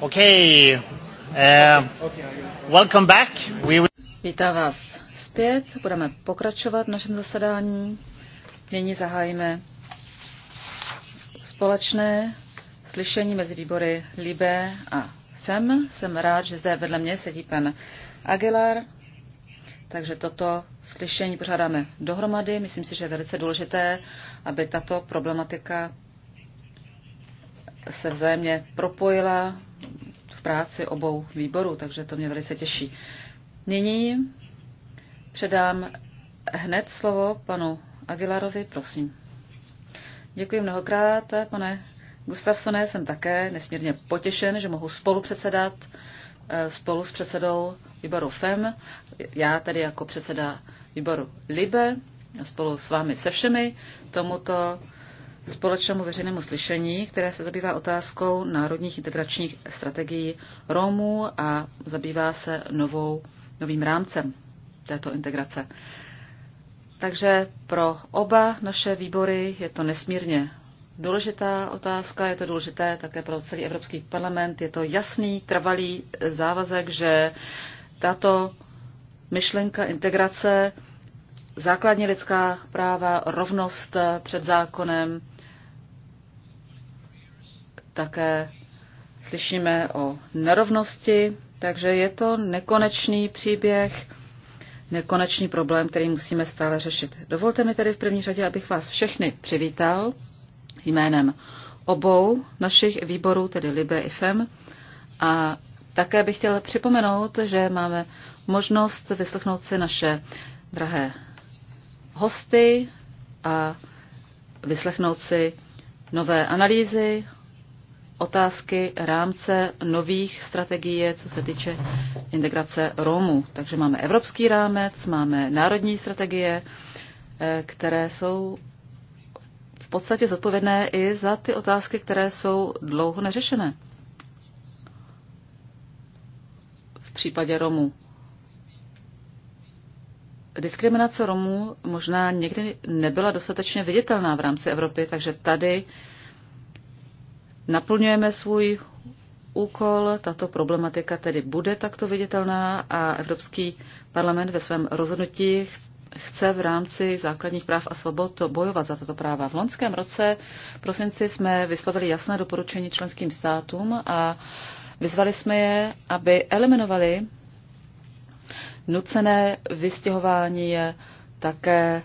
Okay. Uh, welcome back. We will... Vítám vás zpět. Budeme pokračovat v našem zasedání. Nyní zahájíme společné slyšení mezi výbory Libe a FEM. Jsem rád, že zde vedle mě sedí pan Aguilar. Takže toto slyšení pořádáme dohromady. Myslím si, že je velice důležité, aby tato problematika se vzájemně propojila, v práci obou výborů, takže to mě velice těší. Nyní předám hned slovo panu Aguilarovi, prosím. Děkuji mnohokrát, pane Gustavsone, jsem také nesmírně potěšen, že mohu spolu předsedat eh, spolu s předsedou výboru FEM, já tedy jako předseda výboru LIBE, spolu s vámi se všemi tomuto společnému veřejnému slyšení, které se zabývá otázkou národních integračních strategií Romů a zabývá se novou, novým rámcem této integrace. Takže pro oba naše výbory je to nesmírně důležitá otázka, je to důležité také pro celý Evropský parlament. Je to jasný, trvalý závazek, že tato myšlenka integrace, základní lidská práva, rovnost před zákonem, také slyšíme o nerovnosti, takže je to nekonečný příběh, nekonečný problém, který musíme stále řešit. Dovolte mi tedy v první řadě, abych vás všechny přivítal jménem obou našich výborů, tedy Libe i FEM. A také bych chtěl připomenout, že máme možnost vyslechnout si naše drahé hosty a vyslechnout si nové analýzy, otázky rámce nových strategií, co se týče integrace Romů. Takže máme evropský rámec, máme národní strategie, eh, které jsou v podstatě zodpovědné i za ty otázky, které jsou dlouho neřešené. V případě Romů. Diskriminace Romů možná někdy nebyla dostatečně viditelná v rámci Evropy, takže tady naplňujeme svůj úkol. Tato problematika tedy bude takto viditelná a Evropský parlament ve svém rozhodnutí chce v rámci základních práv a svobod bojovat za tato práva. V loňském roce v prosinci jsme vyslovili jasné doporučení členským státům a vyzvali jsme je, aby eliminovali nucené vystěhování také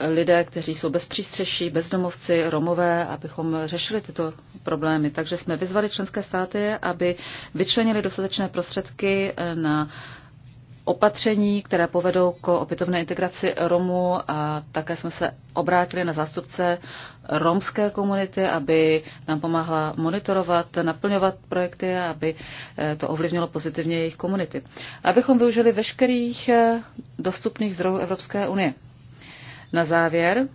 lidé, kteří jsou bez přístřeší, bezdomovci, romové, abychom řešili tyto problémy. Takže jsme vyzvali členské státy, aby vyčlenili dostatečné prostředky eh, na opatření, které povedou k opětovné integraci Romů a také jsme se obrátili na zástupce romské komunity, aby nám pomáhla monitorovat, naplňovat projekty a aby eh, to ovlivnilo pozitivně jejich komunity. Abychom využili veškerých eh, dostupných zdrojů Evropské unie. Na závěr,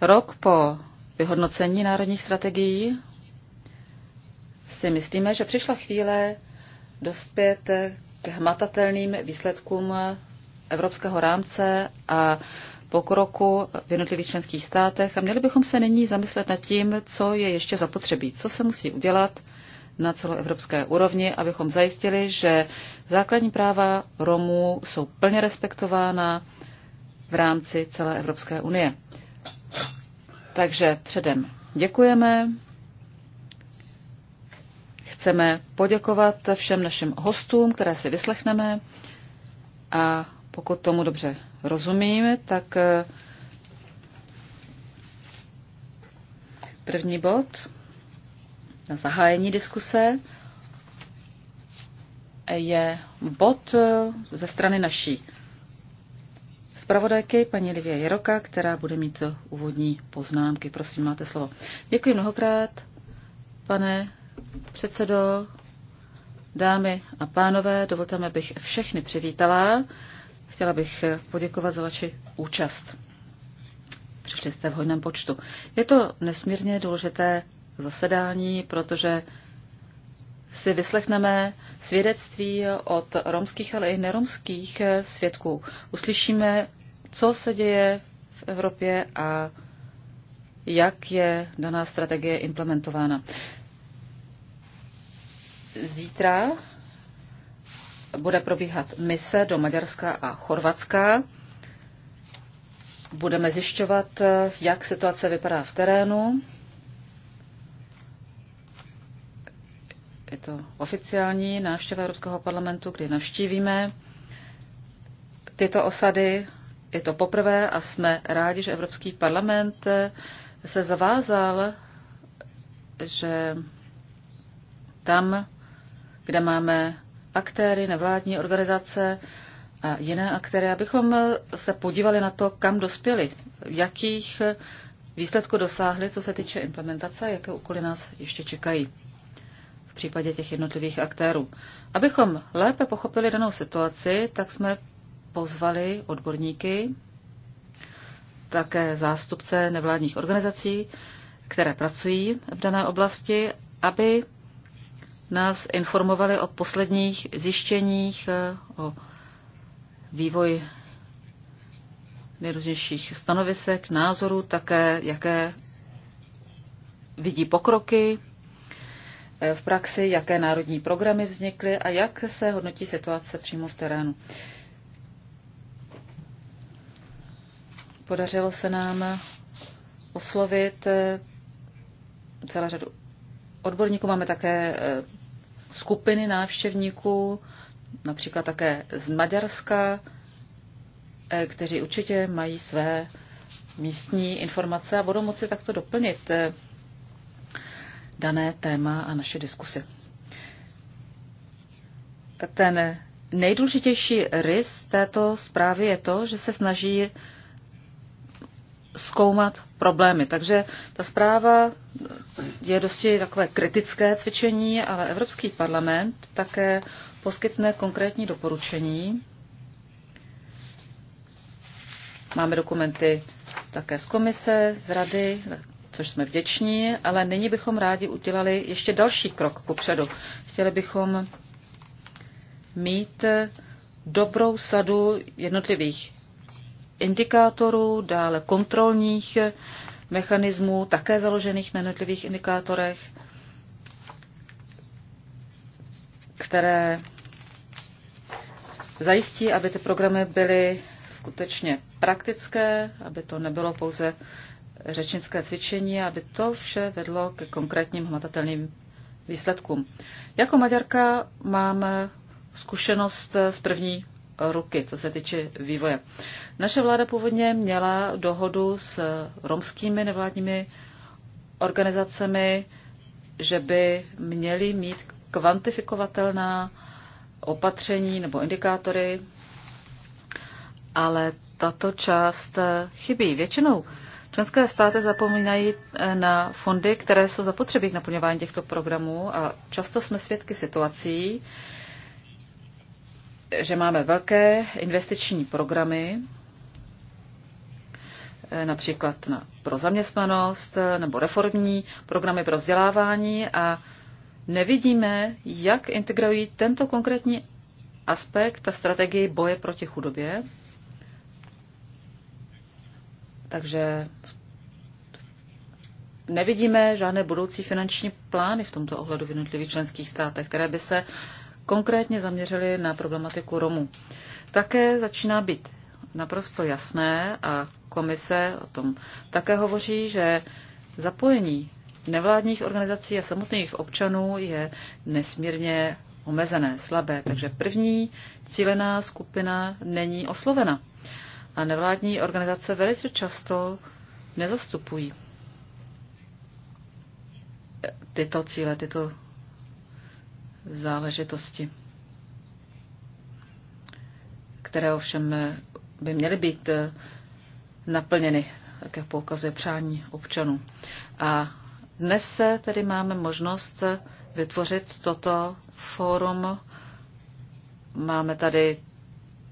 rok po vyhodnocení národních strategií si myslíme, že přišla chvíle dospět k hmatatelným výsledkům evropského rámce a pokroku v jednotlivých členských státech a měli bychom se nyní zamyslet nad tím, co je ještě zapotřebí, co se musí udělat, na celoevropské úrovni, abychom zajistili, že základní práva Romů jsou plně respektována v rámci celé Evropské unie. Takže předem děkujeme. Chceme poděkovat všem našim hostům, které si vyslechneme. A pokud tomu dobře rozumíme, tak eh, první bod na zahájení diskuse je bod ze strany naší zpravodajky, paní Livie Jeroka, která bude mít úvodní poznámky. Prosím, máte slovo. Děkuji mnohokrát, pane předsedo, dámy a pánové. Dovolte mi, abych všechny přivítala. Chtěla bych poděkovat za vaši účast. Přišli jste v hojném počtu. Je to nesmírně důležité zasedání, protože si vyslechneme svědectví od romských, ale i neromských svědků. Uslyšíme, co se děje v Evropě a jak je daná strategie implementována. Zítra bude probíhat mise do Maďarska a Chorvatska. Budeme zjišťovat, jak situace vypadá v terénu. je to oficiální návštěva Evropského parlamentu, kdy navštívíme tyto osady. Je to poprvé a jsme rádi, že Evropský parlament se zavázal, že tam, kde máme aktéry, nevládní organizace a jiné aktéry, abychom se podívali na to, kam dospěli, jakých výsledků dosáhli, co se týče implementace, jaké úkoly nás ještě čekají v případě těch jednotlivých aktérů. Abychom lépe pochopili danou situaci, tak jsme pozvali odborníky, také zástupce nevládních organizací, které pracují v dané oblasti, aby nás informovali o posledních zjištěních, eh, o vývoji nejrůznějších stanovisek, názorů, také jaké vidí pokroky v praxi, jaké národní programy vznikly a jak se hodnotí situace přímo v terénu. Podařilo se nám oslovit eh, celá řadu odborníků. Máme také eh, skupiny návštěvníků, například také z Maďarska, eh, kteří určitě mají své místní informace a budou moci takto doplnit dané téma a naše diskusy. Ten nejdůležitější rys této zprávy je to, že se snaží zkoumat problémy. Takže ta zpráva je dosti takové kritické cvičení, ale Evropský parlament také poskytne konkrétní doporučení. Máme dokumenty také z komise, z rady, což jsme vděční, ale nyní bychom rádi udělali ještě další krok popředu. Chtěli bychom mít dobrou sadu jednotlivých indikátorů, dále kontrolních mechanismů, také založených na jednotlivých indikátorech, které zajistí, aby ty programy byly skutečně praktické, aby to nebylo pouze řečnické cvičení, aby to vše vedlo ke konkrétním hmatatelným výsledkům. Jako Maďarka mám zkušenost z první ruky, co se týče vývoje. Naše vláda původně měla dohodu s romskými nevládními organizacemi, že by měly mít kvantifikovatelná opatření nebo indikátory, ale tato část chybí. Většinou Členské státy zapomínají eh, na fondy, které jsou zapotřebí k naplňování těchto programů a často jsme svědky situací, že máme velké investiční programy, eh, například na, pro zaměstnanost eh, nebo reformní programy pro vzdělávání a nevidíme, jak integrují tento konkrétní aspekt a strategii boje proti chudobě takže nevidíme žádné budoucí finanční plány v tomto ohledu v jednotlivých členských státech, které by se konkrétně zaměřily na problematiku Romů. Také začíná být naprosto jasné a komise o tom také hovoří, že zapojení nevládních organizací a samotných občanů je nesmírně omezené, slabé. Takže první cílená skupina není oslovena a nevládní organizace velice často nezastupují tyto cíle, tyto záležitosti, které ovšem by měly být naplněny, tak jak poukazuje přání občanů. A dnes se tedy máme možnost vytvořit toto fórum. Máme tady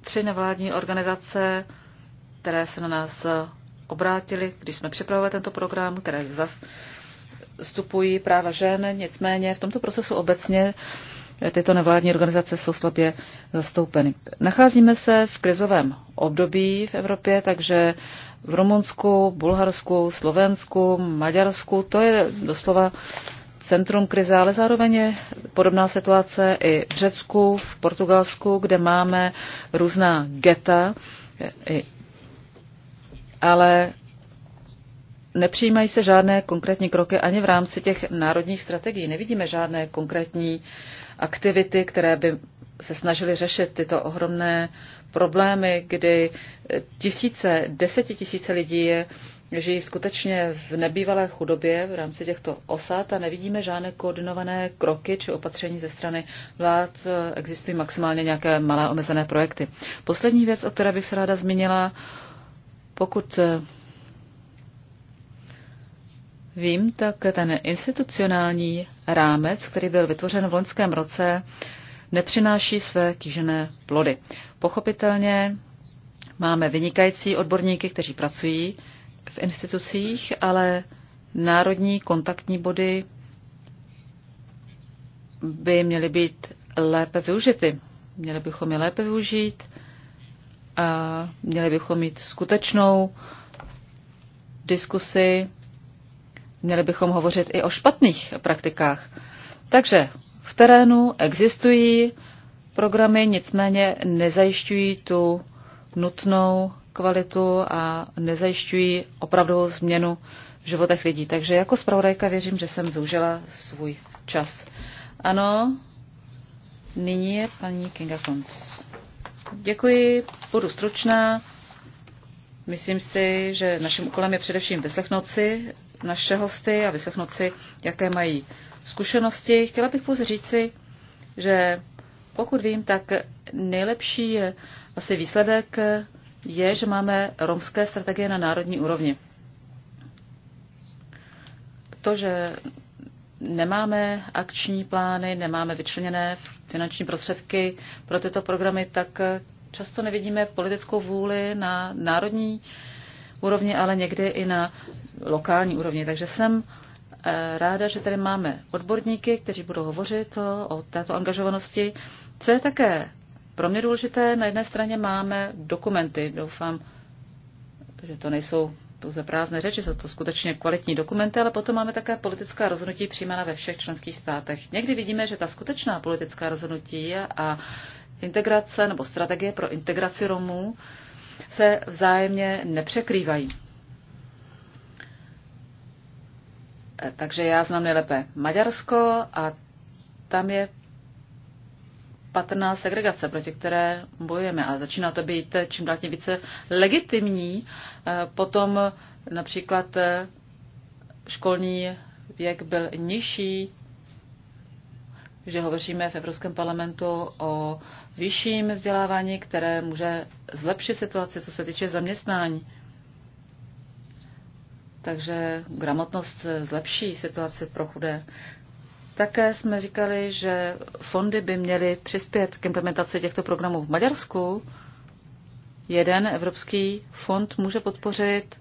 tři nevládní organizace, které se na nás obrátili, když jsme připravovali tento program, které zastupují práva žen. Nicméně v tomto procesu obecně tyto nevládní organizace jsou slabě zastoupeny. Nacházíme se v krizovém období v Evropě, takže v Rumunsku, Bulharsku, Slovensku, Maďarsku, to je doslova centrum krize, ale zároveň je podobná situace i v Řecku, v Portugalsku, kde máme různá geta, i ale nepřijímají se žádné konkrétní kroky ani v rámci těch národních strategií. Nevidíme žádné konkrétní aktivity, které by se snažily řešit tyto ohromné problémy, kdy tisíce, desetitisíce lidí je, žijí skutečně v nebývalé chudobě v rámci těchto osad a nevidíme žádné koordinované kroky či opatření ze strany vlád. Existují maximálně nějaké malé omezené projekty. Poslední věc, o které bych se ráda zmínila, pokud eh, vím, tak ten institucionální rámec, který byl vytvořen v loňském roce, nepřináší své kýžené plody. Pochopitelně máme vynikající odborníky, kteří pracují v institucích, ale národní kontaktní body by měly být lépe využity. Měli bychom je lépe využít a měli bychom mít skutečnou diskusi, měli bychom hovořit i o špatných praktikách. Takže v terénu existují programy, nicméně nezajišťují tu nutnou kvalitu a nezajišťují opravdovou změnu v životech lidí. Takže jako zpravodajka věřím, že jsem využila svůj čas. Ano, nyní je paní Kinga Kons. Děkuji, budu stručná. Myslím si, že naším úkolem je především vyslechnout si naše hosty a vyslechnout si, jaké mají zkušenosti. Chtěla bych pouze říci, že pokud vím, tak nejlepší asi výsledek je, že máme romské strategie na národní úrovni. To, že nemáme akční plány, nemáme vyčleněné finanční prostředky pro tyto programy, tak eh, často nevidíme politickou vůli na národní úrovni, ale někdy i na lokální úrovni. Takže jsem eh, ráda, že tady máme odborníky, kteří budou hovořit o této angažovanosti. Co je také pro mě důležité, na jedné straně máme dokumenty, doufám, že to nejsou pouze prázdné řeči, jsou to skutečně kvalitní dokumenty, ale potom máme také politická rozhodnutí přijímána ve všech členských státech. Někdy vidíme, že ta skutečná politická rozhodnutí a integrace nebo strategie pro integraci Romů se vzájemně nepřekrývají. Takže já znám nejlépe Maďarsko a tam je patrná segregace, proti které bojujeme. A začíná to být čím dál tím více legitimní. Eh, potom například eh, školní věk byl nižší, že hovoříme v Evropském parlamentu o vyšším vzdělávání, které může zlepšit situaci, co se týče zaměstnání. Takže gramotnost zlepší situaci pro chudé také jsme říkali, že fondy by měly přispět k implementaci těchto programů v Maďarsku. Jeden evropský fond může podpořit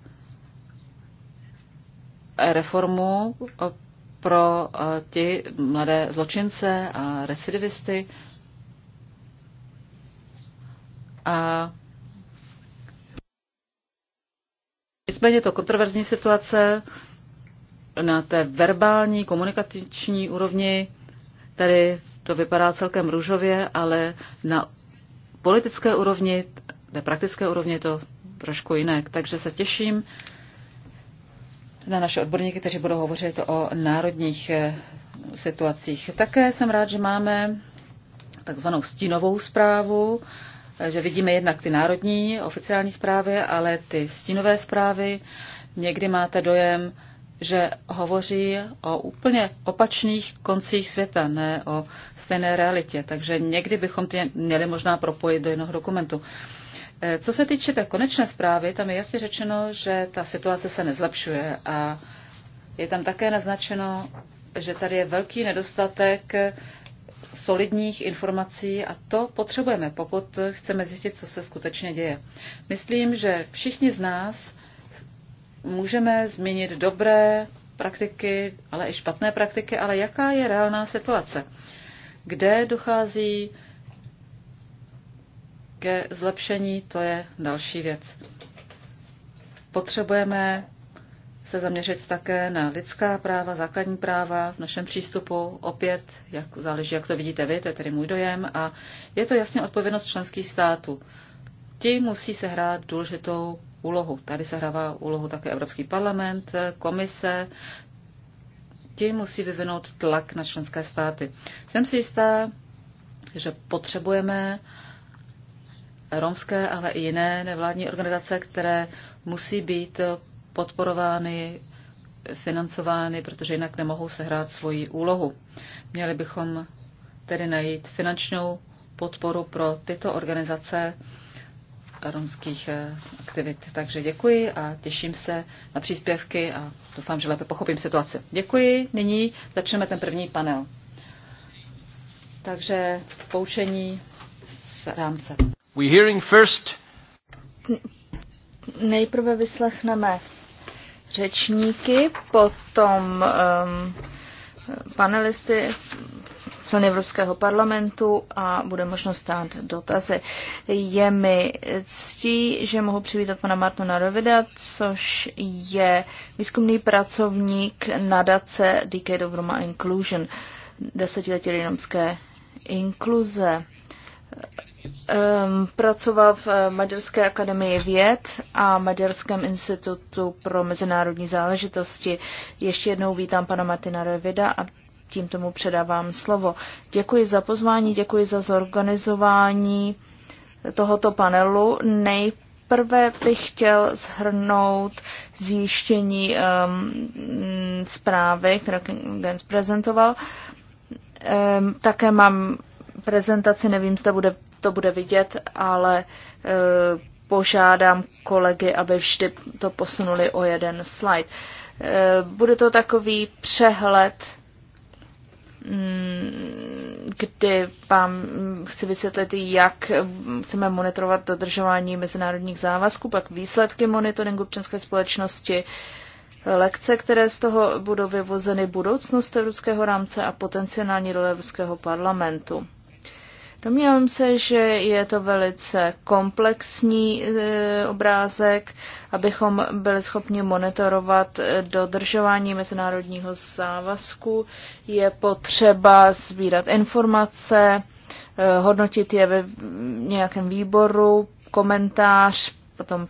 reformu pro eh, ty mladé zločince a recidivisty. A nicméně to kontroverzní situace na té verbální komunikační úrovni tady to vypadá celkem růžově, ale na politické úrovni, té praktické úrovni je to trošku jinak. Takže se těším na naše odborníky, kteří budou hovořit o národních eh, situacích. Také jsem rád, že máme takzvanou stínovou zprávu, eh, že vidíme jednak ty národní oficiální zprávy, ale ty stínové zprávy. Někdy máte dojem, že hovoří o úplně opačných koncích světa, ne o stejné realitě. Takže někdy bychom ty měli možná propojit do jednoho dokumentu. Eh, co se týče té konečné zprávy, tam je jasně řečeno, že ta situace se nezlepšuje a je tam také naznačeno, že tady je velký nedostatek solidních informací a to potřebujeme, pokud chceme zjistit, co se skutečně děje. Myslím, že všichni z nás můžeme změnit dobré praktiky, ale i špatné praktiky, ale jaká je reálná situace, kde dochází ke zlepšení, to je další věc. Potřebujeme se zaměřit také na lidská práva, základní práva v našem přístupu. Opět, jak, záleží, jak to vidíte vy, to je tedy můj dojem. A je to jasně odpovědnost členských států. Ti musí sehrát důležitou úlohu. Tady se hrává úlohu také Evropský parlament, komise. Ti musí vyvinout tlak na členské státy. Jsem si jistá, že potřebujeme romské, ale i jiné nevládní organizace, které musí být podporovány, financovány, protože jinak nemohou sehrát svoji úlohu. Měli bychom tedy najít finančnou podporu pro tyto organizace, romských eh, aktivit. Takže děkuji a těším se na příspěvky a doufám, že lépe pochopím situaci. Děkuji. Nyní začneme ten první panel. Takže poučení z rámce. We hearing first. Nejprve vyslechneme řečníky, potom um, panelisty členy Evropského parlamentu a bude možnost stát dotazy. Je mi ctí, že mohu přivítat pana Martona Rovida, což je výzkumný pracovník nadace Decade of Roma Inclusion, desetiletí romské inkluze. Ehm, pracoval v eh, Maďarské akademii věd a Maďarském institutu pro mezinárodní záležitosti. Ještě jednou vítám pana Martina Revida a tím tomu předávám slovo. Děkuji za pozvání, děkuji za zorganizování tohoto panelu. Nejprve bych chtěl zhrnout zjištění um, zprávy, kterou Gens prezentoval. Um, také mám prezentaci, nevím, zda bude, to bude vidět, ale uh, požádám kolegy, aby vždy to posunuli o jeden slide. Uh, bude to takový přehled Mm, kdy vám chci vysvětlit, jak chceme monitorovat dodržování mezinárodních závazků, pak výsledky monitoringu občanské společnosti, lekce, které z toho budou vyvozeny budoucnost evropského rámce a potenciální role Evropského parlamentu. Domnívám se, že je to velice komplexní e, obrázek, abychom byli schopni monitorovat e, dodržování mezinárodního závazku. Je potřeba sbírat informace, e, hodnotit je ve nějakém výboru, komentář, potom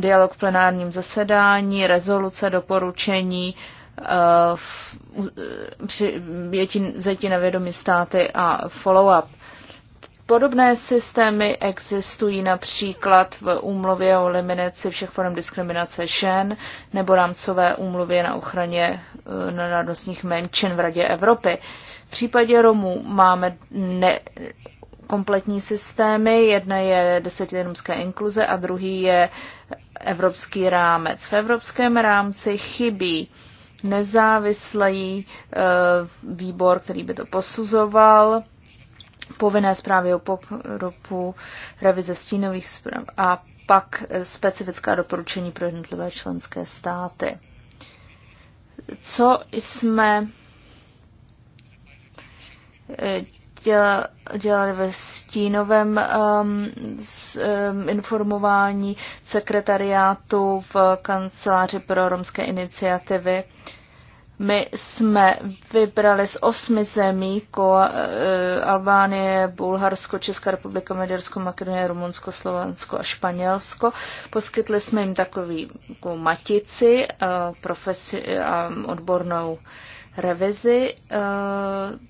dialog v plenárním zasedání, rezoluce, doporučení, přijetí na vědomí státy a follow-up. Podobné systémy existují například v úmluvě o eliminaci všech form diskriminace žen nebo rámcové úmluvě na ochraně e, národnostních menšin v Radě Evropy. V případě Romů máme ne, kompletní systémy. Jedna je desetiletí inkluze a druhý je evropský rámec. V evropském rámci chybí nezávislý e, výbor, který by to posuzoval povinné zprávy o pokropu, revize stínových zpráv a pak specifická doporučení pro jednotlivé členské státy. Co jsme eh, dělali ve stínovém um, s, um, informování sekretariátu v kanceláři pro romské iniciativy. Uh, my jsme vybrali z osmi zemí ko, e, Albánie, Bulharsko, Česká republika, Maďarsko, Makedonie, Rumunsko, Slovensko a Španělsko. Poskytli jsme jim takový jako matici, e, profesi, a eh, odbornou revizi e,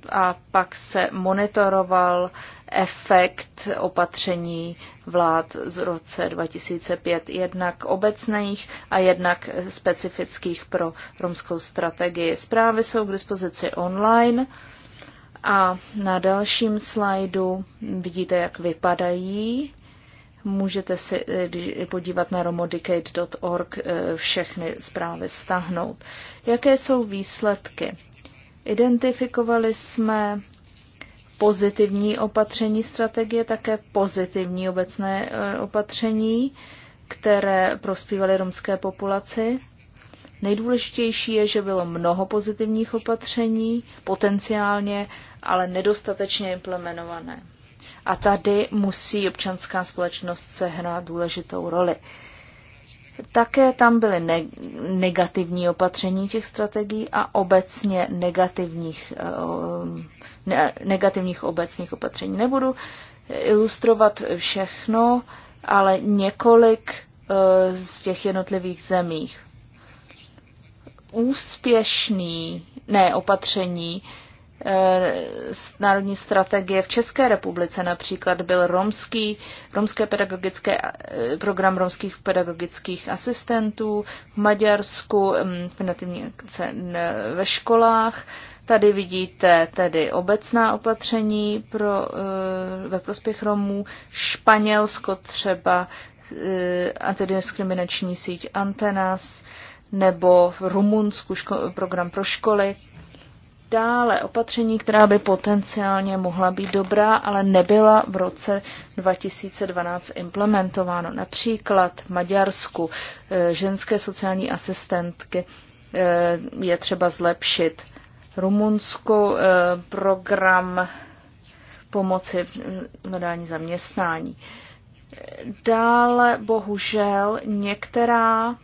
a pak se monitoroval efekt opatření vlád z roce 2005, jednak obecných a jednak specifických pro romskou strategii. Zprávy jsou k dispozici online a na dalším slajdu vidíte, jak vypadají. Můžete si eh, podívat na romodicate.org eh, všechny zprávy stáhnout. Jaké jsou výsledky? Identifikovali jsme pozitivní opatření strategie, také pozitivní obecné e, opatření, které prospívaly romské populaci. Nejdůležitější je, že bylo mnoho pozitivních opatření, potenciálně, ale nedostatečně implementované. A tady musí občanská společnost sehrát důležitou roli. Také tam byly negativní opatření těch strategií a obecně negativních, eh, ne- negativních obecných opatření. Nebudu eh, ilustrovat všechno, ale několik eh, z těch jednotlivých zemích. Úspěšný, ne opatření, Eh, národní strategie. V České republice například byl romský, romské pedagogické, eh, program romských pedagogických asistentů, v Maďarsku mm, akce ve školách. Tady vidíte tedy obecná opatření pro, eh, ve prospěch Romů, Španělsko třeba antidiskriminační síť Antenas, nebo v Rumunsku ško- program pro školy. Dále opatření, která by potenciálně mohla být dobrá, ale nebyla v roce 2012 implementováno. Například v Maďarsku eh, ženské sociální asistentky eh, je třeba zlepšit. Rumunsku eh, program pomoci v hledání zaměstnání. Dále bohužel některá,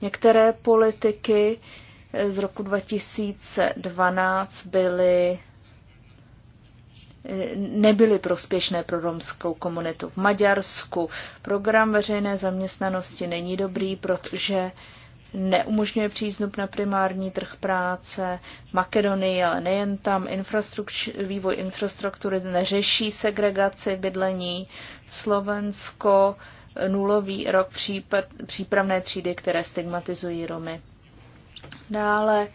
některé politiky z roku 2012 byly nebyly prospěšné pro romskou komunitu. V Maďarsku program veřejné zaměstnanosti není dobrý, protože neumožňuje přístup na primární trh práce. V Makedonii, ale nejen tam, vývoj infrastruktury neřeší segregaci bydlení. Slovensko nulový rok případ, přípravné třídy, které stigmatizují Romy. Dále,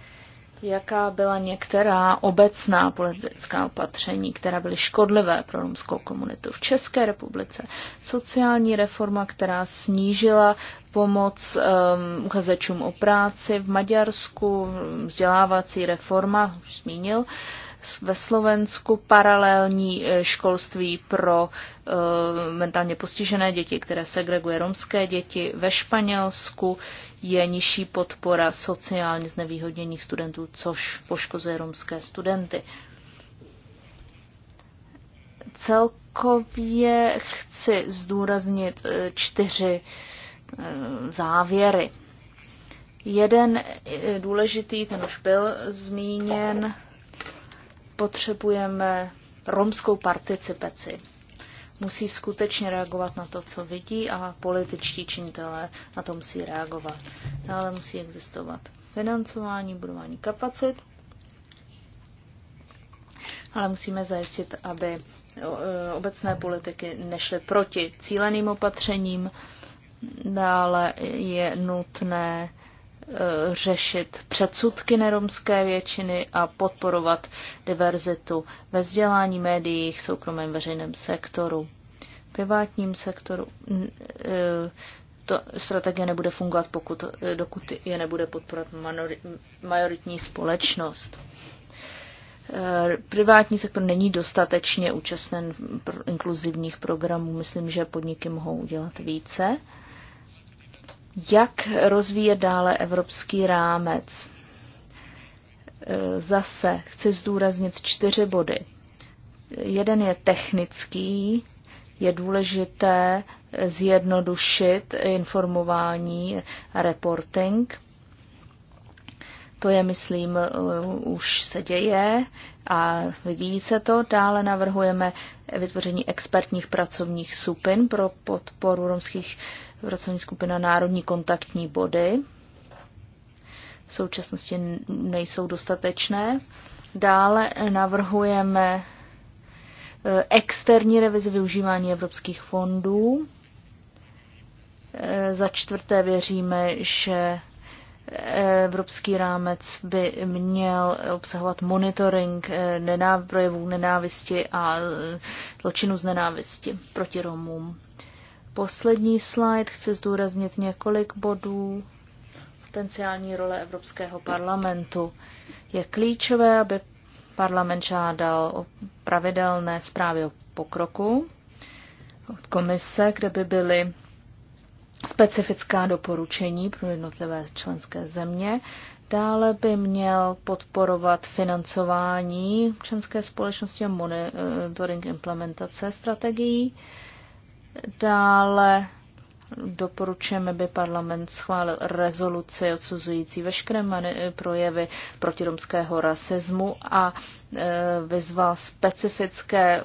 jaká byla některá obecná politická opatření, která byly škodlivé pro romskou komunitu v České republice. Sociální reforma, která snížila pomoc um, uchazečům o práci v Maďarsku, vzdělávací reforma, už zmínil, ve Slovensku paralelní eh, školství pro uh, mentálně postižené děti, které segreguje romské děti, ve Španělsku je nižší podpora sociálně znevýhodněných studentů, což poškozuje romské studenty. Celkově chci zdůraznit eh, čtyři eh, závěry. Jeden eh, důležitý, ten už byl zmíněn, potřebujeme romskou participaci musí skutečně reagovat na to, co vidí a političtí činitelé na to musí reagovat. Dále musí existovat financování, budování kapacit, ale musíme zajistit, aby e, obecné politiky nešly proti cíleným opatřením. Dále je nutné Eh, řešit předsudky neromské většiny a podporovat diverzitu ve vzdělání, médiích, soukromém veřejném sektoru, privátním sektoru. Eh, to strategie nebude fungovat, pokud, eh, dokud je nebude podporovat majoritní společnost. Privátní sektor není dostatečně účastněn inkluzivních programů. Myslím, že podniky mohou udělat více. Jak rozvíjet dále evropský rámec? E, zase chci zdůraznit čtyři body. Jeden je technický, je důležité zjednodušit informování a reporting. To je, myslím, už se děje a vyvíjí se to. Dále navrhujeme vytvoření expertních pracovních supin pro podporu romských pracovní skupina Národní kontaktní body. V současnosti nejsou dostatečné. Dále navrhujeme e, externí revizi využívání evropských fondů. E, za čtvrté věříme, že evropský rámec by měl obsahovat monitoring e, nenáv- projevů nenávisti a zločinu z nenávisti proti Romům. Poslední slide chce zdůraznit několik bodů. Potenciální role Evropského parlamentu je klíčové, aby parlament žádal o pravidelné zprávy o pokroku od komise, kde by byly specifická doporučení pro jednotlivé členské země. Dále by měl podporovat financování členské společnosti a eh, monitoring implementace strategií. Dále doporučujeme, aby parlament schválil rezoluci odsuzující veškeré projevy protiromského rasismu a e, vyzval specifické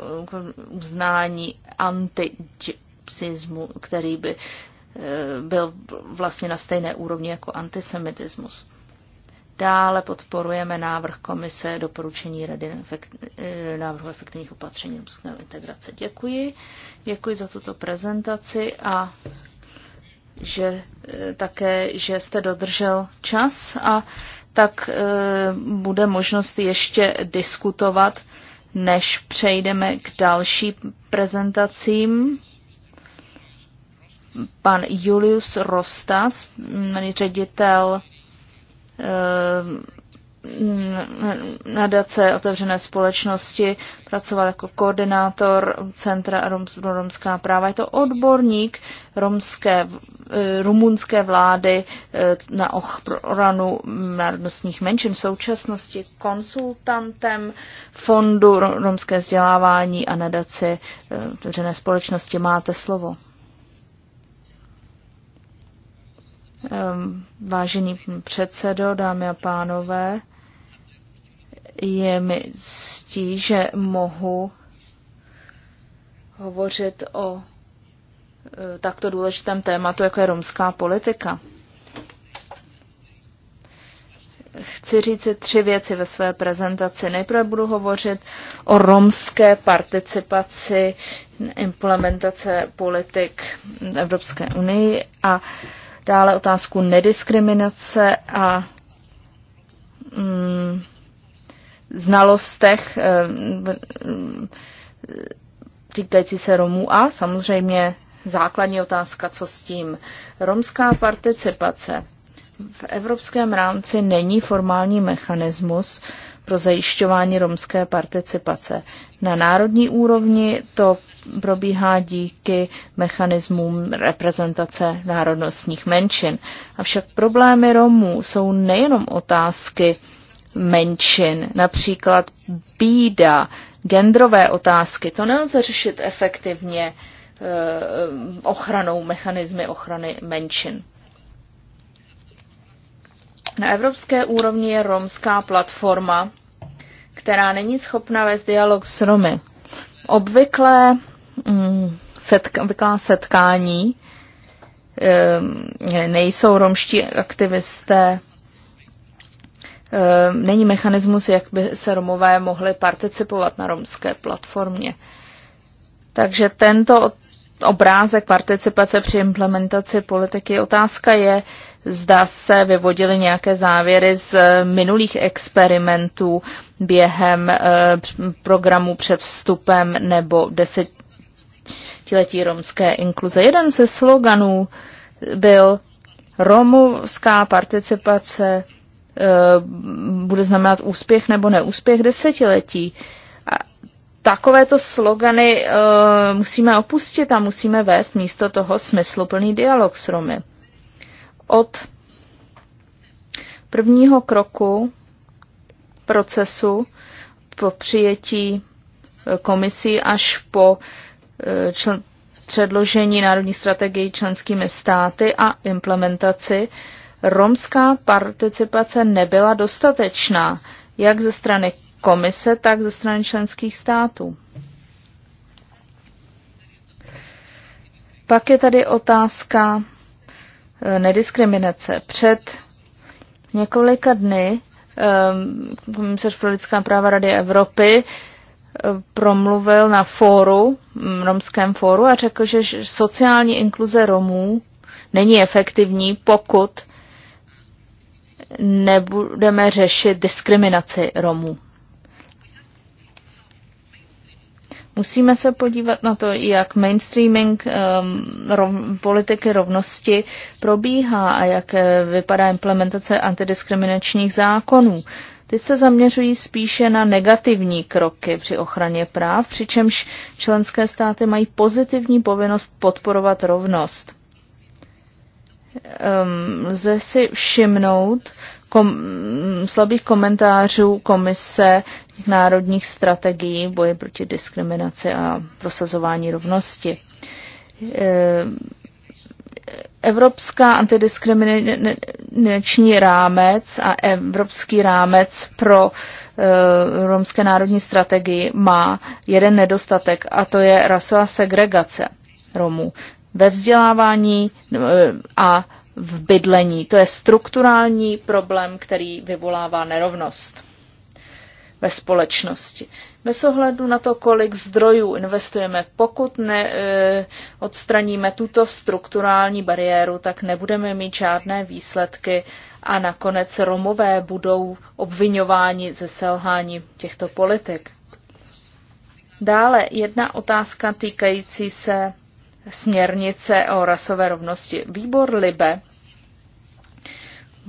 uznání antigypsismu, který by e, byl vlastně na stejné úrovni jako antisemitismus. Dále podporujeme návrh komise doporučení rady eh, návrhu efektivních opatření evropského integrace. Děkuji. Děkuji za tuto prezentaci a že eh, také, že jste dodržel čas a tak e, bude možnost ještě diskutovat, než přejdeme k další prezentacím. Pan Julius Rostas, mm, ředitel Eh, mm, nadace otevřené společnosti, pracoval jako koordinátor Centra pro romská práva. Je to odborník romské, eh, rumunské vlády eh, na ochranu národnostních menšin v současnosti, konsultantem Fondu romské vzdělávání a nadace otevřené společnosti. Máte slovo. Vážený předsedo, dámy a pánové, je mi ctí, že mohu hovořit o eh, takto důležitém tématu, jako je romská politika. Chci říct tři věci ve své prezentaci. Nejprve budu hovořit o romské participaci implementace politik Evropské unii a dále otázku nediskriminace a mm, znalostech eh, mm, týkající se Romů a samozřejmě základní otázka, co s tím. Romská participace. V evropském rámci není formální mechanismus pro zajišťování romské participace. Na národní úrovni to probíhá díky mechanismům reprezentace národnostních menšin. Avšak problémy Romů jsou nejenom otázky menšin, například bída, genderové otázky. To nelze řešit efektivně eh, ochranou, mechanizmy ochrany menšin. Na evropské úrovni je romská platforma, která není schopna vést dialog s Romy. Obvyklé mm, setka, obvyklá setkání e, nejsou romští aktivisté eh, není mechanismus, jak by se Romové mohli participovat na romské platformě. Takže tento obrázek participace při implementaci politiky otázka je, zda se vyvodily nějaké závěry z eh, minulých experimentů během eh, programu před vstupem nebo desetiletí romské inkluze. Jeden ze sloganů byl romovská participace eh, bude znamenat úspěch nebo neúspěch desetiletí. A takovéto slogany musíme opustit a musíme vést místo toho smysluplný dialog s Romy od prvního kroku procesu po přijetí e, komisí až po e, předložení národní strategii členskými státy a implementaci, romská participace nebyla dostatečná, jak ze strany komise, tak ze strany členských států. Pak je tady otázka Eh, nediskriminace. Před několika dny eh, komisař pro lidská práva Rady Evropy eh, promluvil na fóru, mm, romském fóru a řekl, že sociální inkluze Romů není efektivní, pokud nebudeme řešit diskriminaci Romů. Musíme se podívat na to, jak mainstreaming um, rov, politiky rovnosti probíhá a jak eh, vypadá implementace antidiskriminačních zákonů. Ty se zaměřují spíše na negativní kroky při ochraně práv, přičemž členské státy mají pozitivní povinnost podporovat rovnost. Um, lze si všimnout, kom, slabých komentářů komise národních strategií boje proti diskriminaci a prosazování rovnosti. Eh, evropská antidiskriminační rámec a evropský rámec pro eh, romské národní strategii má jeden nedostatek a to je rasová segregace Romů ve vzdělávání eh, a v bydlení. To je strukturální problém, který vyvolává nerovnost ve společnosti. Bez ohledu na to, kolik zdrojů investujeme, pokud ne, e, odstraníme tuto strukturální bariéru, tak nebudeme mít žádné výsledky a nakonec Romové budou obvinováni ze selhání těchto politik. Dále jedna otázka týkající se směrnice o rasové rovnosti. Výbor Libe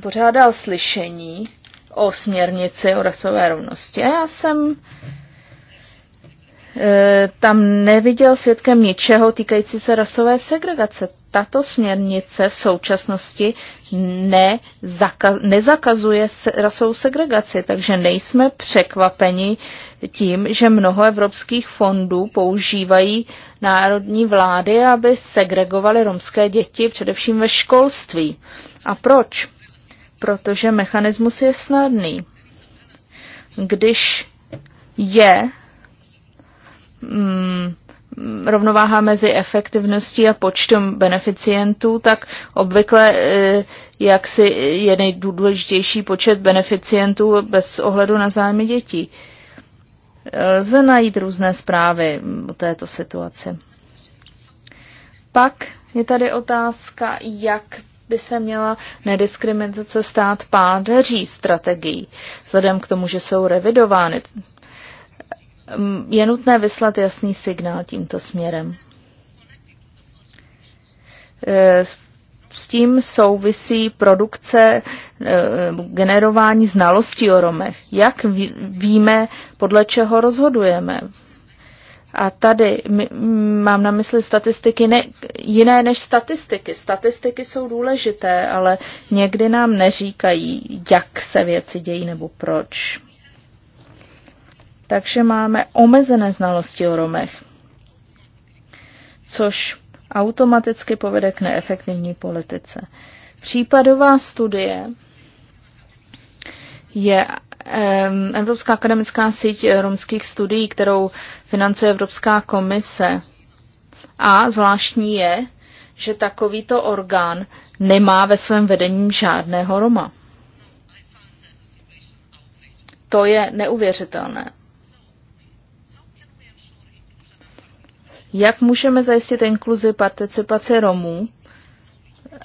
pořádal slyšení o směrnici o rasové rovnosti a já jsem e, tam neviděl svědkem ničeho týkající se rasové segregace. Tato směrnice v současnosti nezakazuje rasovou segregaci, takže nejsme překvapeni, tím, že mnoho evropských fondů používají národní vlády, aby segregovaly romské děti především ve školství. A proč? Protože mechanismus je snadný. Když je mm, rovnováha mezi efektivností a počtem beneficientů, tak obvykle eh, jak si je nejdůležitější počet beneficientů bez ohledu na zájmy dětí. Lze najít různé zprávy o této situaci. Pak je tady otázka, jak by se měla nediskriminace stát pádeří strategií, vzhledem k tomu, že jsou revidovány. Je nutné vyslat jasný signál tímto směrem. Eh, s tím souvisí produkce, eh, generování znalostí o Romech. Jak víme, podle čeho rozhodujeme? A tady mm, mám na mysli statistiky ne, jiné než statistiky. Statistiky jsou důležité, ale někdy nám neříkají, jak se věci dějí nebo proč. Takže máme omezené znalosti o Romech, což automaticky povede k neefektivní politice. Případová studie je Evropská akademická síť romských studií, kterou financuje Evropská komise. A zvláštní je, že takovýto orgán nemá ve svém vedení žádného Roma. To je neuvěřitelné. Jak můžeme zajistit inkluzi participaci Romů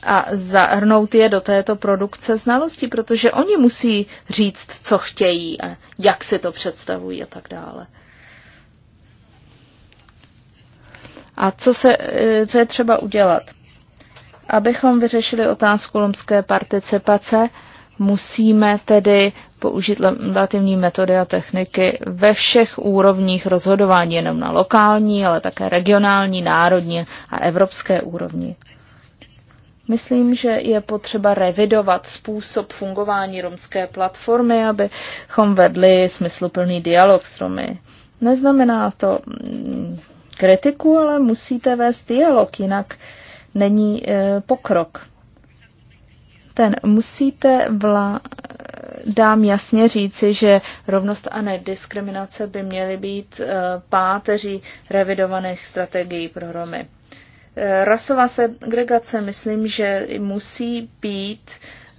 a zahrnout je do této produkce znalostí, protože oni musí říct, co chtějí a jak si to představují a tak dále. A co, se, eh, co je třeba udělat? Abychom vyřešili otázku romské participace, Musíme tedy použít relativní metody a techniky ve všech úrovních rozhodování, jenom na lokální, ale také regionální, národní a evropské úrovni. Myslím, že je potřeba revidovat způsob fungování romské platformy, abychom vedli smysluplný dialog s Romy. Neznamená to mm, kritiku, ale musíte vést dialog, jinak není e, pokrok ten musíte vla, dám jasně říci, že rovnost a nediskriminace by měly být eh, páteří revidovaných strategií pro Romy. Eh, rasová segregace, myslím, že musí být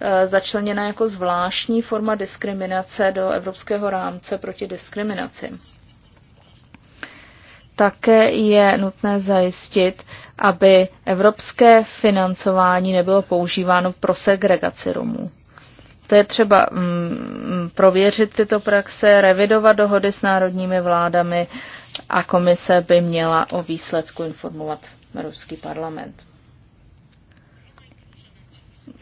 eh, začleněna jako zvláštní forma diskriminace do evropského rámce proti diskriminaci. Také je nutné zajistit, aby evropské financování nebylo používáno pro segregaci Romů. To je třeba mm, mm, prověřit tyto praxe, revidovat dohody s národními vládami a komise by měla o výsledku informovat Ruský parlament.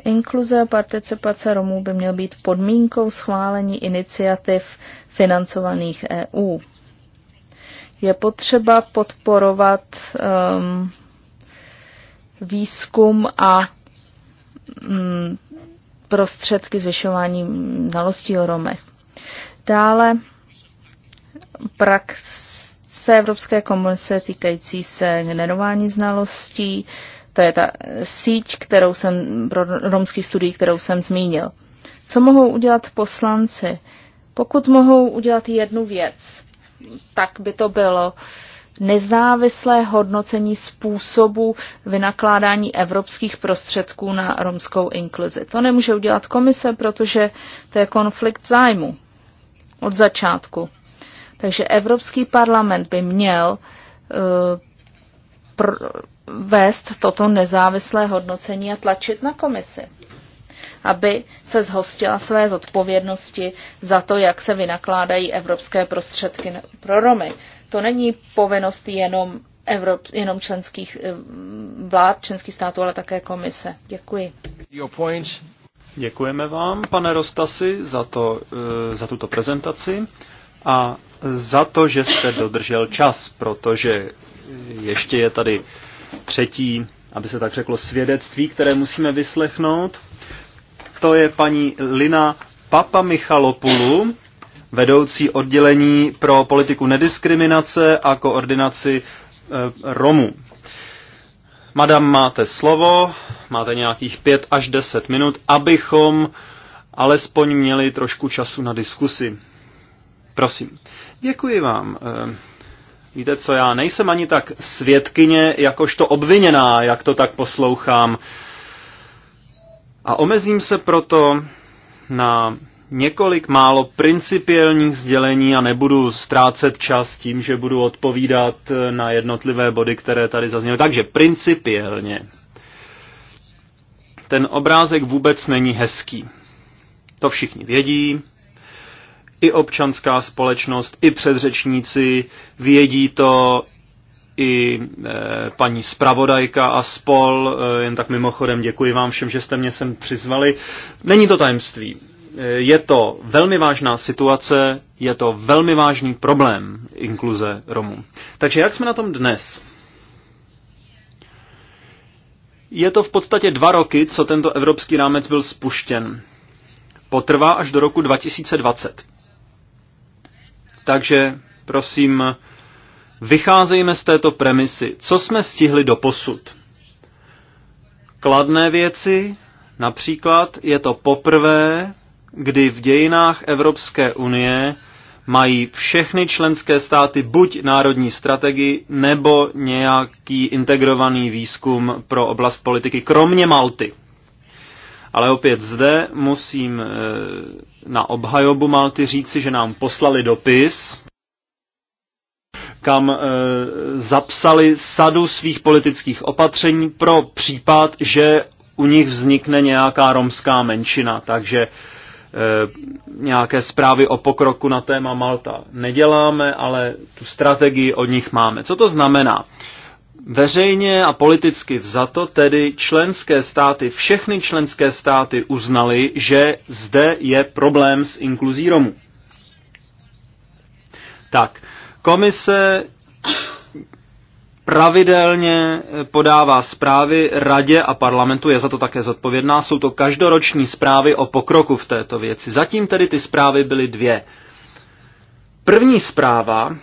Inkluze a participace Romů by měl být podmínkou schválení iniciativ financovaných EU. Je potřeba podporovat um, výzkum a um, prostředky zvyšování znalostí o Romech. Dále praxe Evropské komise týkající se generování znalostí, to je ta síť, kterou jsem, pro romský studií, kterou jsem zmínil. Co mohou udělat poslanci? Pokud mohou udělat jednu věc, tak by to bylo nezávislé hodnocení způsobu vynakládání evropských prostředků na romskou inkluzi. To nemůže udělat komise, protože to je konflikt zájmu od začátku. Takže Evropský parlament by měl uh, vést toto nezávislé hodnocení a tlačit na komisi aby se zhostila své zodpovědnosti za to, jak se vynakládají evropské prostředky pro Romy. To není povinnost jenom, Evrop, jenom členských eh, vlád, členských států, ale také komise. Děkuji. Děkujeme vám, pane Rostasi, za, to, eh, za tuto prezentaci a za to, že jste dodržel čas, protože ještě je tady třetí, aby se tak řeklo, svědectví, které musíme vyslechnout to je paní Lina Papa Michalopulu, vedoucí oddělení pro politiku nediskriminace a koordinaci eh, Romů. Madam, máte slovo, máte nějakých pět až deset minut, abychom alespoň měli trošku času na diskusi. Prosím. Děkuji vám. Eh, víte co, já nejsem ani tak svědkyně, jakožto obviněná, jak to tak poslouchám. A omezím se proto na několik málo principiálních sdělení a nebudu ztrácet čas tím, že budu odpovídat na jednotlivé body, které tady zazněly. Takže principiálně. Ten obrázek vůbec není hezký. To všichni vědí. I občanská společnost, i předřečníci vědí to, i e, paní zpravodajka a spol. E, jen tak mimochodem děkuji vám všem, že jste mě sem přizvali. Není to tajemství. E, je to velmi vážná situace, je to velmi vážný problém inkluze Romů. Takže jak jsme na tom dnes? Je to v podstatě dva roky, co tento evropský rámec byl spuštěn. Potrvá až do roku 2020. Takže prosím, Vycházejme z této premisy. Co jsme stihli do posud? Kladné věci, například je to poprvé, kdy v dějinách Evropské unie mají všechny členské státy buď národní strategii nebo nějaký integrovaný výzkum pro oblast politiky, kromě Malty. Ale opět zde musím eh, na obhajobu Malty říci, že nám poslali dopis, kam eh, zapsali sadu svých politických opatření pro případ, že u nich vznikne nějaká romská menšina. Takže eh, nějaké zprávy o pokroku na téma Malta neděláme, ale tu strategii od nich máme. Co to znamená? Veřejně a politicky vzato tedy členské státy, všechny členské státy uznali, že zde je problém s inkluzí Romů. Tak, Komise pravidelně podává zprávy radě a parlamentu, je za to také zodpovědná. Jsou to každoroční zprávy o pokroku v této věci. Zatím tedy ty zprávy byly dvě. První zpráva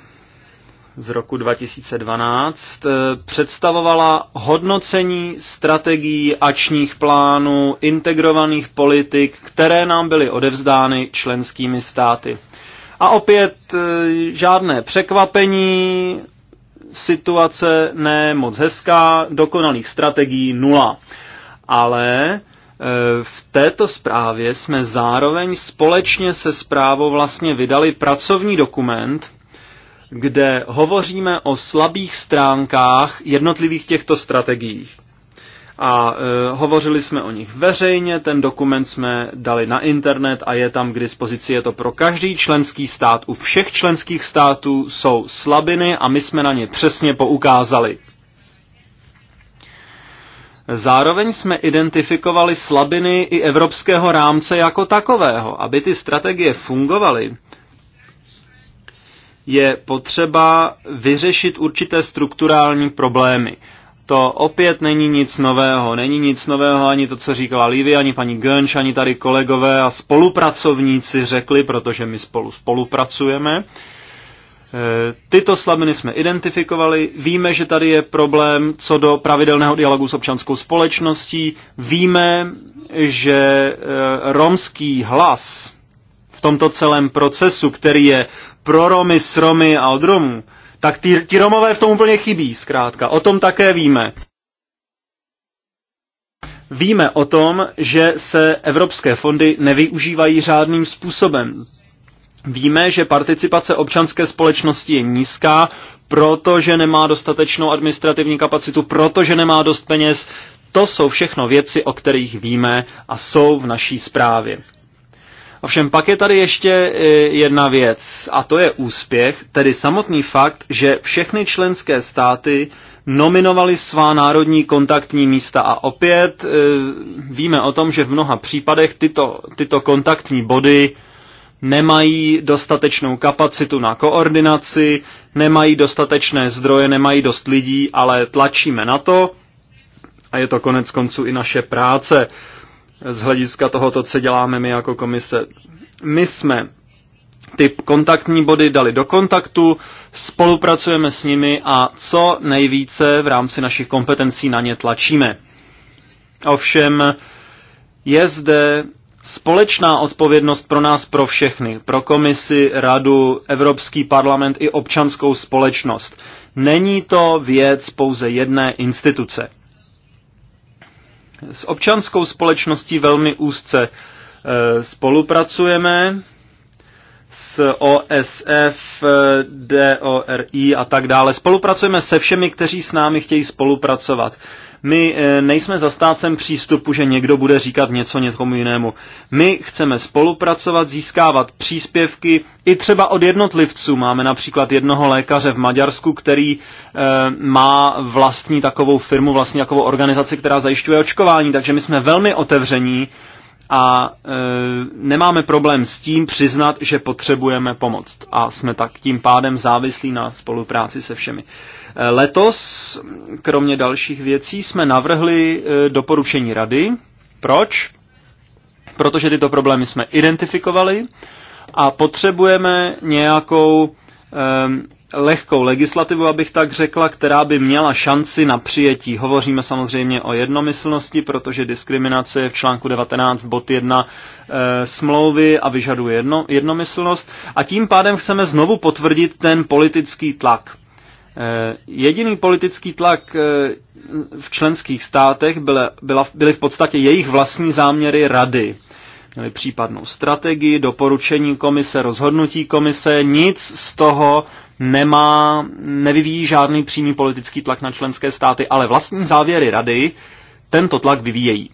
z roku 2012 eh, představovala hodnocení strategií, ačních plánů, integrovaných politik, které nám byly odevzdány členskými státy. A opět e, žádné překvapení, situace ne moc hezká, dokonalých strategií nula. Ale e, v této zprávě jsme zároveň společně se zprávou vlastně vydali pracovní dokument, kde hovoříme o slabých stránkách jednotlivých těchto strategiích a e, hovořili jsme o nich veřejně, ten dokument jsme dali na internet a je tam k dispozici, je to pro každý členský stát. U všech členských států jsou slabiny a my jsme na ně přesně poukázali. Zároveň jsme identifikovali slabiny i evropského rámce jako takového. Aby ty strategie fungovaly, je potřeba vyřešit určité strukturální problémy. To opět není nic nového. Není nic nového ani to, co říkala Livy, ani paní Gönč, ani tady kolegové a spolupracovníci řekli, protože my spolu spolupracujeme. E, tyto slabiny jsme identifikovali, víme, že tady je problém co do pravidelného dialogu s občanskou společností, víme, že e, romský hlas v tomto celém procesu, který je pro Romy s Romy a od Romů, tak ty ti Romové v tom úplně chybí, zkrátka. O tom také víme. Víme o tom, že se evropské fondy nevyužívají řádným způsobem. Víme, že participace občanské společnosti je nízká, protože nemá dostatečnou administrativní kapacitu, protože nemá dost peněz. To jsou všechno věci, o kterých víme a jsou v naší zprávě. Ovšem pak je tady ještě e, jedna věc, a to je úspěch, tedy samotný fakt, že všechny členské státy nominovali svá národní kontaktní místa a opět e, víme o tom, že v mnoha případech tyto, tyto kontaktní body nemají dostatečnou kapacitu na koordinaci, nemají dostatečné zdroje, nemají dost lidí, ale tlačíme na to a je to konec konců i naše práce z hlediska tohoto, co děláme my jako komise. My jsme ty kontaktní body dali do kontaktu, spolupracujeme s nimi a co nejvíce v rámci našich kompetencí na ně tlačíme. Ovšem je zde společná odpovědnost pro nás, pro všechny, pro komisi, radu, Evropský parlament i občanskou společnost. Není to věc pouze jedné instituce. S občanskou společností velmi úzce eh, spolupracujeme s OSF, eh, DORI a tak dále. Spolupracujeme se všemi, kteří s námi chtějí spolupracovat. My eh, nejsme zastácem přístupu, že někdo bude říkat něco někomu jinému. My chceme spolupracovat, získávat příspěvky i třeba od jednotlivců. Máme například jednoho lékaře v Maďarsku, který e, má vlastní takovou firmu, vlastní takovou organizaci, která zajišťuje očkování, takže my jsme velmi otevření a e, nemáme problém s tím přiznat, že potřebujeme pomoc a jsme tak tím pádem závislí na spolupráci se všemi. Letos, kromě dalších věcí, jsme navrhli e, doporučení rady. Proč? Protože tyto problémy jsme identifikovali a potřebujeme nějakou lehkou legislativu, abych tak řekla, která by měla šanci na přijetí. Hovoříme samozřejmě o jednomyslnosti, protože diskriminace je v článku 19 bod 1 e, smlouvy a vyžaduje jedno, jednomyslnost. A tím pádem chceme znovu potvrdit ten politický tlak. Eh, jediný politický tlak eh, v členských státech byla, byla, byly v podstatě jejich vlastní záměry rady. Měli případnou strategii, doporučení komise, rozhodnutí komise, nic z toho nemá, nevyvíjí žádný přímý politický tlak na členské státy, ale vlastní závěry rady tento tlak vyvíjejí.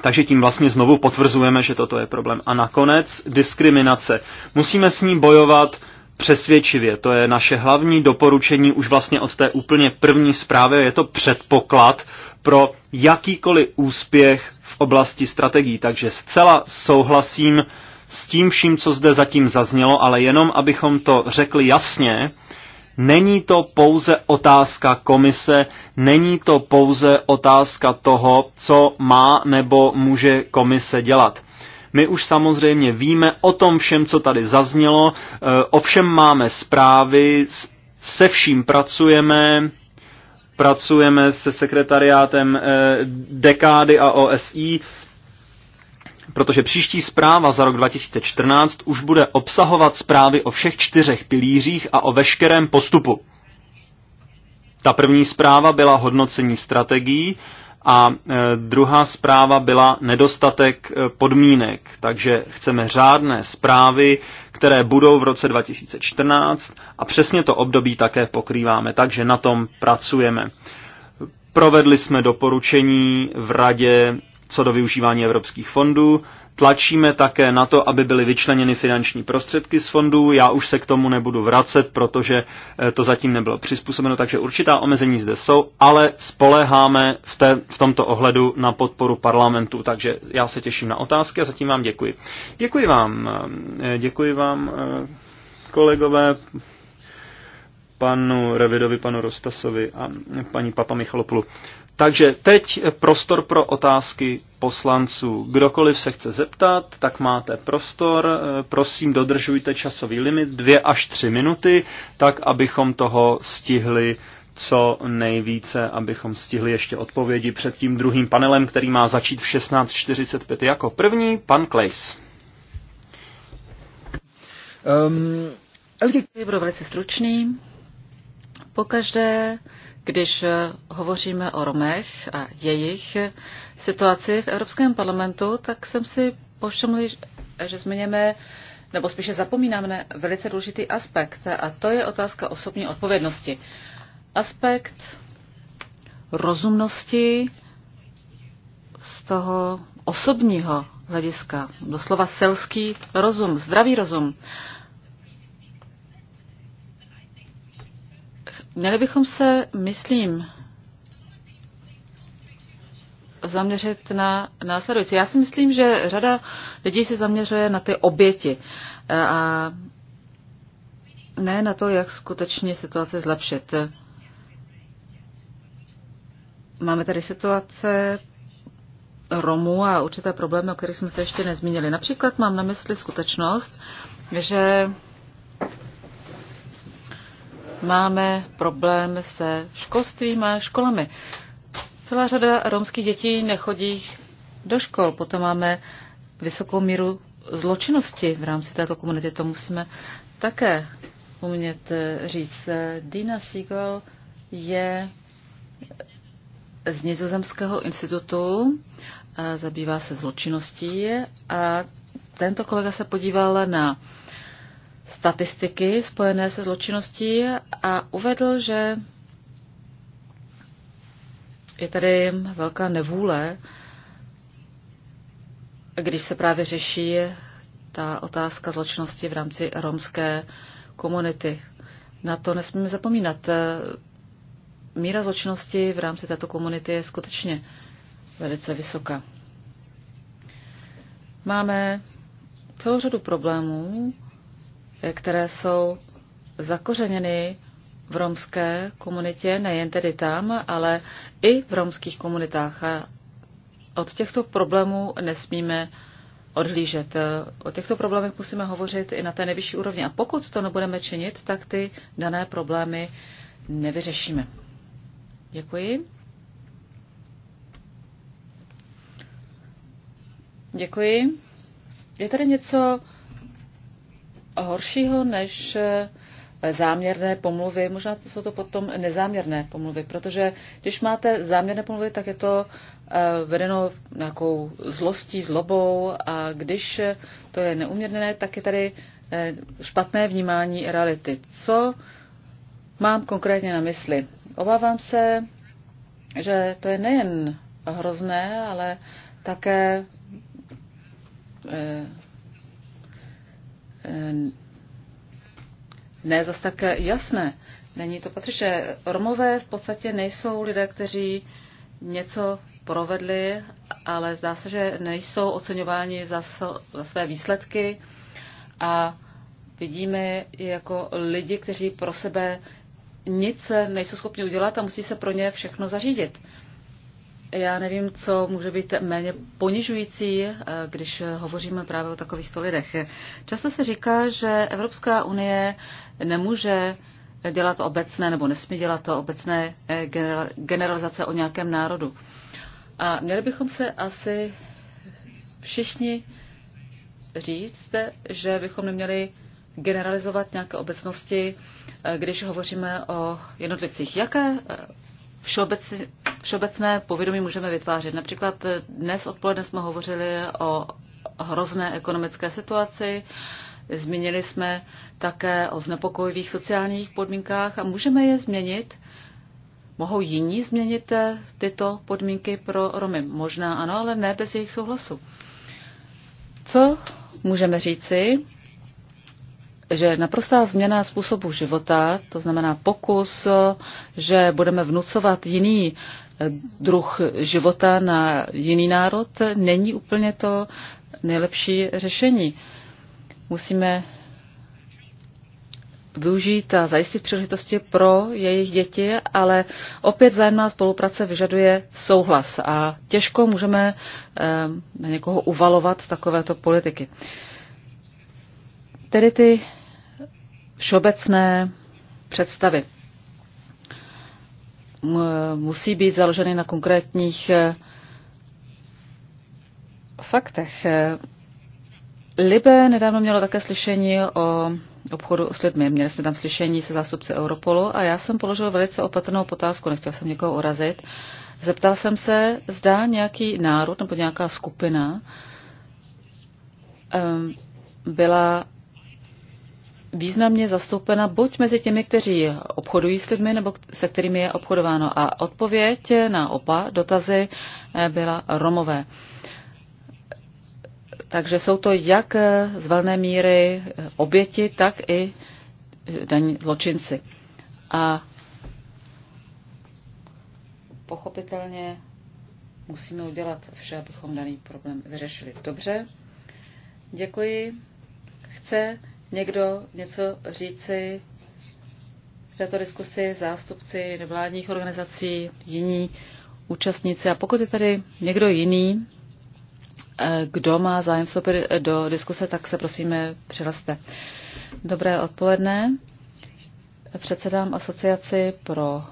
Takže tím vlastně znovu potvrzujeme, že toto je problém. A nakonec diskriminace. Musíme s ní bojovat přesvědčivě. To je naše hlavní doporučení už vlastně od té úplně první zprávy. Je to předpoklad pro jakýkoliv úspěch v oblasti strategií. Takže zcela souhlasím s tím vším, co zde zatím zaznělo, ale jenom abychom to řekli jasně, není to pouze otázka komise, není to pouze otázka toho, co má nebo může komise dělat. My už samozřejmě víme o tom všem, co tady zaznělo, eh, ovšem máme zprávy, se vším pracujeme, pracujeme se sekretariátem eh, dekády a OSI, protože příští zpráva za rok 2014 už bude obsahovat zprávy o všech čtyřech pilířích a o veškerém postupu. Ta první zpráva byla hodnocení strategií, a e, druhá zpráva byla nedostatek e, podmínek, takže chceme řádné zprávy, které budou v roce 2014 a přesně to období také pokrýváme, takže na tom pracujeme. Provedli jsme doporučení v radě co do využívání evropských fondů, Tlačíme také na to, aby byly vyčleněny finanční prostředky z fondů. Já už se k tomu nebudu vracet, protože eh, to zatím nebylo přizpůsobeno, takže určitá omezení zde jsou, ale spoléháme v, té, v tomto ohledu na podporu parlamentu. Takže já se těším na otázky a zatím vám děkuji. Děkuji vám. Eh, děkuji vám, eh, kolegové, panu Revidovi, panu Rostasovi a paní Papa Michalopulu. Takže teď prostor pro otázky poslanců. Kdokoliv se chce zeptat, tak máte prostor. Eh, Prosím, dodržujte časový limit dvě až tři minuty, tak abychom toho stihli co nejvíce, abychom stihli ještě odpovědi před tím druhým panelem, který má začít v 16.45. Jako první, pan Klejs. Um, LG... Budu velice stručný. Pokaždé když eh, hovoříme o Romech a jejich situaci v Evropském parlamentu, tak jsem si povšiml, že zmiňujeme, nebo spíše zapomínáme na velice důležitý aspekt, a to je otázka osobní odpovědnosti. Aspekt rozumnosti z toho osobního hlediska, doslova selský rozum, zdravý rozum. Měli bychom se, myslím, zaměřit na následující. Já si myslím, že řada lidí se zaměřuje na ty oběti eh, a ne na to, jak skutečně situace zlepšit. Máme tady situace Romů a určité problémy, o kterých jsme se ještě nezmínili. Například mám na mysli skutečnost, že máme problém se školstvím a školami. Celá řada romských dětí nechodí do škol. Potom máme vysokou míru zločinnosti v rámci této komunity. To musíme také umět eh, říct. Eh, Dina Siegel je z Nizozemského institutu, eh, zabývá se zločinností a tento kolega se podíval na statistiky spojené se zločinností a uvedl, že je tady velká nevůle, když se právě řeší ta otázka zločinnosti v rámci romské komunity. Na to nesmíme zapomínat. Míra zločinnosti v rámci této komunity je skutečně velice vysoká. Máme celou řadu problémů, které jsou zakořeněny v romské komunitě, nejen tedy tam, ale i v romských komunitách. A od těchto problémů nesmíme odhlížet. O těchto problémech musíme hovořit i na té nejvyšší úrovni. A pokud to nebudeme činit, tak ty dané problémy nevyřešíme. Děkuji. Děkuji. Je tady něco horšího než eh, záměrné pomluvy. Možná to jsou to potom nezáměrné pomluvy, protože když máte záměrné pomluvy, tak je to eh, vedeno nějakou zlostí, zlobou a když to je neuměrné, tak je tady eh, špatné vnímání reality. Co mám konkrétně na mysli? Obávám se, že to je nejen hrozné, ale také Eh, ne zas tak jasné. Není to patřičné. Romové v podstatě nejsou lidé, kteří něco provedli, ale zdá se, že nejsou oceňováni za, za své výsledky a vidíme je jako lidi, kteří pro sebe nic nejsou schopni udělat a musí se pro ně všechno zařídit. Já nevím, co může být méně ponižující, eh, když hovoříme právě o takovýchto lidech. Často se říká, že Evropská unie nemůže dělat obecné nebo nesmí dělat to obecné eh, generalizace o nějakém národu. A měli bychom se asi všichni říct, že bychom neměli generalizovat nějaké obecnosti, eh, když hovoříme o jednotlivcích. Jaké všeobecně všeobecné povědomí můžeme vytvářet. Například dnes odpoledne jsme hovořili o hrozné ekonomické situaci, zmínili jsme také o znepokojivých sociálních podmínkách a můžeme je změnit. Mohou jiní změnit eh, tyto podmínky pro Romy? Možná ano, ale ne bez jejich souhlasu. Co můžeme říci? že naprostá změna způsobu života, to znamená pokus, eh, že budeme vnucovat jiný druh života na jiný národ, není úplně to nejlepší řešení. Musíme využít a zajistit příležitosti pro jejich děti, ale opět zájemná spolupráce vyžaduje souhlas a těžko můžeme eh, na někoho uvalovat takovéto politiky. Tedy ty všeobecné představy musí být založeny na konkrétních eh, faktech. Eh, Libe nedávno mělo také slyšení o obchodu s lidmi. Měli jsme tam slyšení se zástupci Europolu a já jsem položil velice opatrnou otázku, nechtěl jsem někoho urazit. Zeptal jsem se, zda nějaký národ nebo nějaká skupina ehm, byla významně zastoupena buď mezi těmi, kteří obchodují s lidmi, nebo se kterými je obchodováno. A odpověď na oba dotazy eh, byla Romové. Takže jsou to jak eh, z velné míry eh, oběti, tak i daní zločinci. A pochopitelně musíme udělat vše, abychom daný problém vyřešili. Dobře, děkuji. Chce někdo něco říci v této diskusi, zástupci nevládních organizací, jiní účastníci. A pokud je tady někdo jiný, eh, kdo má zájem vstoupit do diskuse, tak se prosím přihlaste. Dobré odpoledne. Předsedám asociaci pro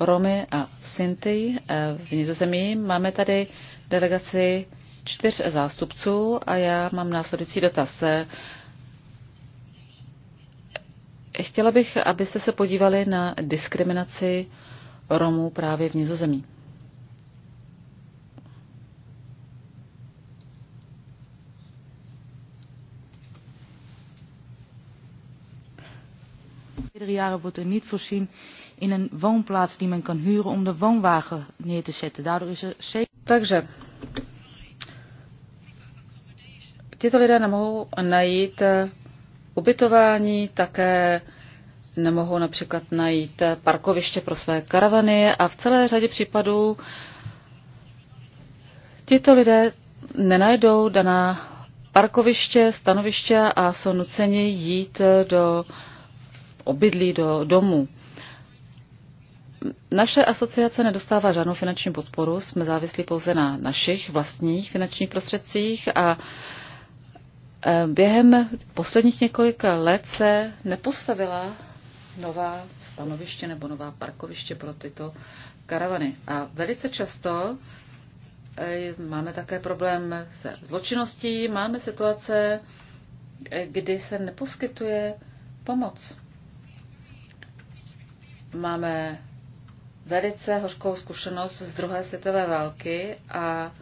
Romy a Sinty eh, v Nizozemí. Máme tady delegaci čtyř zástupců a já mám následující dotaz. Chtěla bych, abyste se podívali na diskriminaci Romů právě v Nizozemí. Iedere wordt er niet voorzien in een woonplaats die men kan huren om de woonwagen neer te zetten. Daardoor is er zeker... Takže tito lidé nemohou najít eh, ubytování, také nemohou například najít parkoviště pro své karavany a v celé řadě případů tito lidé nenajdou daná parkoviště, stanoviště a jsou nuceni jít do obydlí, do domu. Naše asociace nedostává žádnou finanční podporu, jsme závislí pouze na našich vlastních finančních prostředcích a Eh, během posledních několika let se nepostavila nová stanoviště nebo nová parkoviště pro tyto karavany. A velice často eh, máme také problém se zločiností, máme situace, eh, kdy se neposkytuje pomoc. Máme velice hořkou zkušenost z druhé světové války a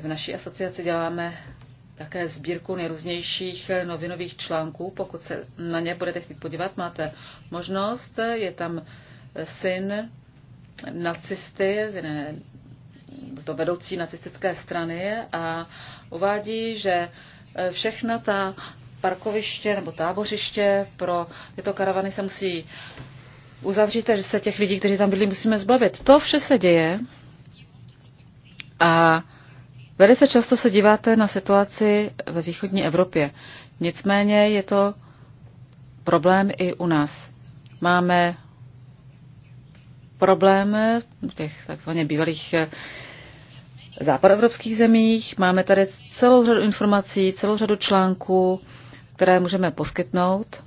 v naší asociaci děláme také sbírku nejrůznějších novinových článků. Pokud se na ně budete chtít podívat, máte možnost. Je tam syn nacisty, eh, to vedoucí nacistické strany a uvádí, že eh, všechna ta parkoviště nebo tábořiště pro tyto karavany se musí uzavřít a že se těch lidí, kteří tam byli, musíme zbavit. To vše se děje a Velice často se díváte na situaci ve východní Evropě. Nicméně je to problém i u nás. Máme problém v těch takzvaně bývalých eh, západoevropských zemích. Máme tady celou řadu informací, celou řadu článků, které můžeme poskytnout.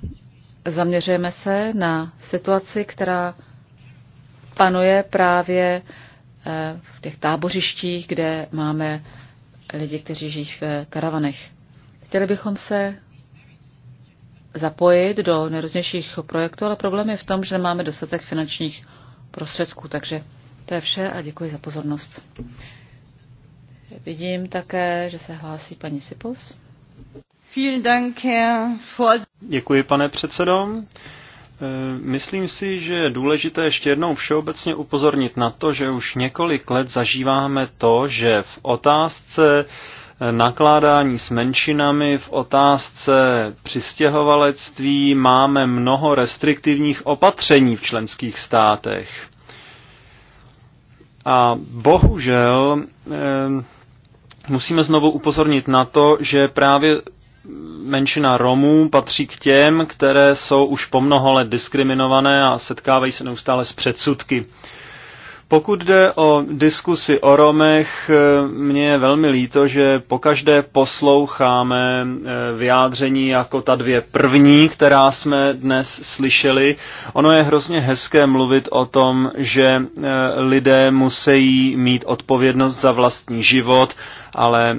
Zaměřujeme se na situaci, která panuje právě eh, v těch tábořištích, kde máme lidi, kteří žijí v eh, karavanech. Chtěli bychom se zapojit do nejrůznějších projektů, ale problém je v tom, že nemáme dostatek finančních prostředků. Takže to je vše a děkuji za pozornost. Vidím také, že se hlásí paní Sipos. Děkuji, pane předsedo. Eh, myslím si, že je důležité ještě jednou všeobecně upozornit na to, že už několik let zažíváme to, že v otázce eh, nakládání s menšinami, v otázce přistěhovalectví máme mnoho restriktivních opatření v členských státech. A bohužel eh, musíme znovu upozornit na to, že právě menšina Romů patří k těm, které jsou už po mnoho let diskriminované a setkávají se neustále s předsudky. Pokud jde o diskusi o Romech, eh, mně je velmi líto, že pokaždé posloucháme eh, vyjádření jako ta dvě první, která jsme dnes slyšeli. Ono je hrozně hezké mluvit o tom, že eh, lidé musí mít odpovědnost za vlastní život, ale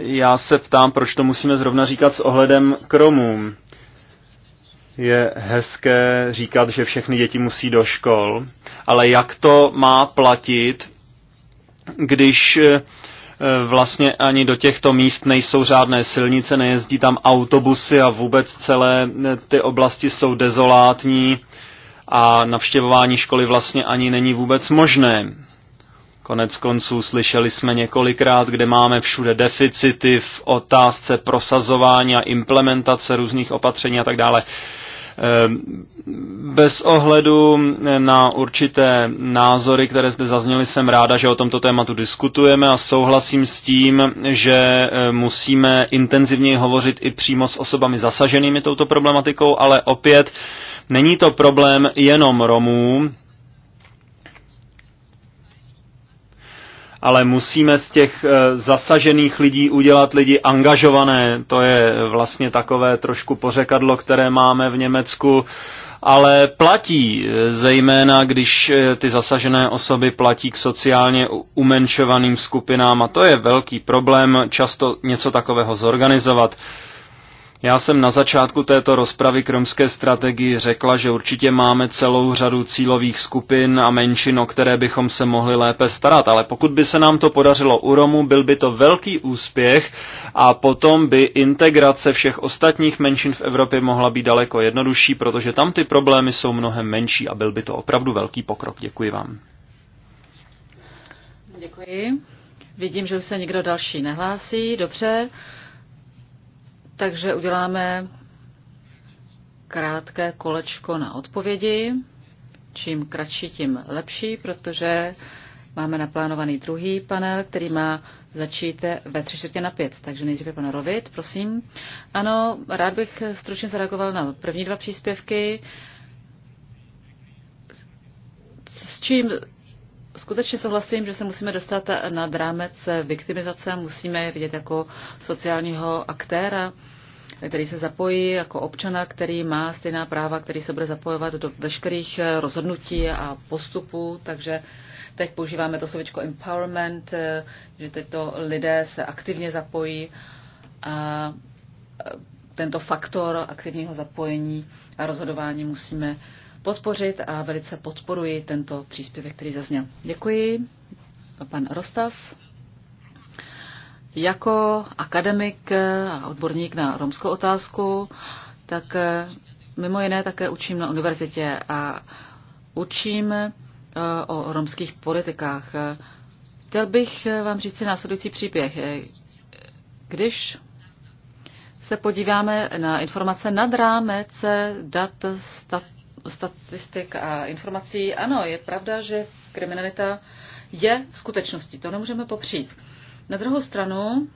já se ptám, proč to musíme zrovna říkat s ohledem k Romům je hezké říkat, že všechny děti musí do škol, ale jak to má platit, když eh, vlastně ani do těchto míst nejsou žádné silnice, nejezdí tam autobusy a vůbec celé eh, ty oblasti jsou dezolátní a navštěvování školy vlastně ani není vůbec možné. Konec konců slyšeli jsme několikrát, kde máme všude deficity v otázce prosazování a implementace různých opatření a tak dále. Ehm, bez ohledu na určité názory, které zde zazněly, jsem ráda, že o tomto tématu diskutujeme a souhlasím s tím, že ehm, musíme intenzivněji hovořit i přímo s osobami zasaženými touto problematikou, ale opět není to problém jenom Romů, ale musíme z těch eh, zasažených lidí udělat lidi angažované. To je vlastně takové trošku pořekadlo, které máme v Německu, ale platí, eh, zejména když eh, ty zasažené osoby platí k sociálně umenšovaným skupinám a to je velký problém často něco takového zorganizovat. Já jsem na začátku této rozpravy k romské strategii řekla, že určitě máme celou řadu cílových skupin a menšin, o které bychom se mohli lépe starat, ale pokud by se nám to podařilo u Romů, byl by to velký úspěch a potom by integrace všech ostatních menšin v Evropě mohla být daleko jednodušší, protože tam ty problémy jsou mnohem menší a byl by to opravdu velký pokrok. Děkuji vám. Děkuji. Vidím, že už se někdo další nehlásí. Dobře. Takže uděláme krátké kolečko na odpovědi. Čím kratší, tím lepší, protože máme naplánovaný druhý panel, který má začít ve tři čtvrtě na pět. Takže nejdříve pan Rovit, prosím. Ano, rád bych stručně zareagoval na první dva příspěvky. S čím skutečně souhlasím, že se musíme dostat nad rámec viktimizace, musíme je vidět jako sociálního aktéra, který se zapojí jako občana, který má stejná práva, který se bude zapojovat do veškerých rozhodnutí a postupů, takže teď používáme to slovičko empowerment, že tyto lidé se aktivně zapojí a tento faktor aktivního zapojení a rozhodování musíme podpořit a velice podporuji tento příspěvek, který zazněl. Děkuji. Pan Rostas. Jako akademik a odborník na romskou otázku, tak eh, mimo jiné také učím na univerzitě a učím eh, o romských politikách. Chtěl bych eh, vám říct si následující příběh. Když se podíváme na informace nad rámec dat stat, statistik a informací. Ano, je pravda, že kriminalita je skutečností, to nemůžeme popřít. Na druhou stranu,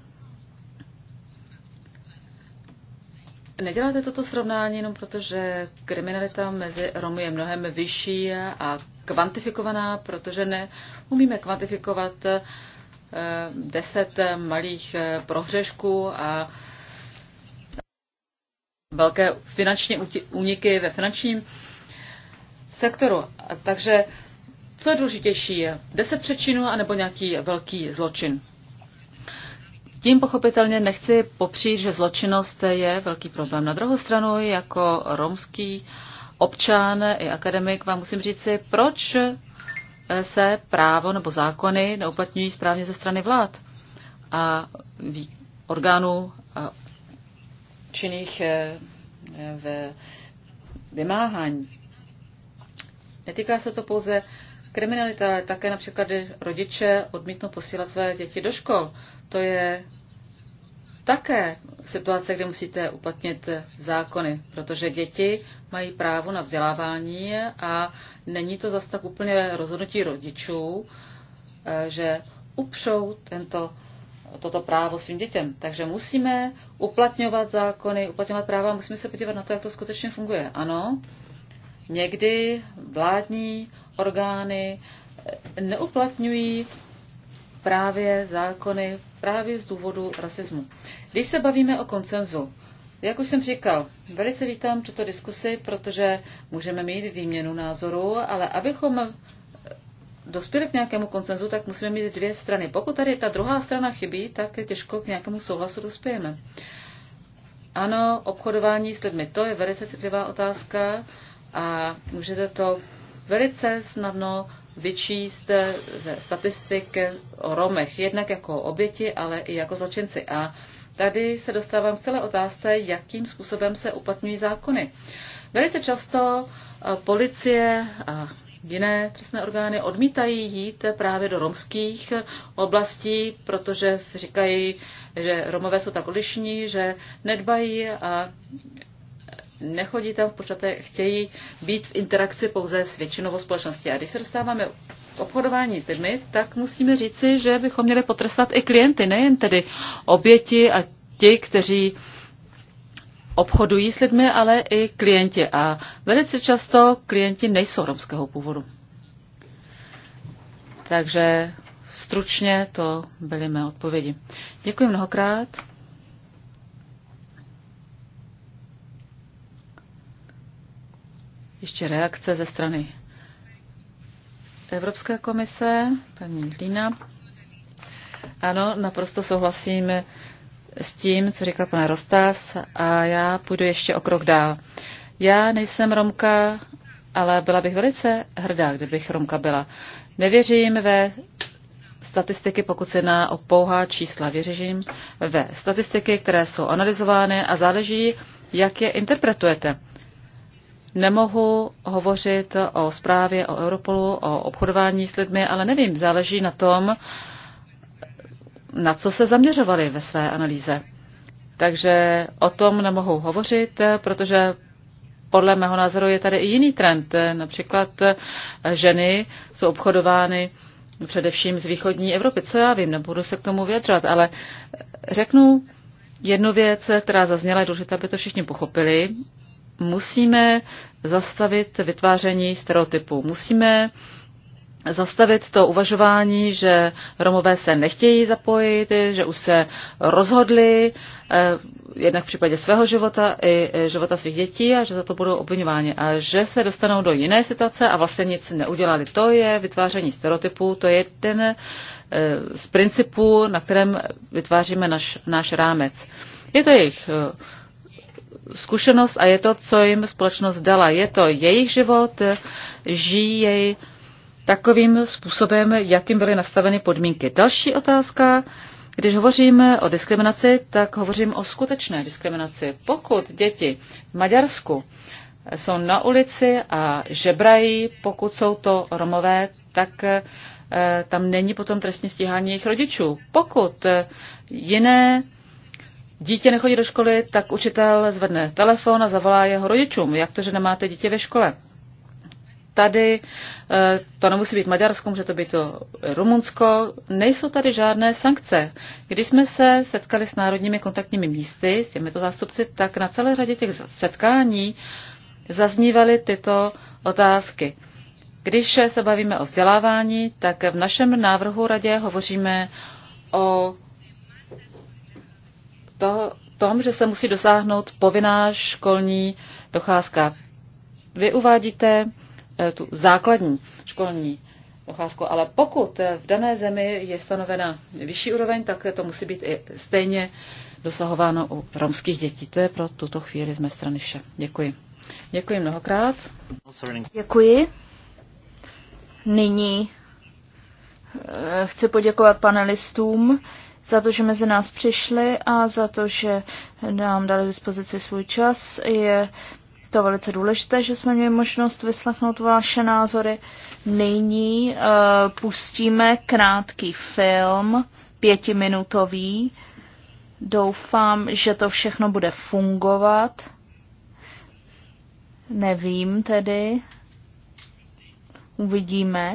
neděláte toto srovnání jenom proto, že kriminalita mezi Romy je mnohem vyšší a kvantifikovaná, protože neumíme kvantifikovat eh, deset malých eh, prohřešků a velké finanční úniky ve finančním sektoru. Takže co je důležitější, je 10 přečinů anebo nějaký velký zločin? Tím pochopitelně nechci popřít, že zločinnost je velký problém. Na druhou stranu, jako romský občan i akademik vám musím říci, proč se právo nebo zákony neuplatňují správně ze strany vlád a orgánů činných eh, ve vymáhání. Netýká se to pouze kriminalita, ale také například, kdy rodiče odmítnou posílat své děti do škol. To je také situace, kde musíte uplatnit zákony, protože děti mají právo na vzdělávání a není to zase tak úplně rozhodnutí rodičů, eh, že upřou tento, toto právo svým dětem. Takže musíme uplatňovat zákony, uplatňovat práva, musíme se podívat na to, jak to skutečně funguje. Ano, Někdy vládní orgány eh, neuplatňují právě zákony právě z důvodu rasismu. Když se bavíme o koncenzu, jak už jsem říkal, velice vítám tuto diskusi, protože můžeme mít výměnu názoru, ale abychom eh, dospěli k nějakému koncenzu, tak musíme mít dvě strany. Pokud tady ta druhá strana chybí, tak je těžko k nějakému souhlasu dospějeme. Ano, obchodování s lidmi, to je velice citlivá otázka a můžete to velice snadno vyčíst ze statistik o Romech, jednak jako oběti, ale i jako zločinci. A tady se dostávám k celé otázce, jakým způsobem se uplatňují zákony. Velice často eh, policie a jiné trestné orgány odmítají jít právě do romských oblastí, protože říkají, že Romové jsou tak odlišní, že nedbají a nechodí tam v počaté, chtějí být v interakci pouze s většinovou společností. A když se dostáváme obchodování s lidmi, tak musíme říci, že bychom měli potrestat i klienty, nejen tedy oběti a ti, kteří obchodují s lidmi, ale i klienti. A velice často klienti nejsou romského původu. Takže stručně to byly mé odpovědi. Děkuji mnohokrát. Ještě reakce ze strany Evropské komise, paní Lína. Ano, naprosto souhlasím s tím, co říká pan Rostas a já půjdu ještě o krok dál. Já nejsem Romka, ale byla bych velice hrdá, kdybych Romka byla. Nevěřím ve statistiky, pokud se jedná o pouhá čísla. Věřím ve statistiky, které jsou analyzovány a záleží, jak je interpretujete. Nemohu hovořit o zprávě o Europolu, o obchodování s lidmi, ale nevím, záleží na tom, na co se zaměřovali ve své analýze. Takže o tom nemohu hovořit, protože podle mého názoru je tady i jiný trend. Například ženy jsou obchodovány především z východní Evropy. Co já vím, nebudu se k tomu vyjadřovat, ale řeknu jednu věc, která zazněla, je důležité, aby to všichni pochopili musíme zastavit vytváření stereotypů. Musíme zastavit to uvažování, že Romové se nechtějí zapojit, že už se rozhodli, eh, jednak v případě svého života i eh, života svých dětí a že za to budou obvinováni a že se dostanou do jiné situace a vlastně nic neudělali. To je vytváření stereotypů, to je ten eh, z principů, na kterém vytváříme naš, náš rámec. Je to jejich zkušenost a je to, co jim společnost dala. Je to jejich život, žijí jej takovým způsobem, jakým byly nastaveny podmínky. Další otázka. Když hovoříme o diskriminaci, tak hovořím o skutečné diskriminaci. Pokud děti v Maďarsku jsou na ulici a žebrají, pokud jsou to Romové, tak eh, tam není potom trestní stíhání jejich rodičů. Pokud jiné dítě nechodí do školy, tak učitel zvedne telefon a zavolá jeho rodičům, jak to, že nemáte dítě ve škole. Tady, eh, to nemusí být Maďarsko, může to být to Rumunsko, nejsou tady žádné sankce. Když jsme se setkali s národními kontaktními místy, s těmito zástupci, tak na celé řadě těch setkání zaznívaly tyto otázky. Když se bavíme o vzdělávání, tak v našem návrhu radě hovoříme o to, tom, že se musí dosáhnout povinná školní docházka. Vy uvádíte eh, tu základní školní docházku, ale pokud eh, v dané zemi je stanovena vyšší úroveň, tak eh, to musí být i stejně dosahováno u romských dětí. To je pro tuto chvíli z mé strany vše. Děkuji. Děkuji mnohokrát. Děkuji. Nyní chci poděkovat panelistům za to, že mezi nás přišli a za to, že nám dali dispozici svůj čas. Je to velice důležité, že jsme měli možnost vyslechnout vaše názory. Nyní uh, pustíme krátký film, pětiminutový. Doufám, že to všechno bude fungovat. Nevím tedy. Uvidíme.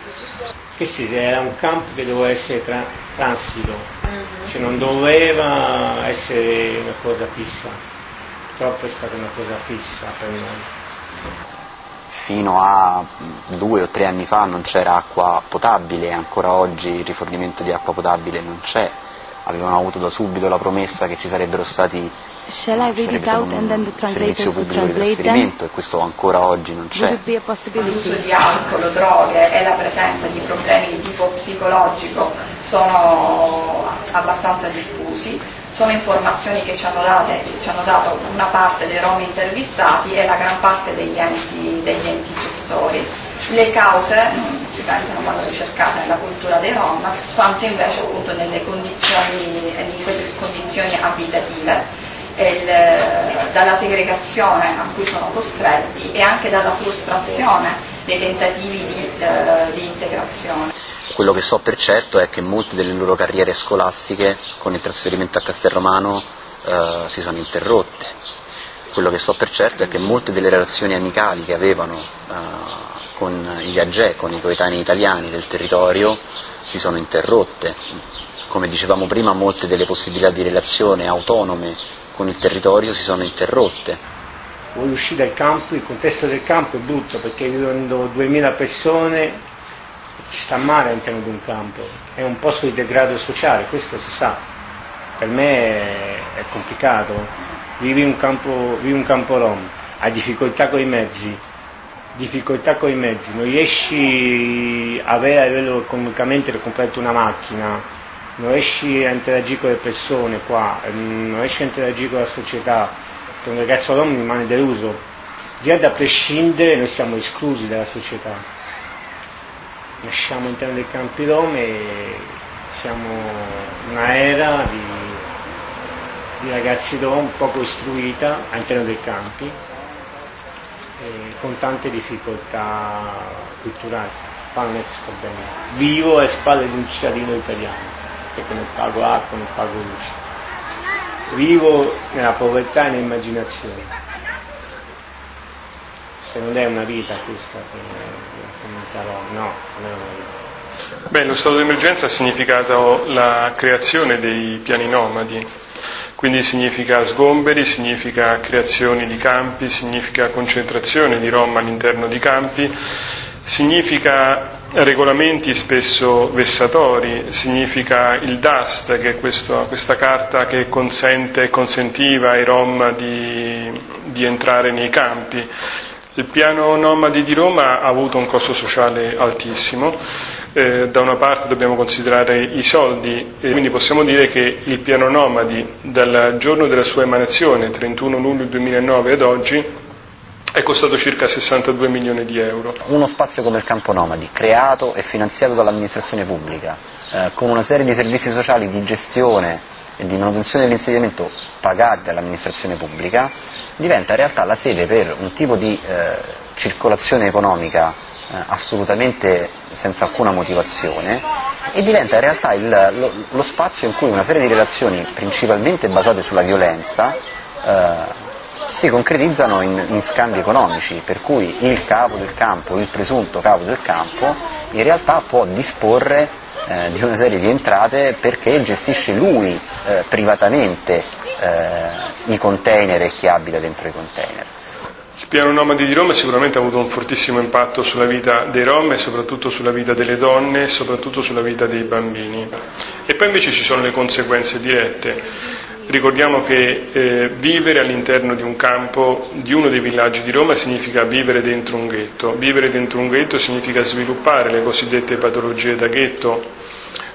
Sì, era un campo che doveva essere tra- transito, mm-hmm. cioè non doveva essere una cosa fissa, purtroppo è stata una cosa fissa per noi. Fino a due o tre anni fa non c'era acqua potabile, ancora oggi il rifornimento di acqua potabile non c'è avevano avuto da subito la promessa che ci sarebbero stati Shall I read it out and then the servizio pubblico translate trasferimento them? e questo ancora oggi non c'è. L'uso di alcol, droghe e la presenza di problemi di tipo psicologico sono abbastanza diffusi, sono informazioni che ci hanno, date, ci hanno dato una parte dei rom intervistati e la gran parte degli enti, degli enti gestori le cause sicuramente non vanno ricercate nella cultura dei Rom, no. quanto invece appunto nelle condizioni, in queste condizioni abitative, il, eh, dalla segregazione a cui sono costretti e anche dalla frustrazione dei tentativi eh, di, di integrazione. Quello che so per certo è che molte delle loro carriere scolastiche con il trasferimento a Castelromano eh, si sono interrotte. Quello che so per certo è che molte delle relazioni amicali che avevano eh, con i Gagè, con i coetanei italiani del territorio, si sono interrotte. Come dicevamo prima, molte delle possibilità di relazione autonome con il territorio si sono interrotte. Vuoi uscire dal campo, il contesto del campo è brutto perché vivendo 2000 persone ci sta male all'interno di un campo, è un posto di degrado sociale, questo si sa, per me è complicato, vivi un campo, vivi un campo rom, hai difficoltà con i mezzi, difficoltà con i mezzi, non riesci a avere a livello economicamente per comprare una macchina, non riesci a interagire con le persone qua, non riesci a interagire con la società, che un ragazzo all'uomo rimane deluso. Già da prescindere noi siamo esclusi dalla società. Nasciamo all'interno dei campi rom e siamo una era di, di ragazzi rom poco istruita all'interno dei campi Eh, con tante difficoltà culturali, è che sto bene. Vivo alle spalle di un cittadino italiano, perché non pago acqua, non pago luce. Vivo nella povertà e nell'immaginazione. Se non è una vita questa che, che monterò, no, non è una vita. Beh, lo stato d'emergenza ha significato la creazione dei piani nomadi, Quindi significa sgomberi, significa creazioni di campi, significa concentrazione di Roma all'interno di campi, significa regolamenti spesso vessatori, significa il DAST, che è questo, questa carta che consente e consentiva ai Rom di, di entrare nei campi. Il piano nomadi di Roma ha avuto un costo sociale altissimo, eh, da una parte dobbiamo considerare i soldi e quindi possiamo dire che il piano Nomadi dal giorno della sua emanazione, 31 luglio 2009 ad oggi, è costato circa 62 milioni di euro. Uno spazio come il campo Nomadi, creato e finanziato dall'amministrazione pubblica, eh, con una serie di servizi sociali di gestione e di manutenzione dell'insediamento pagati dall'amministrazione pubblica, diventa in realtà la sede per un tipo di eh, circolazione economica Eh, assolutamente senza alcuna motivazione e diventa in realtà il, lo, lo spazio in cui una serie di relazioni principalmente basate sulla violenza eh, si concretizzano in, in scambi economici, per cui il capo del campo, il presunto capo del campo, in realtà può disporre eh, di una serie di entrate perché gestisce lui eh, privatamente eh, i container e chi abita dentro i container piano nomadi di Roma sicuramente ha avuto un fortissimo impatto sulla vita dei Rom e soprattutto sulla vita delle donne e soprattutto sulla vita dei bambini. E poi invece ci sono le conseguenze dirette. Ricordiamo che eh, vivere all'interno di un campo, di uno dei villaggi di Roma, significa vivere dentro un ghetto. Vivere dentro un ghetto significa sviluppare le cosiddette patologie da ghetto,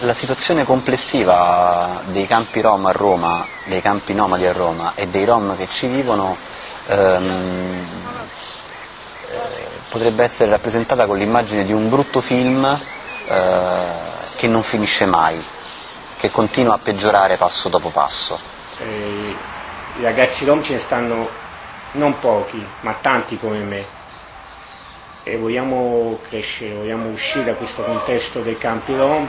la situazione complessiva dei campi Rom a Roma, dei campi nomadi a Roma e dei Rom che ci vivono ehm, eh, potrebbe essere rappresentata con l'immagine di un brutto film eh, che non finisce mai, che continua a peggiorare passo dopo passo. Eh, I ragazzi Rom ce ne stanno non pochi, ma tanti come me e vogliamo crescere, vogliamo uscire da questo contesto dei campi Rom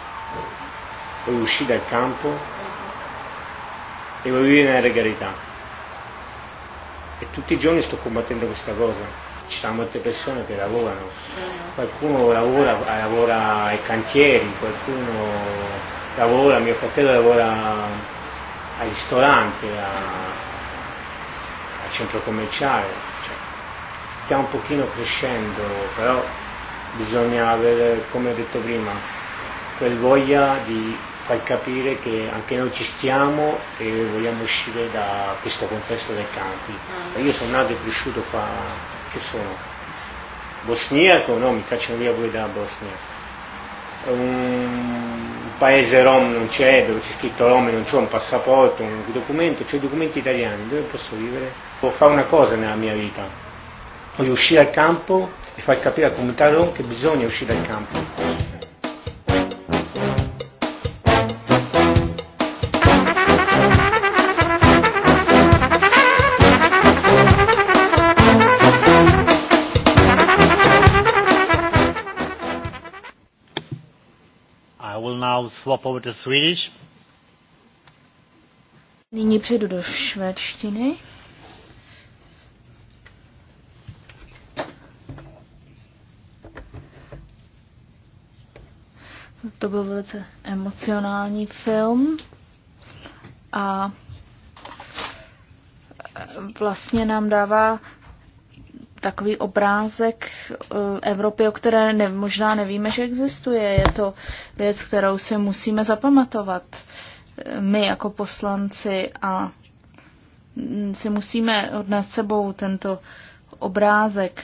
poi e uscì dal campo e voglio vivere nella regalità. E tutti i giorni sto combattendo questa cosa. Ci sono molte persone che lavorano, qualcuno lavora, lavora ai cantieri, qualcuno lavora, mio fratello lavora al ristorante, a, al centro commerciale. Cioè, stiamo un pochino crescendo, però bisogna avere, come ho detto prima, quel voglia di far capire che anche noi ci stiamo e vogliamo uscire da questo contesto dei campi. Mm. Io sono nato e cresciuto qua, che sono? Bosniaco? No, mi cacciano via voi da Bosnia. Un paese rom non c'è, dove c'è scritto rom e non c'è un passaporto, un documento, c'è documenti italiani, dove posso vivere? Può fare una cosa nella mia vita, voglio uscire al campo e far capire al comunità rom che bisogna uscire dal campo now swap over to Swedish. Nyní přejdu do švédštiny. To byl velice emocionální film a vlastně nám dává takový obrázek eh, Evropy, o které ne, možná nevíme, že existuje. Je to věc, kterou si musíme zapamatovat eh, my jako poslanci a mm, si musíme odnést sebou tento obrázek.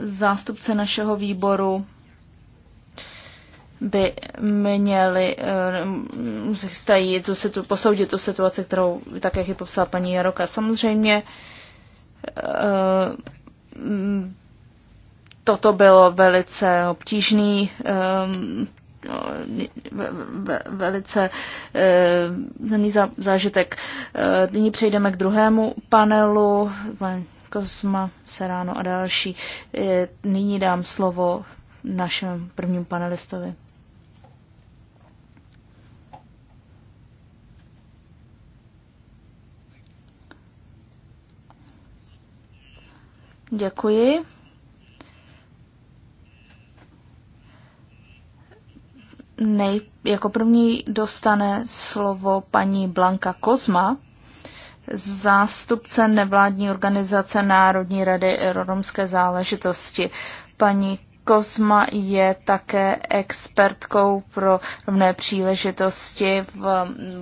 Zástupce našeho výboru by měli eh, se tu, posoudit tu situaci, kterou také jak ji popsala paní Jaroka. Samozřejmě Eh, mm, toto bylo velice obtížný eh, no, velice eh, daný zážitek. Nyní přejdeme k druhému panelu. Kozma, Seráno a další. Nyní dám slovo našemu prvnímu panelistovi. Děkuji. Nej, jako první dostane slovo paní Blanka Kozma, zástupce nevládní organizace Národní rady romské záležitosti. Paní Kozma je také expertkou pro rovné příležitosti v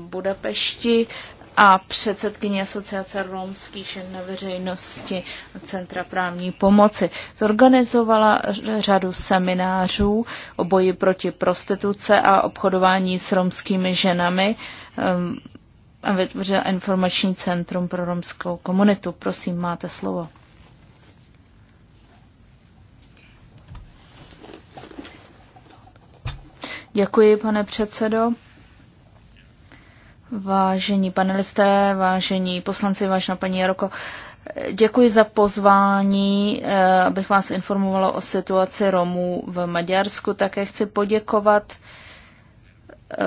Budapešti a předsedkyně Asociace romských žen na veřejnosti Centra právní pomoci. Zorganizovala řadu seminářů o boji proti prostituce a obchodování s romskými ženami ehm, a vytvořila informační centrum pro romskou komunitu. Prosím, máte slovo. Děkuji, pane předsedo. Vážení panelisté, vážení poslanci, vážená paní Jaroko, děkuji za pozvání, eh, abych vás informovala o situaci Romů v Maďarsku. Také chci poděkovat eh,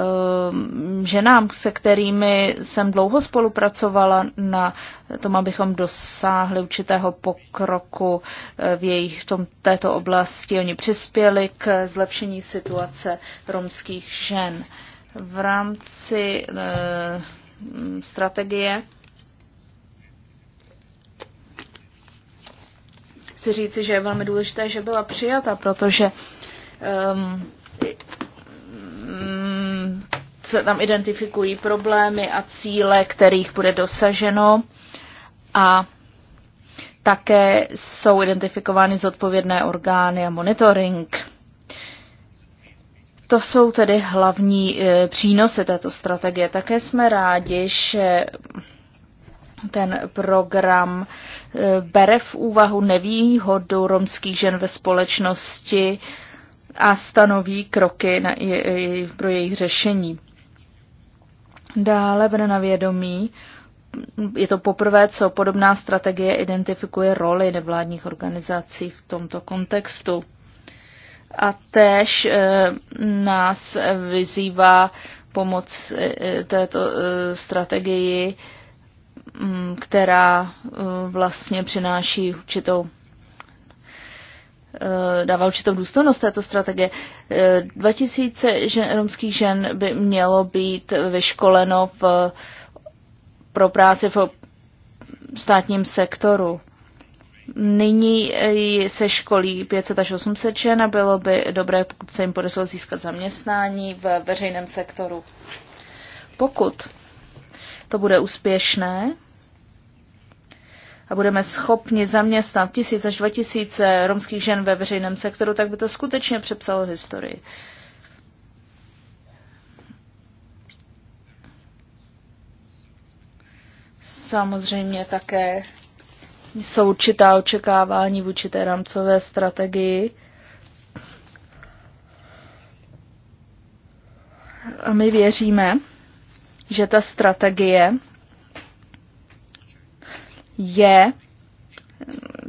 ženám, se kterými jsem dlouho spolupracovala na tom, abychom dosáhli určitého pokroku eh, v jejich tom, této oblasti. Oni přispěli k zlepšení situace romských žen. Uh, v rámci e, strategie chci říci, že je velmi důležité, že byla přijata, protože um, se tam identifikují problémy a cíle, kterých bude dosaženo a také jsou identifikovány zodpovědné orgány a monitoring. To jsou tedy hlavní e, přínosy této strategie. Také jsme rádi, že ten program e, bere v úvahu nevýhodu romských žen ve společnosti a stanoví kroky na, pro jejich řešení. Dále bude na vědomí, je to poprvé, co podobná strategie identifikuje roli nevládních organizací v tomto kontextu a též eh, nás vyzývá pomoc eh, eh, této strategii, mm, která vlastně přináší určitou dává určitou důstojnost této strategie. 2000 žen, romských žen by mělo být vyškoleno v, pro práci v státním sektoru. Nyní eh, se školí 500 až 800 žen a bylo by dobré, pokud se jim podařilo získat zaměstnání v veřejném sektoru. Pokud to bude úspěšné a budeme schopni zaměstnat 1000 až 2000 tisíce romských žen ve veřejném sektoru, tak by to skutečně přepsalo historii. Samozřejmě také jsou určitá očekávání v určité rámcové strategii. A my věříme, že ta strategie je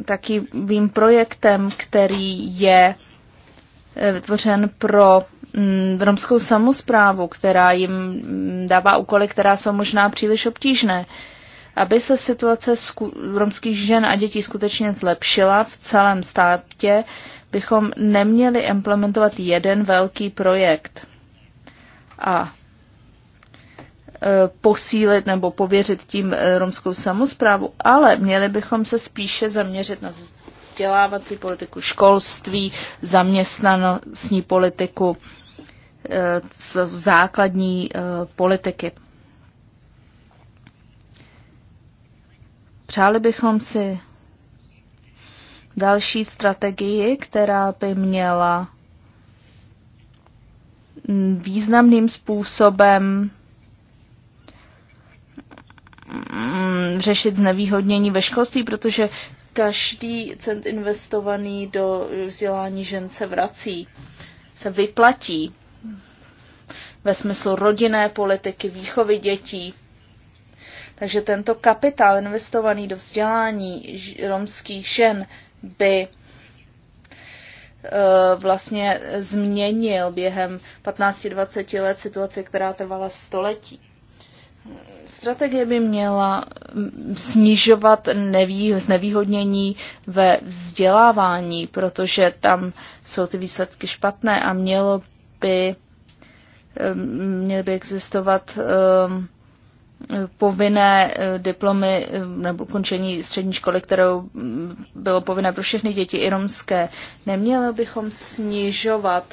takovým projektem, který je eh, vytvořen pro mm, romskou samozprávu, která jim mm, dává úkoly, která jsou možná příliš obtížné aby se situace romských žen a dětí skutečně zlepšila v celém státě, bychom neměli implementovat jeden velký projekt a e, posílit nebo pověřit tím e, romskou samozprávu, ale měli bychom se spíše zaměřit na vzdělávací politiku, školství, zaměstnanostní politiku, e, základní politiky. Přáli bychom si další strategii, která by měla významným způsobem mm, řešit znevýhodnění ve školství, protože každý cent investovaný do vzdělání žen se vrací, se vyplatí ve smyslu rodinné politiky, výchovy dětí, takže tento kapitál investovaný do vzdělání romských žen by e, vlastně změnil během 15-20 let situaci, která trvala století. Strategie by měla snižovat nevý, znevýhodnění ve vzdělávání, protože tam jsou ty výsledky špatné a mělo by, e, měly by existovat um, povinné eh, diplomy eh, nebo ukončení střední školy, kterou mm, bylo povinné pro všechny děti i romské. Neměli bychom snižovat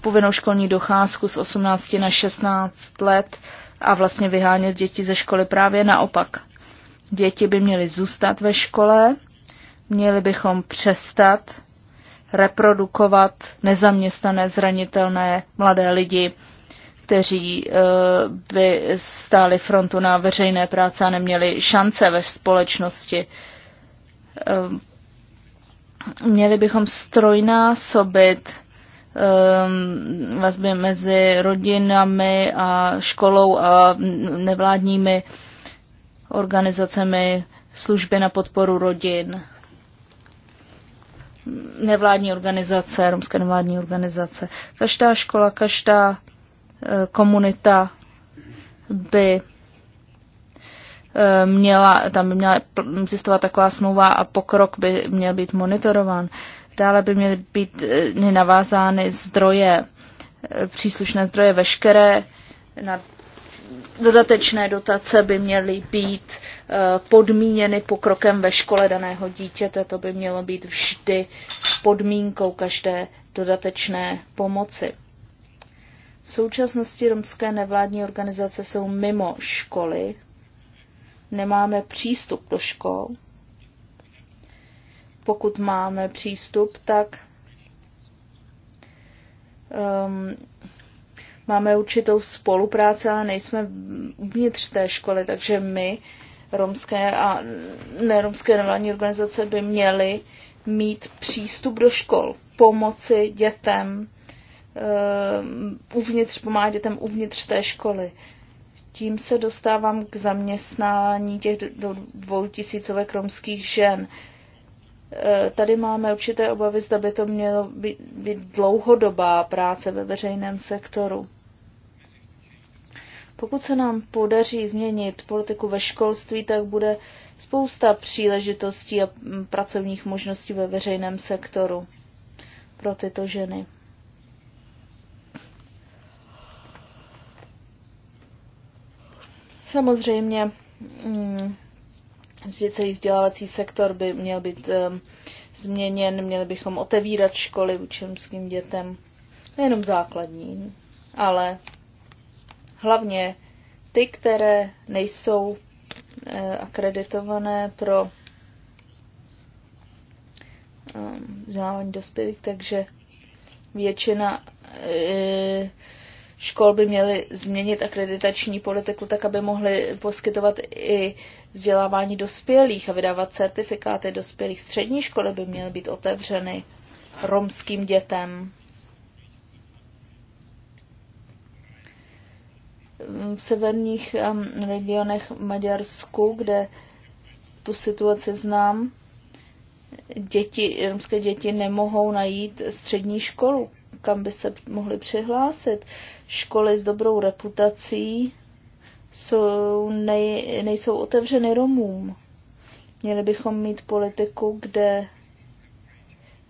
povinnou školní docházku z 18 na 16 let a vlastně vyhánět děti ze školy právě naopak. Děti by měly zůstat ve škole, měli bychom přestat reprodukovat nezaměstnané, zranitelné mladé lidi kteří eh, by stáli frontu na veřejné práce a neměli šance ve společnosti. Eh, měli bychom strojnásobit eh, vazby mezi rodinami a školou a nevládními organizacemi, služby na podporu rodin, nevládní organizace, romské nevládní organizace. Každá škola, každá Eh, komunita by eh, měla, tam by měla existovat taková smlouva a pokrok by měl být monitorován. Dále by měly být eh, navázány zdroje, příslušné zdroje veškeré na dodatečné dotace by měly být podmíněny pokrokem ve škole daného dítěte. To by mělo být vždy podmínkou každé dodatečné pomoci. V současnosti romské nevládní organizace jsou mimo školy, nemáme přístup do škol. Pokud máme přístup, tak um, máme určitou spolupráci, ale nejsme uvnitř té školy, takže my, romské a neromské nevládní organizace, by měly mít přístup do škol, pomoci dětem, Eh, uvnitř, pomáhat dětem uvnitř té školy. Tím se dostávám k zaměstnání těch do dvou tisícovek romských žen. Eh, tady máme určité obavy, zda by to mělo být, být dlouhodobá práce ve veřejném sektoru. Pokud se nám podaří změnit politiku ve školství, tak bude spousta příležitostí a mm, pracovních možností ve veřejném sektoru pro tyto ženy. Samozřejmě mm, celý vzdělávací sektor by měl být změněn, měli bychom otevírat školy učenským dětem, nejenom základní, ale hlavně ty, které nejsou eh, akreditované pro vzdělávání dospělých, takže většina eh, škol by měly změnit akreditační politiku tak, aby mohly poskytovat i vzdělávání dospělých a vydávat certifikáty dospělých. Střední školy by měly být otevřeny romským dětem. V severních um, regionech Maďarsku, kde tu situaci znám, děti, romské děti nemohou najít střední školu, kam by se mohly přihlásit školy s dobrou reputací jsou, nej, nejsou otevřeny Romům. Měli bychom mít politiku, kde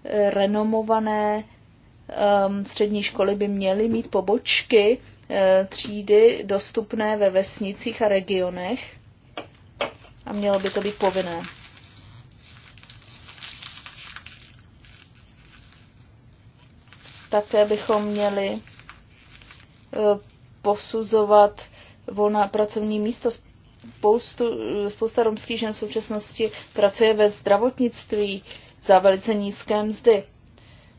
eh, renomované um, střední školy by měly mít pobočky uh, třídy dostupné ve vesnicích a regionech a mělo by to být povinné. Také bychom měli Eh, posuzovat volná pracovní místa. Spoustu, spousta romských žen v současnosti pracuje ve zdravotnictví za velice nízké mzdy.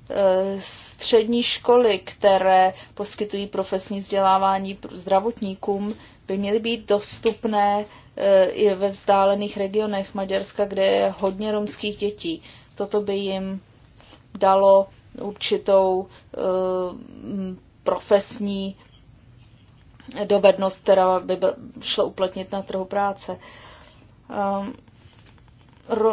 Eh, střední školy, které poskytují profesní vzdělávání zdravotníkům, by měly být dostupné eh, i ve vzdálených regionech Maďarska, kde je hodně romských dětí. Toto by jim dalo určitou profesní dovednost, která by šla uplatnit na trhu práce. Um,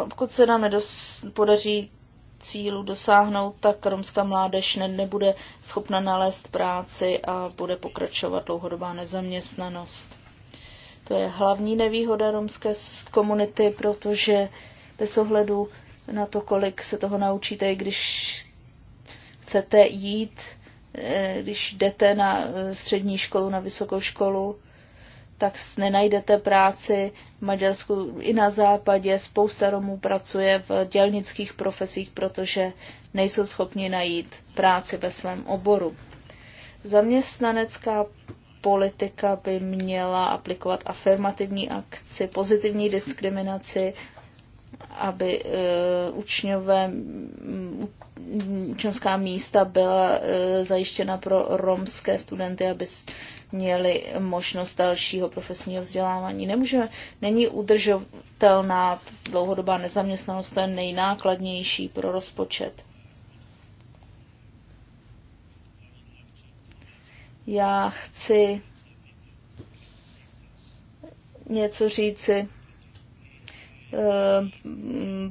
pokud se nám nedos- podaří cílu dosáhnout, tak romská mládež ne- nebude schopna nalézt práci a bude pokračovat dlouhodobá nezaměstnanost. To je hlavní nevýhoda romské komunity, protože bez ohledu na to, kolik se toho naučíte, i když chcete jít Eh, když jdete na eh, střední školu, na vysokou školu, tak nenajdete práci v Maďarsku i na západě. Spousta Romů pracuje v dělnických profesích, protože nejsou schopni najít práci ve svém oboru. Zaměstnanecká politika by měla aplikovat afirmativní akci, pozitivní diskriminaci aby eh, učňové, mm, učňovská místa byla eh, zajištěna pro romské studenty, aby měli možnost dalšího profesního vzdělávání. Nemůžeme, není udržovatelná dlouhodobá nezaměstnanost, to je nejnákladnější pro rozpočet. Já chci něco říci Eh,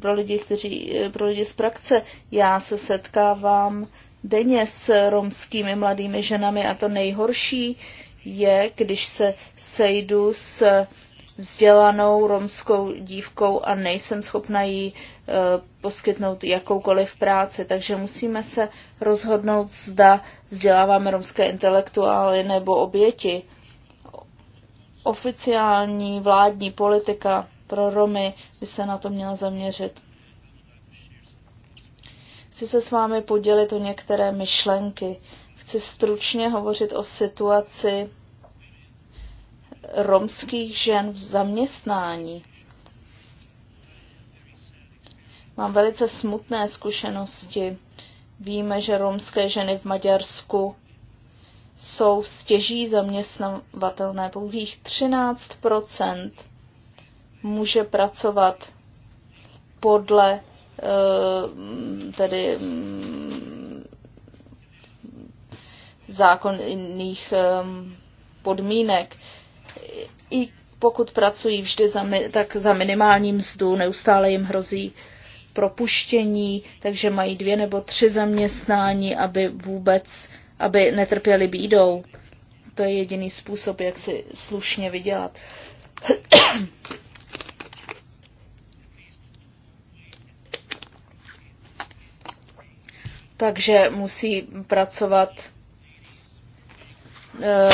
pro lidi, kteří, eh, pro lidi z praxe. Já se setkávám denně s romskými mladými ženami a to nejhorší je, když se sejdu s vzdělanou romskou dívkou a nejsem schopna jí eh, poskytnout jakoukoliv práci. Takže musíme se rozhodnout, zda vzděláváme romské intelektuály nebo oběti. Oficiální vládní politika pro Romy by se na to měla zaměřit. Chci se s vámi podělit o některé myšlenky. Chci stručně hovořit o situaci romských žen v zaměstnání. Mám velice smutné zkušenosti. Víme, že romské ženy v Maďarsku jsou stěží zaměstnavatelné. Pouhých 13 může pracovat podle eh, tedy mm, zákonných eh, podmínek. I pokud pracují vždy za, tak za minimální mzdu, neustále jim hrozí propuštění, takže mají dvě nebo tři zaměstnání, aby vůbec, aby netrpěli bídou. To je jediný způsob, jak si slušně vydělat. takže musí pracovat eh,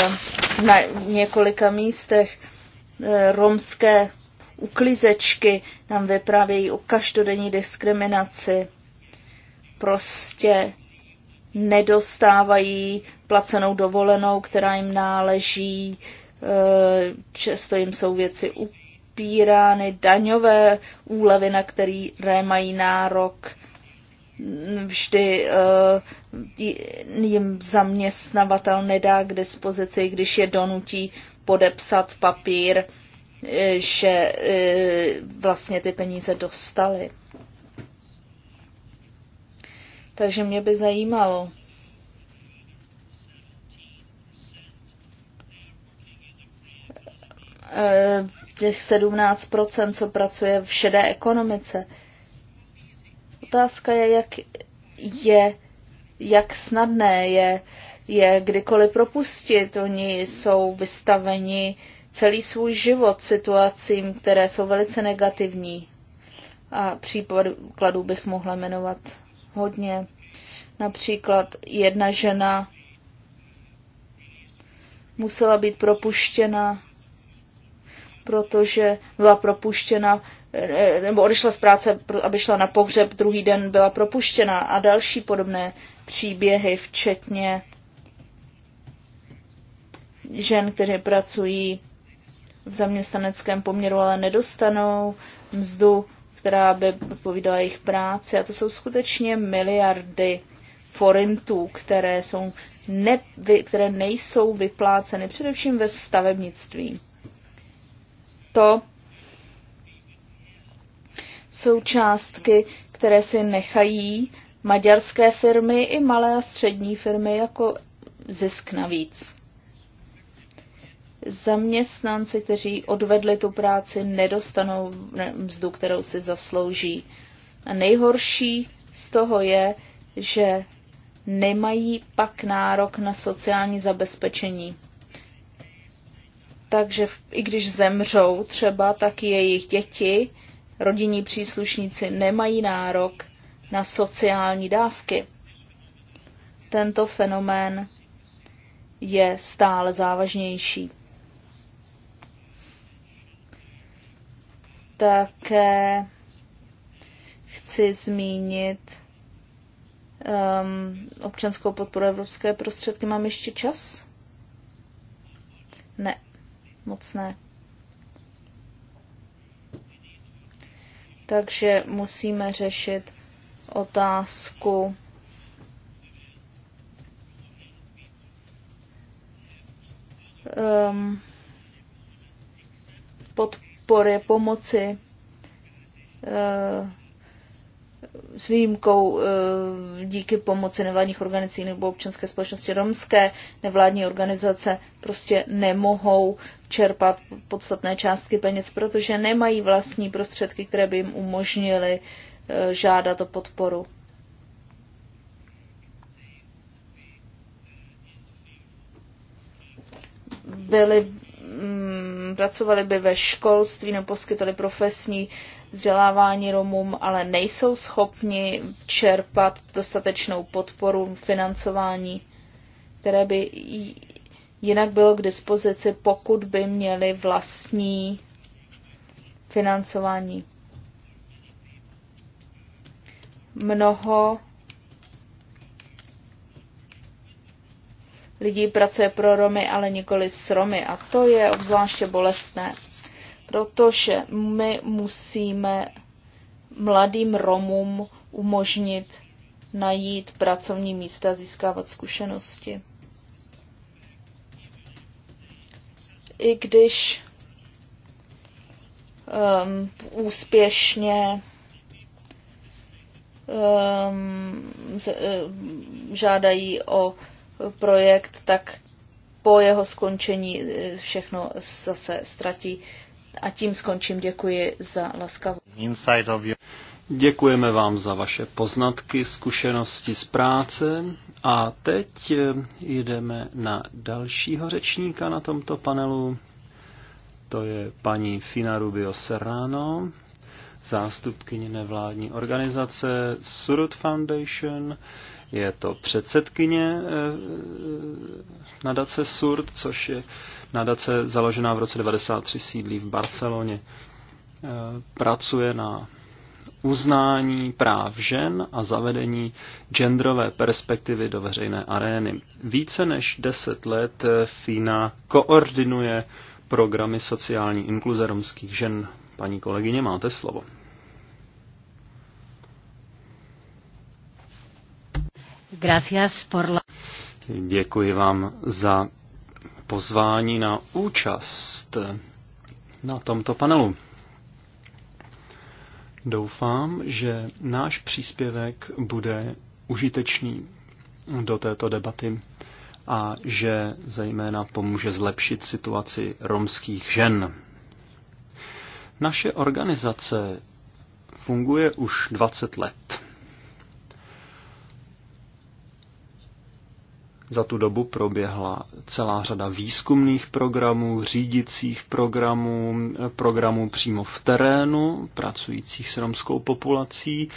na několika místech. Eh, romské uklizečky nám vyprávějí o každodenní diskriminaci. Prostě nedostávají placenou dovolenou, která jim náleží, eh, často jim jsou věci upírány, daňové úlevy, na které mají nárok, vždy eh, jim zaměstnavatel nedá k dispozici, když je donutí podepsat papír, eh, že eh, vlastně ty peníze dostali. Takže mě by zajímalo, těch 17%, co pracuje v šedé ekonomice. Otázka je, jak je, jak snadné je, je kdykoliv propustit. Oni jsou vystaveni celý svůj život situacím, které jsou velice negativní. A příkladů bych mohla jmenovat hodně. Například jedna žena musela být propuštěna, protože byla propuštěna nebo odešla z práce, aby šla na pohřeb, druhý den byla propuštěna a další podobné příběhy, včetně žen, které pracují v zaměstnaneckém poměru, ale nedostanou mzdu, která by odpovídala jejich práci. A to jsou skutečně miliardy forintů, které, jsou ne, které nejsou vypláceny, především ve stavebnictví. To jsou částky, které si nechají maďarské firmy i malé a střední firmy jako zisk navíc. Zaměstnanci, kteří odvedli tu práci, nedostanou mzdu, kterou si zaslouží. A nejhorší z toho je, že nemají pak nárok na sociální zabezpečení. Takže i když zemřou třeba, tak jejich děti rodinní příslušníci nemají nárok na sociální dávky. Tento fenomén je stále závažnější. Také chci zmínit um, občanskou podporu evropské prostředky. Mám ještě čas? Ne, moc ne. Takže musíme řešit otázku um, podpory, pomoci uh, s výjimkou eh, díky pomoci nevládních organizací nebo občanské společnosti romské nevládní organizace prostě nemohou čerpat podstatné částky peněz, protože nemají vlastní prostředky, které by jim umožnily eh, žádat o podporu. Byli, mm, pracovali by ve školství, neposkytali profesní uh, vzdělávání Romům, ale nejsou schopni čerpat dostatečnou podporu financování, které by jinak bylo k dispozici, pokud by měli vlastní financování. Mnoho lidí pracuje pro Romy, ale nikoli s Romy a to je obzvláště bolestné protože my musíme mladým Romům umožnit najít pracovní místa získávat zkušenosti. I když um, úspěšně um, um, žádají o projekt, tak po jeho skončení eh, všechno zase ztratí a tím skončím. Děkuji za laskavost. Děkujeme vám za vaše poznatky, zkušenosti z práce. A teď eh, jdeme na dalšího řečníka na tomto panelu. To je paní Fina Rubio Serrano, zástupkyně nevládní organizace Surut Foundation. Je to předsedkyně eh, eh, nadace Surt, což je Nadace založená v roce 1993 sídlí v Barceloně. E, pracuje na uznání práv žen a zavedení genderové perspektivy do veřejné arény. Více než deset let FINA koordinuje programy sociální inkluze romských žen. Paní kolegyně, máte slovo. Gracias por la... Děkuji vám za pozvání na účast na tomto panelu. Doufám, že náš příspěvek bude užitečný do této debaty a že zejména pomůže zlepšit situaci romských žen. Naše organizace funguje už 20 let. Za tu dobu proběhla celá řada výzkumných programů, řídicích programů, programů přímo v terénu, pracujících s romskou populací,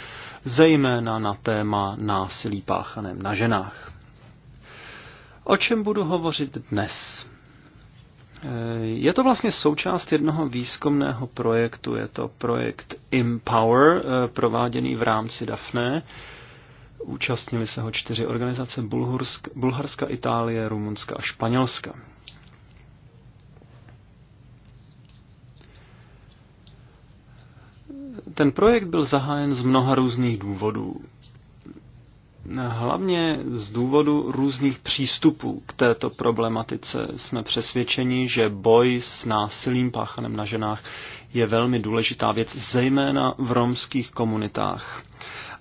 zejména na téma násilí páchaném na ženách. O čem budu hovořit dnes? Je to vlastně součást jednoho výzkumného projektu, je to projekt Empower, eh, prováděný v rámci DAFNE, Účastnili se ho čtyři organizace Bulhursk, Bulharska, Itálie, Rumunska a Španělska. Ten projekt byl zahájen z mnoha různých důvodů. Hlavně z důvodu různých přístupů k této problematice jsme přesvědčeni, že boj s násilím páchanem na ženách je velmi důležitá věc, zejména v romských komunitách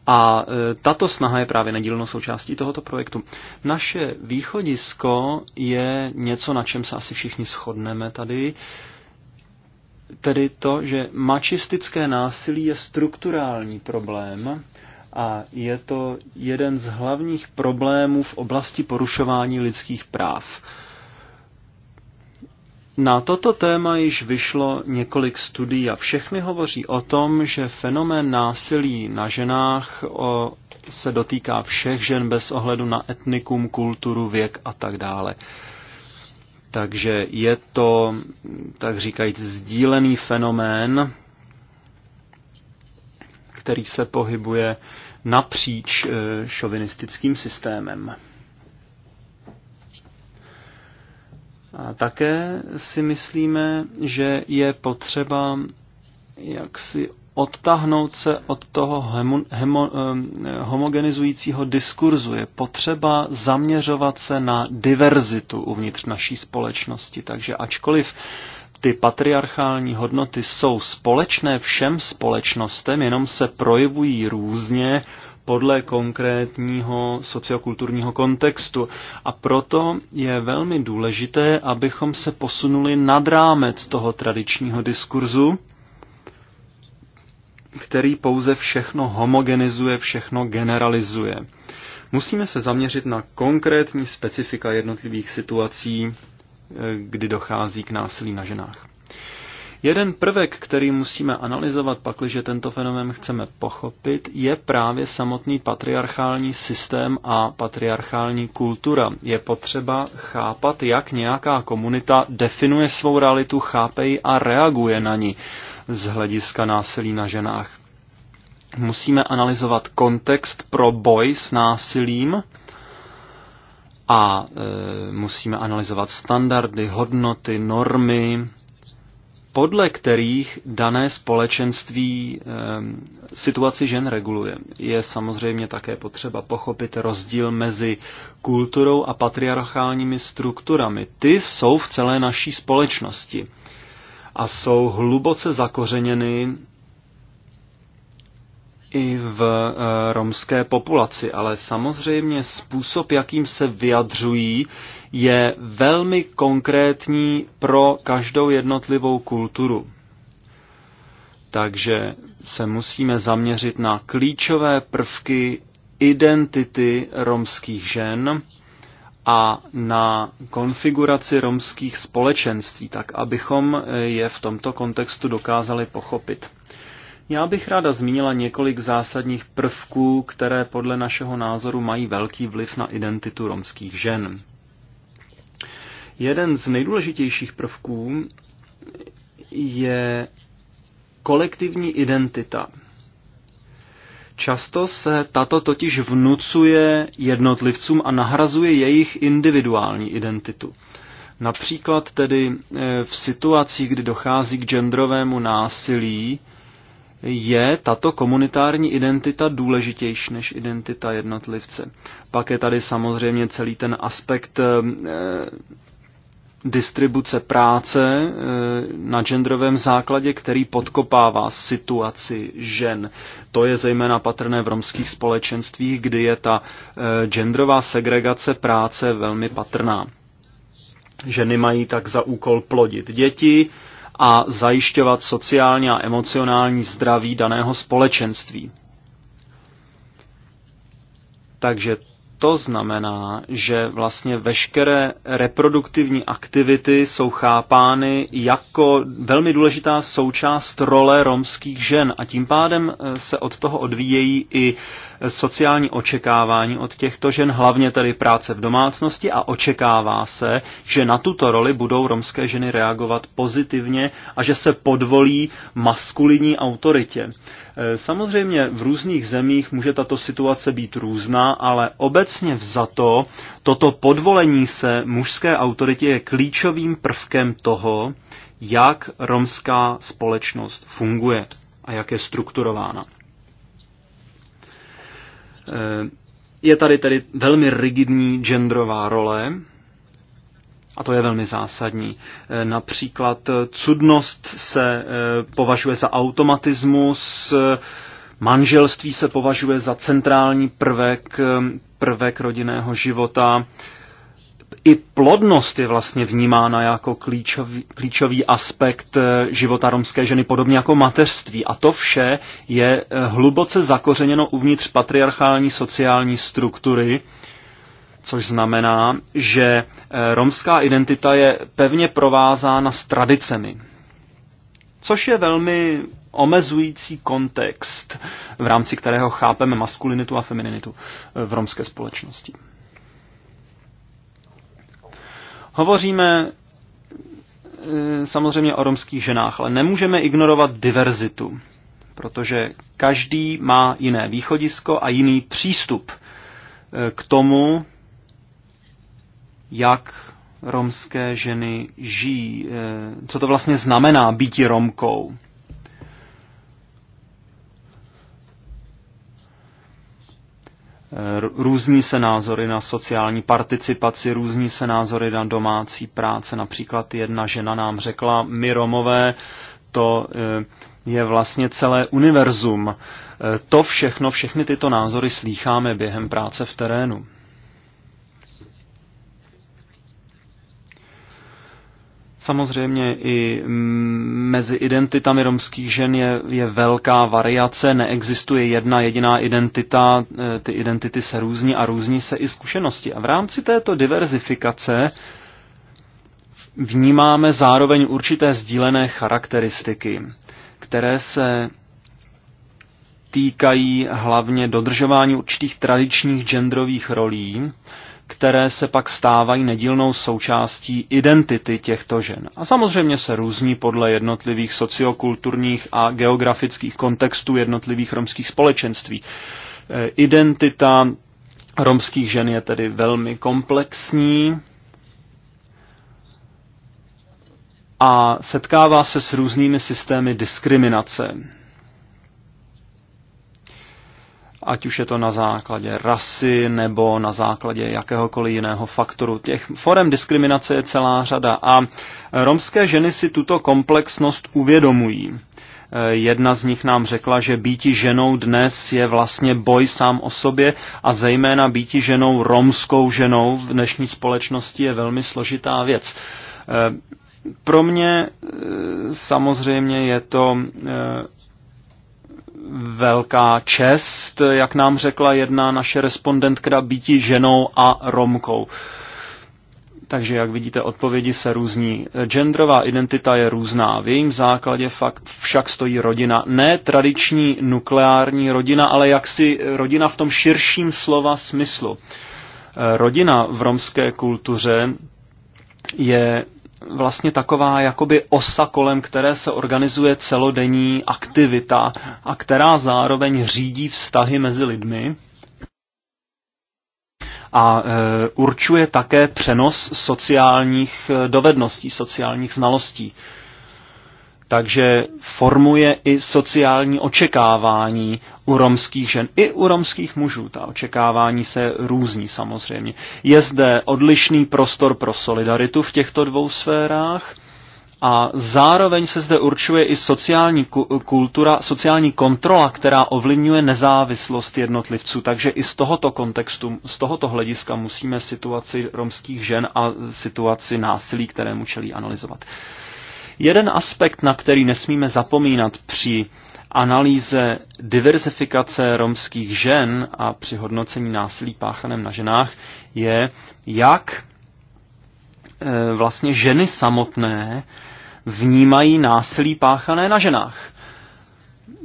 a e, tato snaha je právě nedílnou součástí tohoto projektu. Naše východisko je něco, na čem se asi všichni shodneme tady, tedy to, že mačistické násilí je strukturální problém a je to jeden z hlavních problémů v oblasti porušování lidských práv na toto téma již vyšlo několik studií a všechny hovoří o tom, že fenomén násilí na ženách o, se dotýká všech žen bez ohledu na etnikum, kulturu, věk a tak dále. Takže je to, tak říkajíc, sdílený fenomén, který se pohybuje napříč eh, šovinistickým systémem. A také si myslíme, že je potřeba jak si odtahnout se od toho hemo, hemo, homogenizujícího diskurzu. Je potřeba zaměřovat se na diverzitu uvnitř naší společnosti. Takže ačkoliv ty patriarchální hodnoty jsou společné všem společnostem, jenom se projevují různě podle konkrétního sociokulturního kontextu. A proto je velmi důležité, abychom se posunuli nad rámec toho tradičního diskurzu, který pouze všechno homogenizuje, všechno generalizuje. Musíme se zaměřit na konkrétní specifika jednotlivých situací, eh, kdy dochází k násilí na ženách. Jeden prvek, který musíme analyzovat, pakliže tento fenomén chceme pochopit, je právě samotný patriarchální systém a patriarchální kultura. Je potřeba chápat, jak nějaká komunita definuje svou realitu, chápe ji a reaguje na ní z hlediska násilí na ženách. Musíme analyzovat kontext pro boj s násilím, a e, musíme analyzovat standardy, hodnoty, normy, podle kterých dané společenství ehm, situaci žen reguluje. Je samozřejmě také potřeba pochopit rozdíl mezi kulturou a patriarchálními strukturami. Ty jsou v celé naší společnosti a jsou hluboce zakořeněny i v eh, romské populaci, ale samozřejmě způsob, jakým se vyjadřují, je velmi konkrétní pro každou jednotlivou kulturu. Takže se musíme zaměřit na klíčové prvky identity romských žen a na konfiguraci romských společenství, tak abychom je v tomto kontextu dokázali pochopit. Já bych ráda zmínila několik zásadních prvků, které podle našeho názoru mají velký vliv na identitu romských žen. Jeden z nejdůležitějších prvků je kolektivní identita. Často se tato totiž vnucuje jednotlivcům a nahrazuje jejich individuální identitu. Například tedy eh, v situacích, kdy dochází k genderovému násilí, je tato komunitární identita důležitější než identita jednotlivce. Pak je tady samozřejmě celý ten aspekt eh, distribuce práce eh, na genderovém základě, který podkopává situaci žen. To je zejména patrné v romských společenstvích, kdy je ta eh, genderová segregace práce velmi patrná. Ženy mají tak za úkol plodit děti a zajišťovat sociální a emocionální zdraví daného společenství. Takže to znamená, že vlastně veškeré reproduktivní aktivity jsou chápány jako velmi důležitá součást role romských žen a tím pádem eh, se od toho odvíjejí i eh, sociální očekávání od těchto žen, hlavně tedy práce v domácnosti a očekává se, že na tuto roli budou romské ženy reagovat pozitivně a že se podvolí maskulinní autoritě. Eh, samozřejmě v různých zemích může tato situace být různá, ale obecně obecně vzato, toto podvolení se mužské autoritě je klíčovým prvkem toho, jak romská společnost funguje a jak je strukturována. Eh, je tady tedy velmi rigidní genderová role, a to je velmi zásadní. Eh, například eh, cudnost se považuje za automatismus, Manželství se považuje za centrální prvek, eh, prvek rodinného života. I plodnost je vlastně vnímána jako klíčový, klíčový aspekt eh, života romské ženy, podobně jako mateřství. A to vše je eh, hluboce zakořeněno uvnitř patriarchální sociální struktury, což znamená, že romská identita je pevně provázána s tradicemi. Což je velmi omezující kontext, v rámci kterého chápeme maskulinitu a femininitu eh, v romské společnosti. Hovoříme eh, samozřejmě o romských ženách, ale nemůžeme ignorovat diverzitu, protože každý má jiné východisko a jiný přístup eh, k tomu, jak romské ženy žijí, co to vlastně znamená být Romkou. Eh, různí se názory na sociální participaci, různí se názory na domácí práce. Například jedna žena nám řekla, my Romové, to eh, je vlastně celé univerzum. Eh, to všechno, všechny tyto názory slýcháme během práce v terénu. Samozřejmě i mm, mezi identitami romských žen je, je velká variace, neexistuje jedna jediná identita, e, ty identity se různí a různí se i zkušenosti. A v rámci této diverzifikace vnímáme zároveň určité sdílené charakteristiky, které se týkají hlavně dodržování určitých tradičních genderových rolí které se pak stávají nedílnou součástí identity těchto žen. A samozřejmě se různí podle jednotlivých sociokulturních a geografických kontextů jednotlivých romských společenství. E, identita romských žen je tedy velmi komplexní a setkává se s různými systémy diskriminace ať už je to na základě rasy nebo na základě jakéhokoliv jiného faktoru. Těch forem diskriminace je celá řada a romské ženy si tuto komplexnost uvědomují. E, jedna z nich nám řekla, že býti ženou dnes je vlastně boj sám o sobě a zejména býti ženou romskou ženou v dnešní společnosti je velmi složitá věc. E, pro mě e, samozřejmě je to velká čest, jak nám řekla jedna naše respondentka, býti ženou a Romkou. Takže, jak vidíte, odpovědi se různí. Genderová identita je různá. V jejím základě fakt, však stojí rodina. Ne tradiční nukleární rodina, ale jaksi rodina v tom širším slova smyslu. Rodina v romské kultuře je vlastně taková jakoby osa, kolem které se organizuje celodenní aktivita a která zároveň řídí vztahy mezi lidmi a e, určuje také přenos sociálních e, dovedností, sociálních znalostí. E, takže formuje i sociální očekávání u romských žen, i u romských mužů. Ta očekávání se různí samozřejmě. Je zde odlišný prostor pro solidaritu v těchto dvou sférách a zároveň se zde určuje i sociální kultura, sociální kontrola, která ovlivňuje nezávislost jednotlivců. Takže i z tohoto kontextu, z tohoto hlediska musíme situaci romských žen a situaci násilí, kterému čelí, analyzovat. Jeden aspekt, na který nesmíme zapomínat při analýze diverzifikace romských žen a při hodnocení násilí páchaném na ženách, je, jak e, vlastně ženy samotné vnímají násilí páchané na ženách.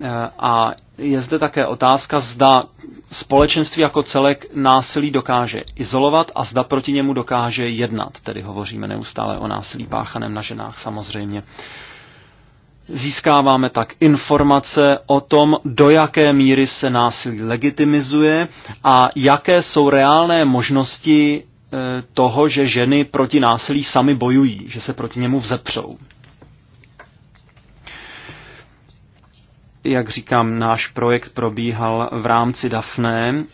Eh, a je zde také otázka, zda společenství jako celek násilí dokáže izolovat a zda proti němu dokáže jednat. Tedy hovoříme neustále o násilí páchaném na ženách samozřejmě. Získáváme tak informace o tom, do jaké míry se násilí legitimizuje a jaké jsou reálné možnosti eh, toho, že ženy proti násilí sami bojují, že se proti němu vzepřou. jak říkám, náš projekt probíhal v rámci DAFNE.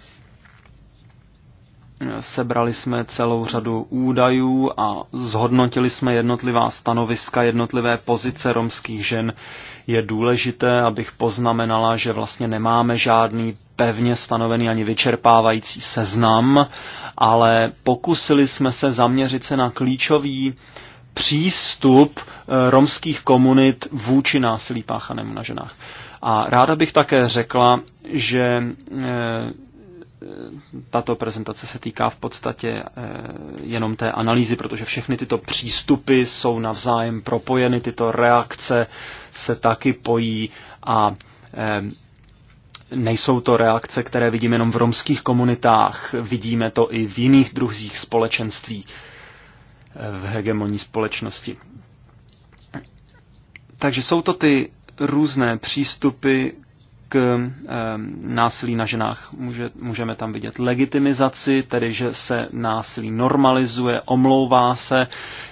Sebrali jsme celou řadu údajů a zhodnotili jsme jednotlivá stanoviska, jednotlivé pozice romských žen. Je důležité, abych poznamenala, že vlastně nemáme žádný pevně stanovený ani vyčerpávající seznam, ale pokusili jsme se zaměřit se na klíčový přístup eh, romských komunit vůči násilí páchanému na ženách. A ráda bych také řekla, že e, tato prezentace se týká v podstatě e, jenom té analýzy, protože všechny tyto přístupy jsou navzájem propojeny, tyto reakce se taky pojí a e, nejsou to reakce, které vidíme jenom v romských komunitách, vidíme to i v jiných druhých společenství v hegemonní společnosti. Takže jsou to ty různé přístupy k násilí na ženách. Může, můžeme tam vidět legitimizaci, tedy že se násilí normalizuje, omlouvá se,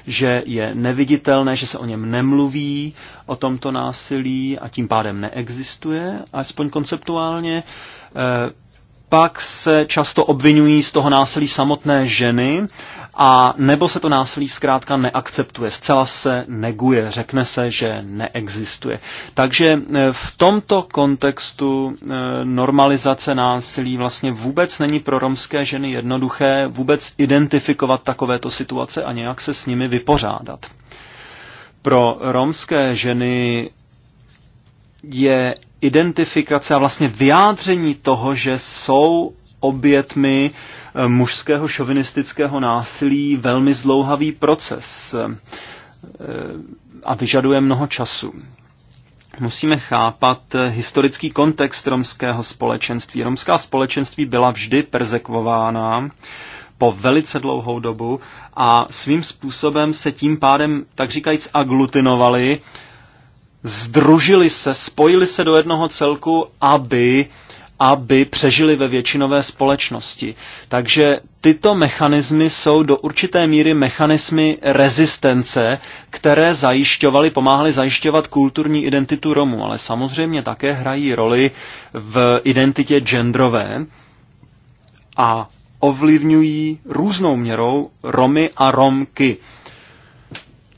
že je neviditelné, že se o něm nemluví, o tomto násilí a tím pádem neexistuje, aspoň konceptuálně. E, pak se často obvinují z toho násilí samotné ženy, a nebo se to násilí zkrátka neakceptuje, zcela se neguje, řekne se, že neexistuje. Takže e, v tomto kontextu e, normalizace násilí vlastně vůbec není pro romské ženy jednoduché vůbec identifikovat takovéto situace a nějak se s nimi vypořádat. Pro romské ženy je identifikace a vlastně vyjádření toho, že jsou obětmi uh, mužského šovinistického násilí velmi zdlouhavý proces eh, a vyžaduje mnoho času. Musíme chápat eh, historický kontext romského společenství. Romská společenství byla vždy persekvována po velice dlouhou dobu a svým způsobem se tím pádem, tak říkajíc, aglutinovali združili se, spojili se do jednoho celku, aby aby přežili ve většinové společnosti. Takže tyto mechanismy jsou do určité míry mechanismy rezistence, které zajišťovaly, pomáhaly zajišťovat kulturní identitu Romů, ale samozřejmě také hrají roli v identitě genderové a ovlivňují různou měrou Romy a Romky.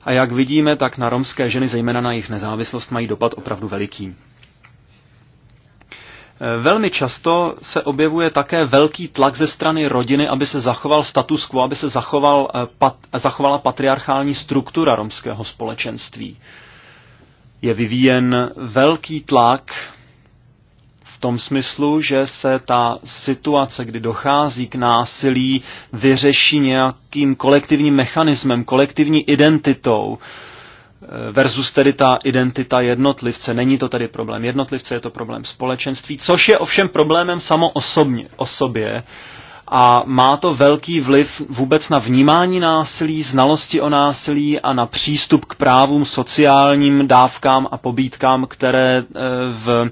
A jak vidíme, tak na romské ženy, zejména na jejich nezávislost, mají dopad opravdu veliký. Velmi často se objevuje také velký tlak ze strany rodiny, aby se zachoval status quo, aby se zachoval, eh, pat, zachovala patriarchální struktura romského společenství. Je vyvíjen velký tlak v tom smyslu, že se ta situace, kdy dochází k násilí, vyřeší nějakým kolektivním mechanismem, kolektivní identitou, versus tedy ta identita jednotlivce. Není to tedy problém jednotlivce, je to problém společenství, což je ovšem problémem samo osobně, o sobě a má to velký vliv vůbec na vnímání násilí, znalosti o násilí a na přístup k právům, sociálním dávkám a pobídkám, které eh, v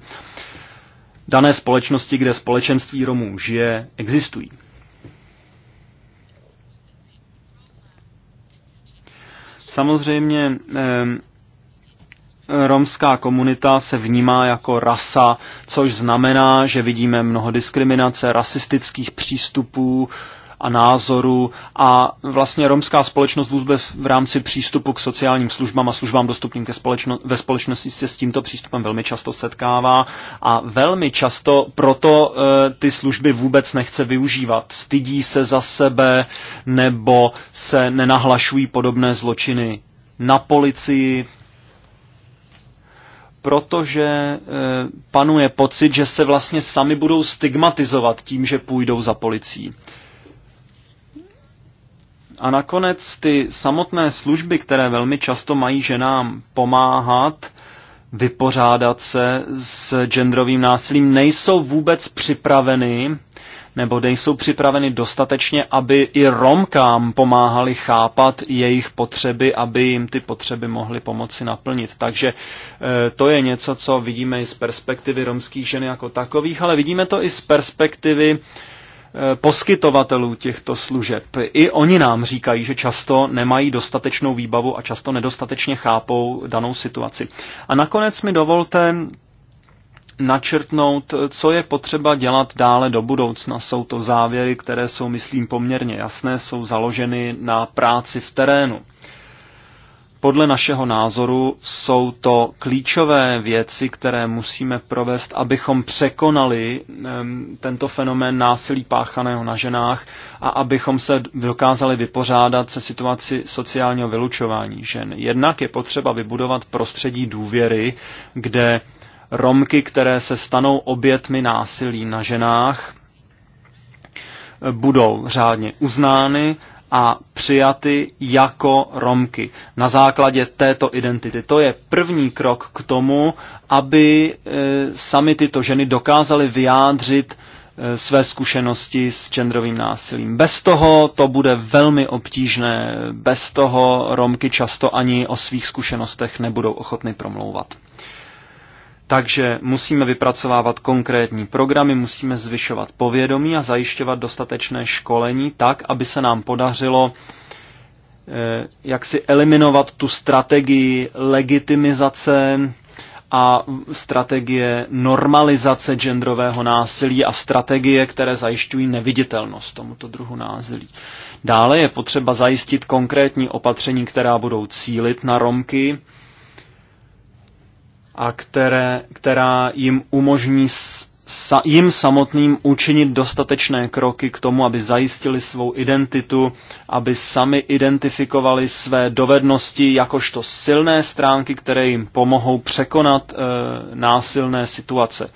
dané společnosti, kde společenství Romů žije, existují. Samozřejmě romská komunita se vnímá jako rasa, což znamená, že vidíme mnoho diskriminace, rasistických přístupů, a názorů a vlastně romská společnost vůbec v rámci přístupu k sociálním službám a službám dostupným ke společno- ve společnosti se s tímto přístupem velmi často setkává a velmi často proto e, ty služby vůbec nechce využívat. Stydí se za sebe nebo se nenahlašují podobné zločiny na policii, protože eh, panuje pocit, že se vlastně sami budou stigmatizovat tím, že půjdou za policií. A nakonec ty samotné služby, které velmi často mají ženám pomáhat, vypořádat se s genderovým násilím, nejsou vůbec připraveny nebo nejsou připraveny dostatečně, aby i Romkám pomáhali chápat jejich potřeby, aby jim ty potřeby mohly pomoci naplnit. Takže eh, to je něco, co vidíme i z perspektivy romských žen jako takových, ale vidíme to i z perspektivy Eh, poskytovatelů těchto služeb. I oni nám říkají, že často nemají dostatečnou výbavu a často nedostatečně chápou danou situaci. A nakonec mi dovolte načrtnout, co je potřeba dělat dále do budoucna. Jsou to závěry, které jsou, myslím, poměrně jasné, jsou založeny na práci v terénu. Podle našeho názoru jsou to klíčové věci, které musíme provést, abychom překonali tento fenomén násilí páchaného na ženách a abychom se dokázali vypořádat se situaci sociálního vylučování žen. Jednak je potřeba vybudovat prostředí důvěry, kde Romky, které se stanou obětmi násilí na ženách, budou řádně uznány, a přijaty jako Romky na základě této identity. To je první krok k tomu, aby e, sami tyto ženy dokázaly vyjádřit e, své zkušenosti s genderovým násilím. Bez toho to bude velmi obtížné, bez toho Romky často ani o svých zkušenostech nebudou ochotny promlouvat. Takže musíme vypracovávat konkrétní programy, musíme zvyšovat povědomí a zajišťovat dostatečné školení tak, aby se nám podařilo eh, jak si eliminovat tu strategii legitimizace a strategie normalizace genderového násilí a strategie, které zajišťují neviditelnost tomuto druhu násilí. Dále je potřeba zajistit konkrétní opatření, která budou cílit na Romky, a které, která jim umožní sa, jim samotným učinit dostatečné kroky k tomu, aby zajistili svou identitu, aby sami identifikovali své dovednosti jakožto silné stránky, které jim pomohou překonat e, násilné situace.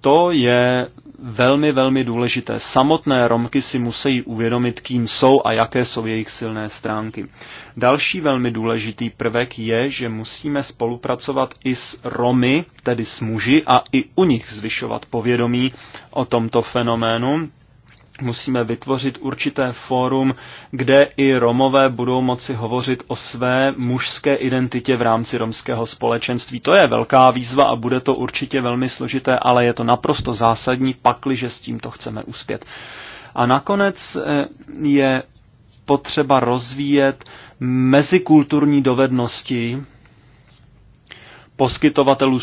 To je velmi, velmi důležité. Samotné Romky si musí uvědomit, kým jsou a jaké jsou jejich silné stránky. Další velmi důležitý prvek je, že musíme spolupracovat i s Romy, tedy s muži, a i u nich zvyšovat povědomí o tomto fenoménu, musíme vytvořit určité fórum, kde i Romové budou moci hovořit o své mužské identitě v rámci romského společenství. To je velká výzva a bude to určitě velmi složité, ale je to naprosto zásadní, pakliže s tímto chceme uspět. A nakonec eh, je potřeba rozvíjet mezikulturní dovednosti poskytovatelů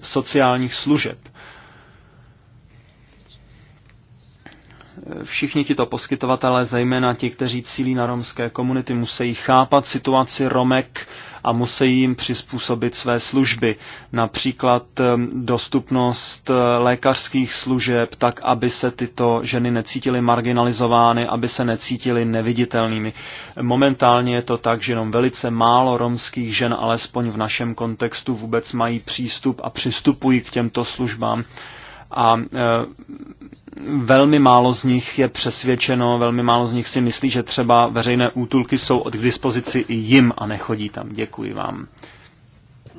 sociálních služeb všichni tito poskytovatelé, zejména ti, kteří cílí na romské komunity, musí chápat situaci Romek a musí jim přizpůsobit své služby. Například dostupnost eh, lékařských služeb, tak aby se tyto ženy necítily marginalizovány, aby se necítily neviditelnými. Momentálně je to tak, že jenom velice málo romských žen, alespoň v našem kontextu, vůbec mají přístup a přistupují k těmto službám a e, velmi málo z nich je přesvědčeno, velmi málo z nich si myslí, že třeba veřejné útulky jsou od k dispozici i jim a nechodí tam. Děkuji vám.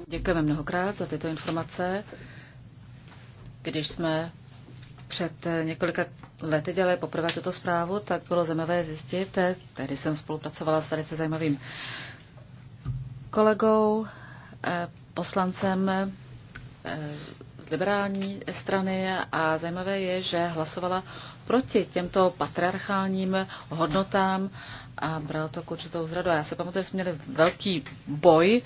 Děkujeme mnohokrát za tyto informace. Když jsme před několika lety dělali poprvé tuto zprávu, tak bylo zajímavé zjistit, tehdy jsem spolupracovala s velice zajímavým kolegou, eh, poslancem eh, liberální strany a zajímavé je, že hlasovala proti těmto patriarchálním hodnotám a bral to k určitou zradu. A já se pamatuju, že jsme měli velký boj.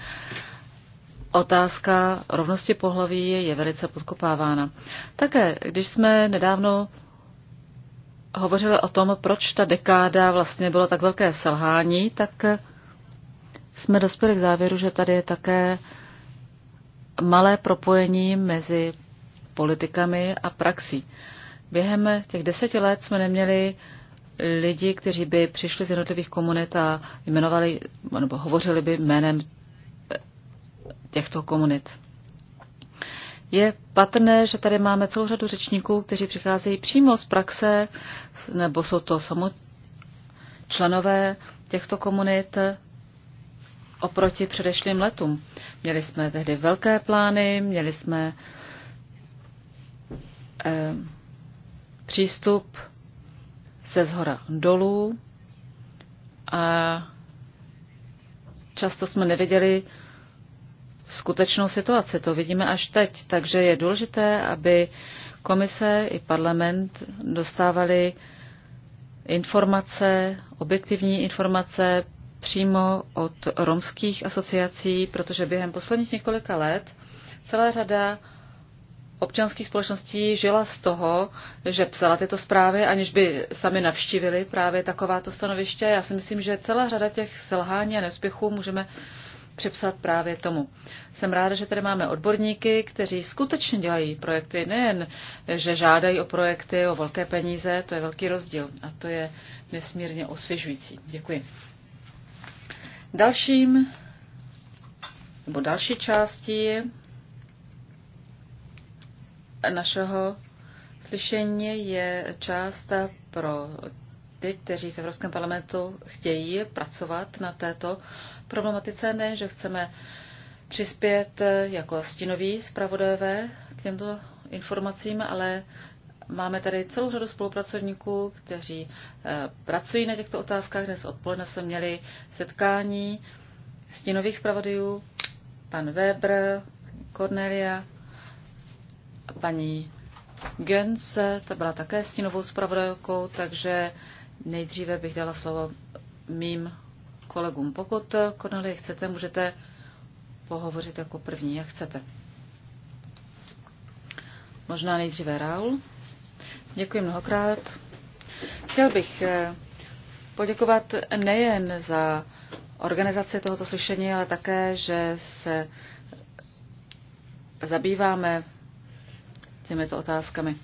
Otázka rovnosti pohlaví je velice podkopávána. Také, když jsme nedávno hovořili o tom, proč ta dekáda vlastně bylo tak velké selhání, tak jsme dospěli k závěru, že tady je také malé propojení mezi politikami a praxí. Během těch deseti let jsme neměli lidi, kteří by přišli z jednotlivých komunit a jmenovali nebo hovořili by jménem těchto komunit. Je patrné, že tady máme celou řadu řečníků, kteří přicházejí přímo z praxe, nebo jsou to samo členové těchto komunit, oproti předešlým letům. Měli jsme tehdy velké plány, měli jsme eh, přístup se zhora dolů a často jsme neviděli skutečnou situaci. To vidíme až teď, takže je důležité, aby komise i parlament dostávali informace, objektivní informace, přímo od romských asociací, protože během posledních několika let celá řada občanských společností žila z toho, že psala tyto zprávy, aniž by sami navštívili právě takováto stanoviště. Já si myslím, že celá řada těch selhání a neúspěchů můžeme připsat právě tomu. Jsem ráda, že tady máme odborníky, kteří skutečně dělají projekty, nejen, že žádají o projekty, o velké peníze, to je velký rozdíl a to je nesmírně osvěžující. Děkuji. Dalším nebo další částí našeho slyšení je část pro ty, kteří v Evropském parlamentu chtějí pracovat na této problematice, ne, že chceme přispět jako stinoví zpravodajové k těmto informacím, ale Máme tady celou řadu spolupracovníků, kteří eh, pracují na těchto otázkách. Dnes odpoledne jsme měli setkání stínových zpravodajů, pan Weber, Cornelia, paní Gönce, ta byla také stínovou zpravodajkou, takže nejdříve bych dala slovo mým kolegům. Pokud, eh, Cornelia, chcete, můžete pohovořit jako první, jak chcete. Možná nejdříve Raul. Děkuji mnohokrát. Chtěl bych eh, poděkovat nejen za organizaci tohoto slyšení, ale také, že se zabýváme těmito otázkami.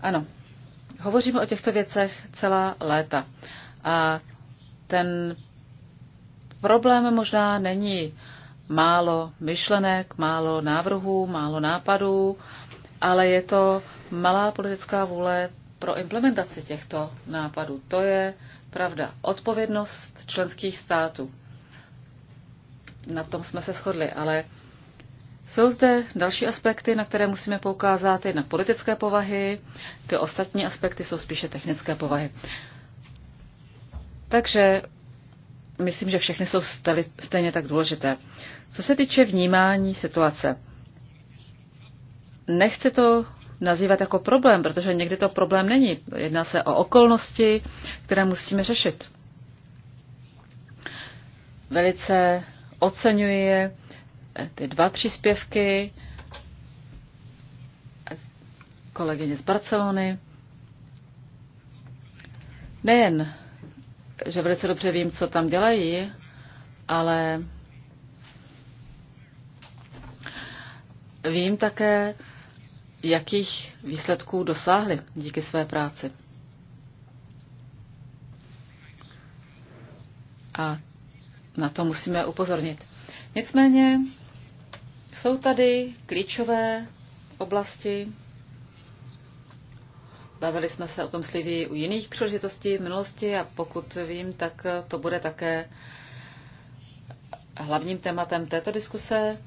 Ano, hovoříme o těchto věcech celá léta. A ten problém možná není málo myšlenek, málo návrhů, málo nápadů, ale je to malá politická vůle pro implementaci těchto nápadů. To je pravda. Odpovědnost členských států. Na tom jsme se shodli, ale jsou zde další aspekty, na které musíme poukázat, jednak politické povahy, ty ostatní aspekty jsou spíše technické povahy. Takže myslím, že všechny jsou stejně tak důležité. Co se týče vnímání situace, nechci to nazývat jako problém, protože někdy to problém není. Jedná se o okolnosti, které musíme řešit. Velice oceňuji eh, ty dva příspěvky kolegyně z Barcelony. Nejen, že velice dobře vím, co tam dělají, ale vím také, jakých výsledků dosáhli díky své práci. A na to musíme upozornit. Nicméně jsou tady klíčové oblasti. Bavili jsme se o tom slivě u jiných příležitostí v minulosti a pokud vím, tak to bude také hlavním tématem této diskuse.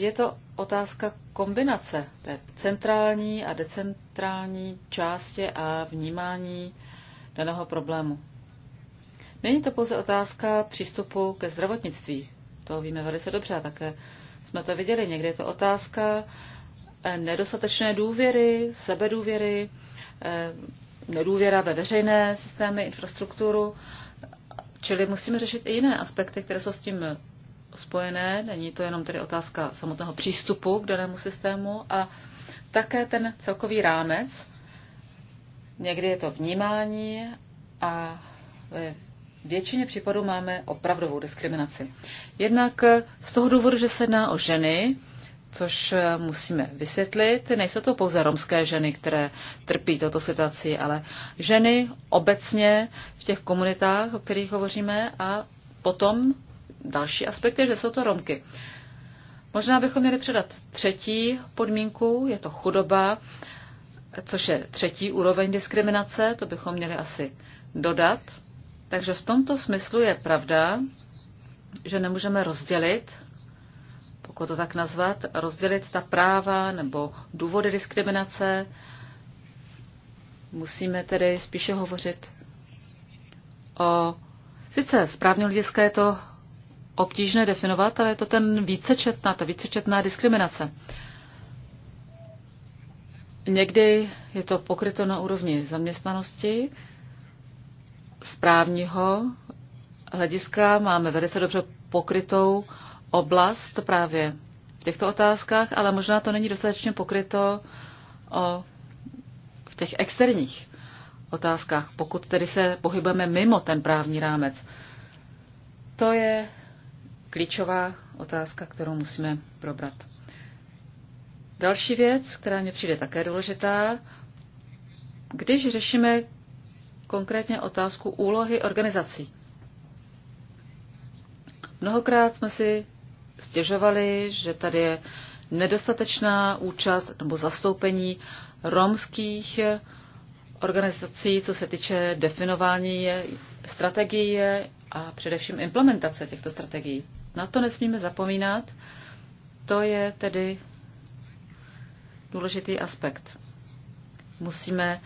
Je to otázka kombinace té centrální a decentrální části a vnímání daného problému. Není to pouze otázka přístupu ke zdravotnictví. To víme velice dobře a také jsme to viděli. Někdy je to otázka eh, nedostatečné důvěry, sebedůvěry, eh, nedůvěra ve veřejné systémy, infrastrukturu. Čili musíme řešit i jiné aspekty, které jsou s tím spojené, není to jenom tedy otázka samotného přístupu k danému systému a také ten celkový rámec. Někdy je to vnímání a ve většině případů máme opravdovou diskriminaci. Jednak z toho důvodu, že se jedná o ženy, což eh, musíme vysvětlit. Nejsou to pouze romské ženy, které trpí toto situaci, ale ženy obecně v těch komunitách, o kterých hovoříme, a potom další aspekt je, že jsou to Romky. Možná bychom měli předat třetí podmínku, je to chudoba, což je třetí úroveň diskriminace, to bychom měli asi dodat. Takže v tomto smyslu je pravda, že nemůžeme rozdělit, pokud to tak nazvat, rozdělit ta práva nebo důvody diskriminace. Musíme tedy spíše hovořit o Sice z právního hlediska je to obtížné definovat, ale je to ten vícečetná, ta vícečetná diskriminace. Někdy je to pokryto na úrovni zaměstnanosti, správního hlediska máme velice dobře pokrytou oblast právě v těchto otázkách, ale možná to není dostatečně pokryto o, v těch externích otázkách, pokud tedy se pohybujeme mimo ten právní rámec. To je klíčová otázka, kterou musíme probrat. Další věc, která mě přijde také důležitá, když řešíme konkrétně otázku úlohy organizací. Mnohokrát jsme si stěžovali, že tady je nedostatečná účast nebo zastoupení romských organizací, co se týče definování strategie a především implementace těchto strategií. Na to nesmíme zapomínat. To je tedy důležitý aspekt. Musíme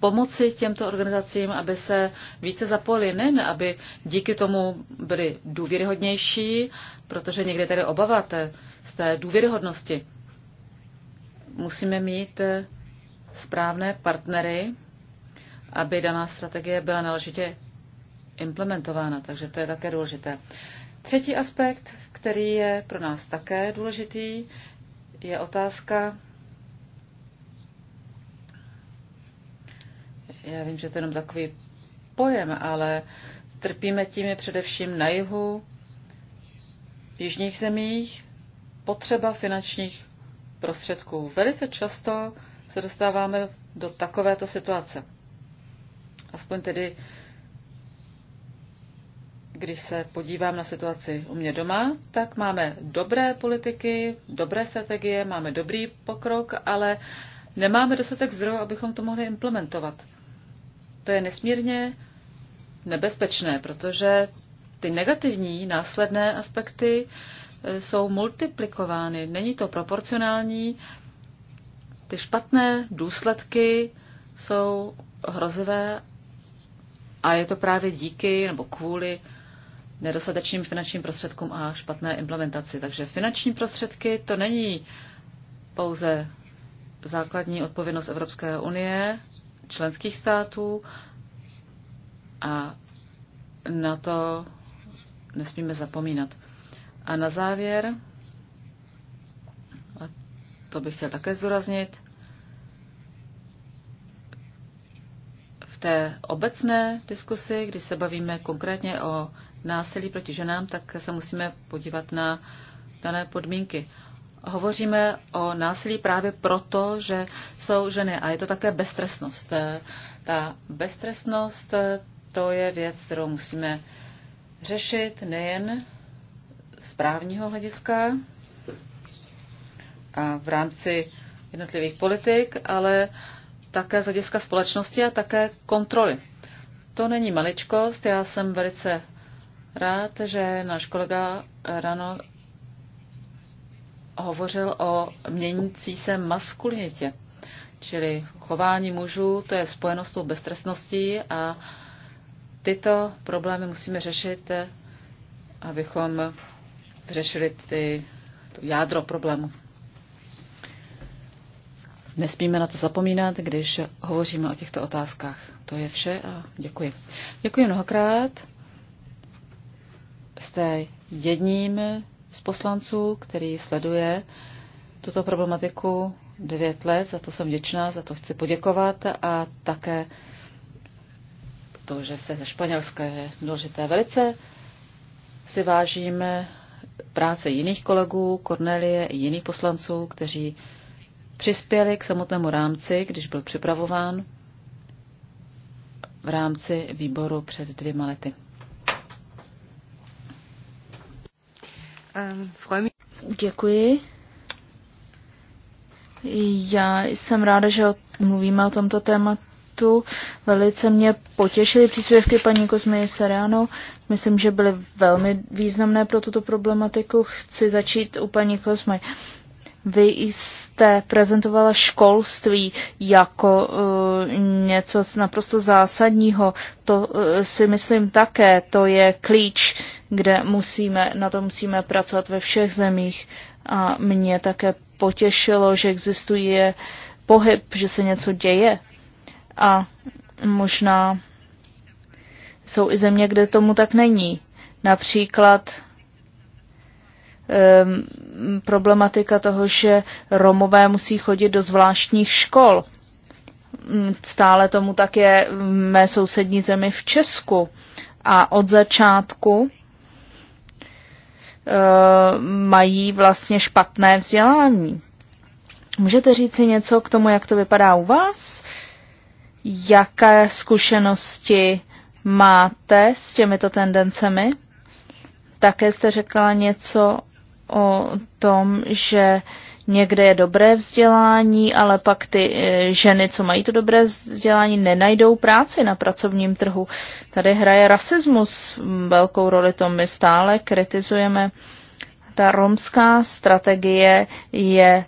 pomoci těmto organizacím, aby se více zapojili, ne, aby díky tomu byli důvěryhodnější, protože někde tady obaváte z té důvěryhodnosti. Musíme mít eh, správné partnery, aby daná strategie byla náležitě implementována, takže to je také důležité. Třetí aspekt, který je pro nás také důležitý, je otázka. Já vím, že to je jenom takový pojem, ale trpíme tím je především na jihu, v jižních zemích, potřeba finančních prostředků. Velice často se dostáváme do takovéto situace. Aspoň tedy když se podívám na situaci u mě doma, tak máme dobré politiky, dobré strategie, máme dobrý pokrok, ale nemáme dostatek zdrojů, abychom to mohli implementovat. To je nesmírně nebezpečné, protože ty negativní následné aspekty eh, jsou multiplikovány. Není to proporcionální. Ty špatné důsledky jsou hrozivé a je to právě díky nebo kvůli nedostatečným finančním prostředkům a špatné implementaci. Takže finanční prostředky to není pouze základní odpovědnost Evropské unie, členských států a na to nesmíme zapomínat. A na závěr, a to bych chtěl také zdůraznit, v té obecné diskusi, kdy se bavíme konkrétně o násilí proti ženám, tak se musíme podívat na dané podmínky. Hovoříme o násilí právě proto, že jsou ženy a je to také beztresnost. Ta beztresnost, to je věc, kterou musíme řešit nejen z právního hlediska a v rámci jednotlivých politik, ale také z hlediska společnosti a také kontroly. To není maličkost, já jsem velice rád, že náš kolega ráno hovořil o měnící se maskulinitě, čili chování mužů, to je spojeno s tou beztrestností a tyto problémy musíme řešit, abychom řešili ty, to jádro problému. Nesmíme na to zapomínat, když hovoříme o těchto otázkách. To je vše a děkuji. Děkuji mnohokrát jste jedním z poslanců, který sleduje tuto problematiku devět let. Za to jsem vděčná, za to chci poděkovat a také to, že jste ze Španělska, je důležité. Velice si vážíme práce jiných kolegů, Kornelie i jiných poslanců, kteří přispěli k samotnému rámci, když byl připravován v rámci výboru před dvěma lety. Děkuji. Já jsem ráda, že mluvíme o tomto tématu. Velice mě potěšily příspěvky paní Kozmy Seriano. Myslím, že byly velmi významné pro tuto problematiku. Chci začít u paní Kozmy. Vy jste prezentovala školství jako uh, něco naprosto zásadního. To uh, si myslím také, to je klíč, kde musíme, na to musíme pracovat ve všech zemích. A mě také potěšilo, že existuje pohyb, že se něco děje. A možná jsou i země, kde tomu tak není. Například Ehm, problematika toho, že Romové musí chodit do zvláštních škol. Mm, stále tomu tak je v mé sousední zemi v Česku. A od začátku ehm, mají vlastně špatné vzdělání. Můžete říct si něco k tomu, jak to vypadá u vás? Jaké zkušenosti máte s těmito tendencemi? Také jste řekla něco o tom, že někde je dobré vzdělání, ale pak ty e, ženy, co mají to dobré vzdělání, nenajdou práci na pracovním trhu. Tady hraje rasismus velkou roli, to my stále kritizujeme. Ta romská strategie je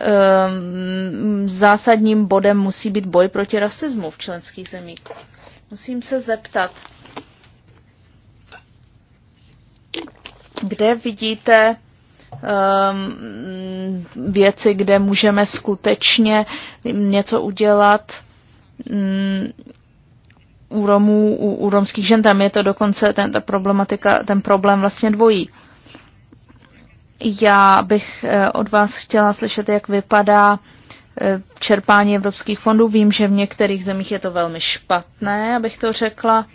um, zásadním bodem musí být boj proti rasismu v členských zemích. Musím se zeptat, kde vidíte um, věci, kde můžeme skutečně něco udělat. Um, u Romů, u, u romských žen, tam je to dokonce ten, ta problematika, ten problém vlastně dvojí. Já bych eh, od vás chtěla slyšet, jak vypadá eh, čerpání evropských fondů. Vím, že v některých zemích je to velmi špatné, abych to řekla.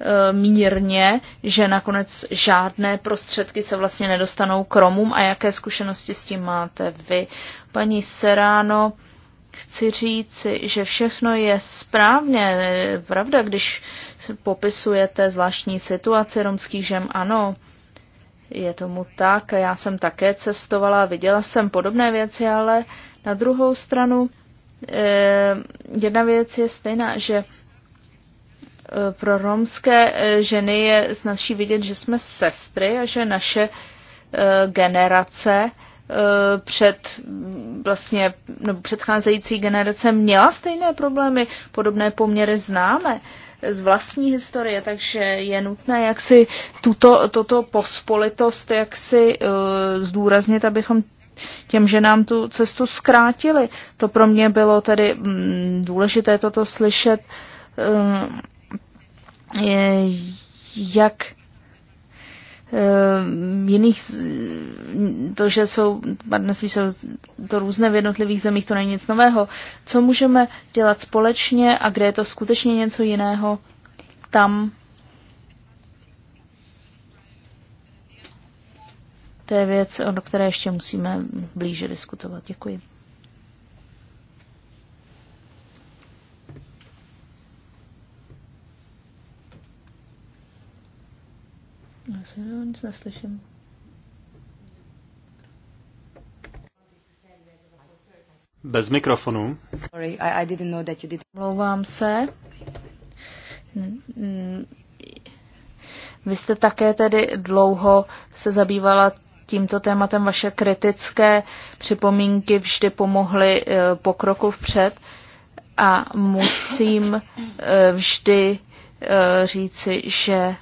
E, mírně, že nakonec žádné prostředky se vlastně nedostanou k Romům a jaké zkušenosti s tím máte vy. Paní Seráno, chci říct, že všechno je správně. Pravda, když popisujete zvláštní situaci romských žem, ano, je tomu tak. Já jsem také cestovala, viděla jsem podobné věci, ale na druhou stranu e, jedna věc je stejná, že Eh, pro romské eh, ženy je snazší vidět, že jsme sestry a že naše eh, generace před mm, vlastně, nebo předcházející generace měla stejné problémy, podobné poměry známe z vlastní historie, takže je nutné jak si tuto, toto pospolitost jak si uh, zdůraznit, abychom těm, že nám tu cestu zkrátili. To pro mě bylo tedy mm, důležité toto slyšet. Uh, jak eh, jiných, to, že jsou dnes jsou to různé v jednotlivých zemích, to není nic nového. Co můžeme dělat společně a kde je to skutečně něco jiného, tam to je věc, o které ještě musíme blíže diskutovat. Děkuji. Já se nic neslyším. Bez mikrofonu. Sorry, I, I didn't know that you did. Mlouvám se. Vy jste také tedy dlouho se zabývala tímto tématem. Vaše kritické připomínky vždy pomohly eh, pokroku vpřed a musím eh, vždy eh, říci, že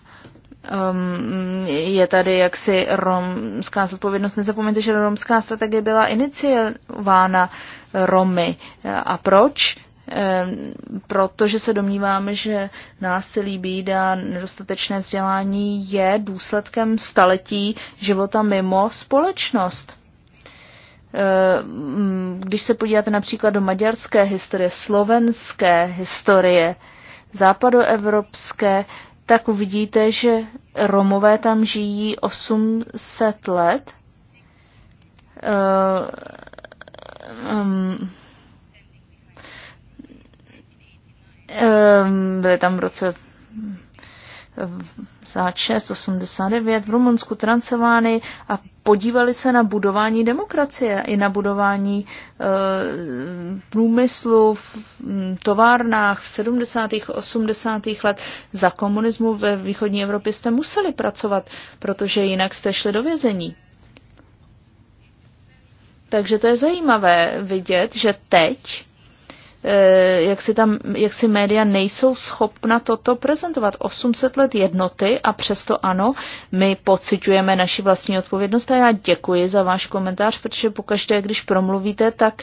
um, je tady jaksi romská zodpovědnost. Nezapomeňte, že romská strategie byla iniciována Romy. A proč? Um, protože se domníváme, že násilí, bída, nedostatečné vzdělání je důsledkem staletí života mimo společnost. Um, když se podíváte například do maďarské historie, slovenské historie, západoevropské tak uvidíte, že Romové tam žijí 800 let. Uh, um, um, byli tam v roce 689 v Rumunsku, Transylvánii a podívali se na budování demokracie i na budování eh, průmyslu v hm, továrnách v 70. 80. let. Za komunismu ve východní Evropě jste museli pracovat, protože jinak jste šli do vězení. Takže to je zajímavé vidět, že teď Eh, jak si, tam, jak si média nejsou schopna toto prezentovat. 800 let jednoty a přesto ano, my pociťujeme naši vlastní odpovědnost a já děkuji za váš komentář, protože pokaždé, když promluvíte, tak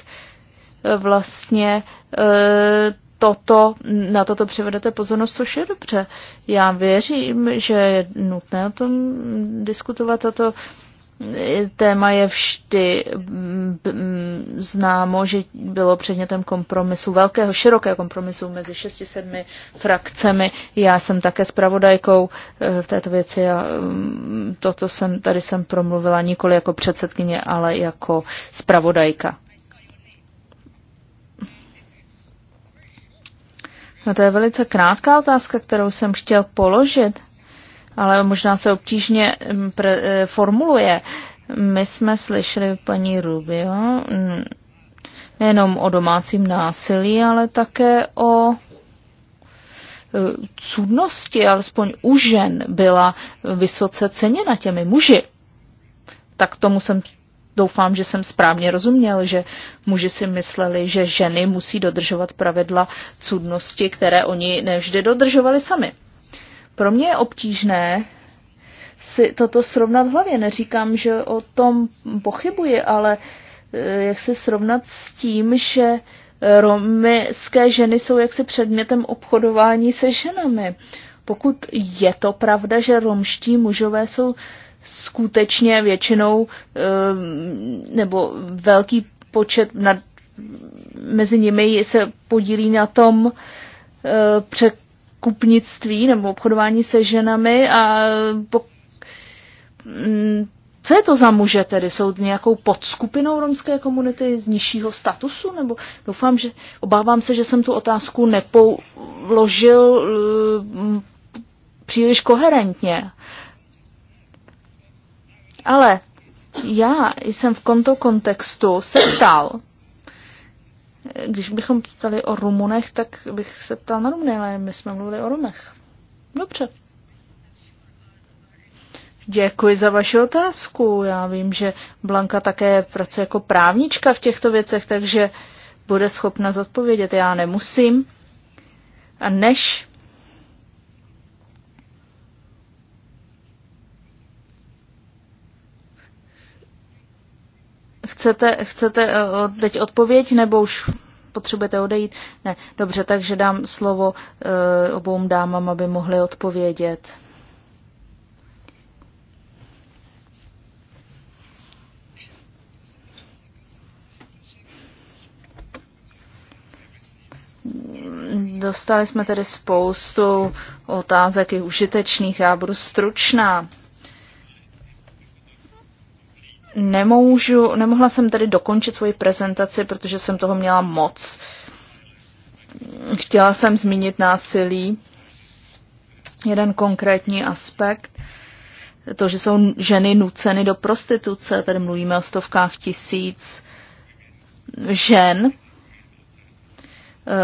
eh, vlastně eh, toto, na toto přivedete pozornost, což je dobře. Já věřím, že je nutné o tom diskutovat a to téma je vždy mm, mm, známo, že bylo předmětem kompromisu, velkého, širokého kompromisu mezi šesti, sedmi frakcemi. Já jsem také zpravodajkou eh, v této věci a mm, toto jsem, tady jsem promluvila nikoli jako předsedkyně, ale jako zpravodajka. No to je velice krátká otázka, kterou jsem chtěl položit ale možná se obtížně mm, pre, eh, formuluje. My jsme slyšeli paní Rubio mm, nejenom o domácím násilí, ale také o eh, cudnosti, alespoň u žen, byla vysoce ceněna těmi muži. Tak tomu jsem doufám, že jsem správně rozuměl, že muži si mysleli, že ženy musí dodržovat pravidla cudnosti, které oni nevždy dodržovali sami. Pro mě je obtížné si toto srovnat v hlavě. Neříkám, že o tom pochybuji, ale eh, jak se srovnat s tím, že eh, romské ženy jsou jaksi předmětem obchodování se ženami. Pokud je to pravda, že romští mužové jsou skutečně většinou eh, nebo velký počet nad, mezi nimi se podílí na tom přek kupnictví nebo obchodování se ženami a po, mm, co je to za muže tedy? Jsou nějakou podskupinou romské komunity z nižšího statusu? Nebo doufám, že obávám se, že jsem tu otázku nepoložil mm, příliš koherentně. Ale já jsem v konto kontextu se ptal, když bychom ptali o Rumunech, tak bych se ptal na Rumuny, ale my jsme mluvili o Rumech. Dobře. Děkuji za vaši otázku. Já vím, že Blanka také pracuje jako právnička v těchto věcech, takže bude schopna zodpovědět. Já nemusím. A než Chcete, chcete eh, teď odpověď nebo už potřebujete odejít? Ne, dobře, takže dám slovo eh, obou dámám, aby mohly odpovědět. Dostali jsme tedy spoustu otázek i užitečných, já budu stručná nemůžu, nemohla jsem tady dokončit svoji prezentaci, protože jsem toho měla moc. Chtěla jsem zmínit násilí, jeden konkrétní aspekt, to, že jsou ženy nuceny do prostituce, tady mluvíme o stovkách tisíc žen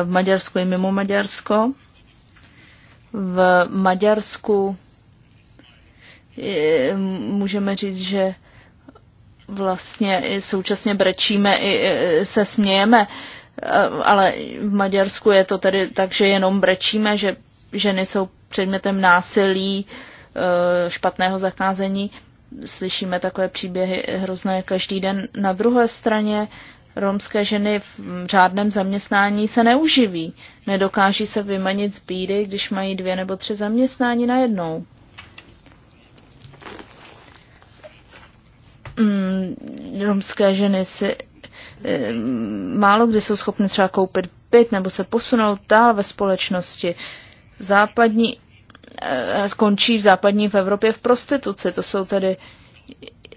v Maďarsku i mimo Maďarsko. V Maďarsku eh, můžeme říct, že vlastně i současně brečíme i se smějeme, e, ale v Maďarsku je to tedy tak, že jenom brečíme, že ženy jsou předmětem násilí, e, špatného zakázení. Slyšíme takové příběhy hrozné každý den. Na druhé straně romské ženy v řádném zaměstnání se neuživí. Nedokáží se vymanit z bídy, když mají dvě nebo tři zaměstnání najednou. Mm, romské ženy si eh, málo kdy jsou schopny třeba koupit byt nebo se posunout dál ve společnosti. Západní eh, skončí v západní v Evropě v prostituci. To jsou tedy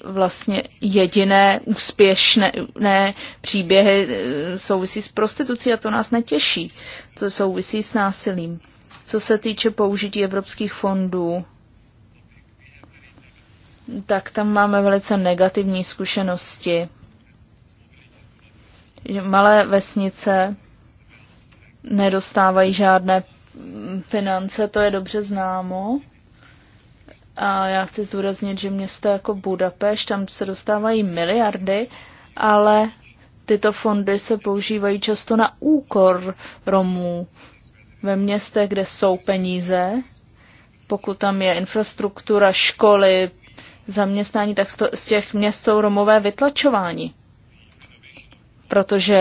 vlastně jediné úspěšné ne, příběhy eh, souvisí s prostitucí a to nás netěší. To souvisí s násilím. Co se týče použití evropských fondů, tak tam máme velice negativní zkušenosti. Malé vesnice nedostávají žádné finance, to je dobře známo. A já chci zdůraznit, že města jako Budapešť, tam se dostávají miliardy, ale tyto fondy se používají často na úkor Romů. Ve městech, kde jsou peníze, pokud tam je infrastruktura, školy, zaměstnání, tak z těch měst jsou Romové vytlačováni, protože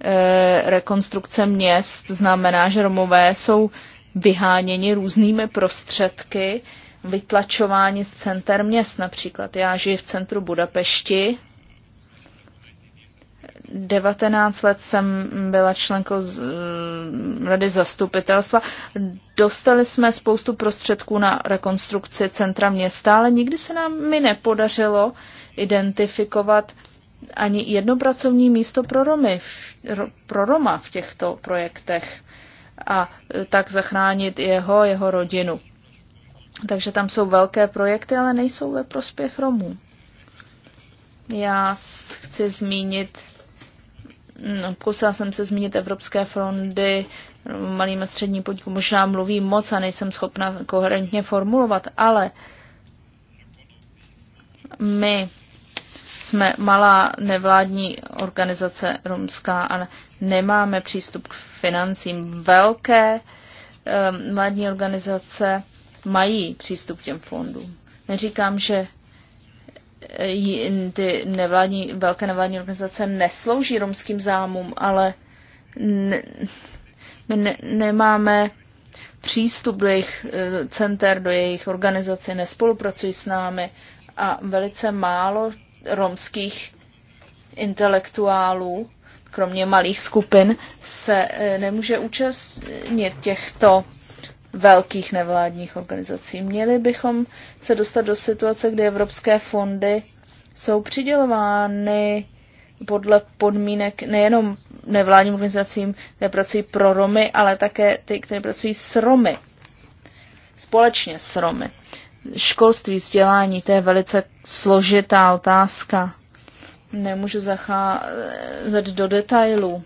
e, rekonstrukce měst znamená, že Romové jsou vyháněni různými prostředky, vytlačováni z center měst například. Já žiji v centru Budapešti, 19 let jsem byla členkou eh, rady zastupitelstva. Dostali jsme spoustu prostředků na rekonstrukci centra města, ale nikdy se nám mi nepodařilo identifikovat ani jedno pracovní místo pro, Romy, pro Roma v těchto projektech a eh, tak zachránit jeho, jeho rodinu. Takže tam jsou velké projekty, ale nejsou ve prospěch Romů. Já chci zmínit Mm, pokusila jsem se zmínit evropské fondy. malým a střední podniku. Možná mluvím moc a nejsem schopna koherentně formulovat, ale my jsme malá nevládní organizace romská, ale nemáme přístup k financím. Velké um, eh, vládní organizace mají přístup k těm fondům. Neříkám, že ty nevládní, velké nevládní organizace neslouží romským zámům, ale ne, my ne, nemáme přístup do jejich e, center, do jejich organizace, nespolupracují s námi a velice málo romských intelektuálů, kromě malých skupin, se e, nemůže účastnit těchto velkých nevládních organizací. Měli bychom se dostat do situace, kdy evropské fondy jsou přidělovány podle podmínek nejenom nevládním organizacím, které pracují pro Romy, ale také ty, které pracují s Romy. Společně s Romy. Školství, vzdělání, to je velice složitá otázka. Nemůžu zacházet do detailů.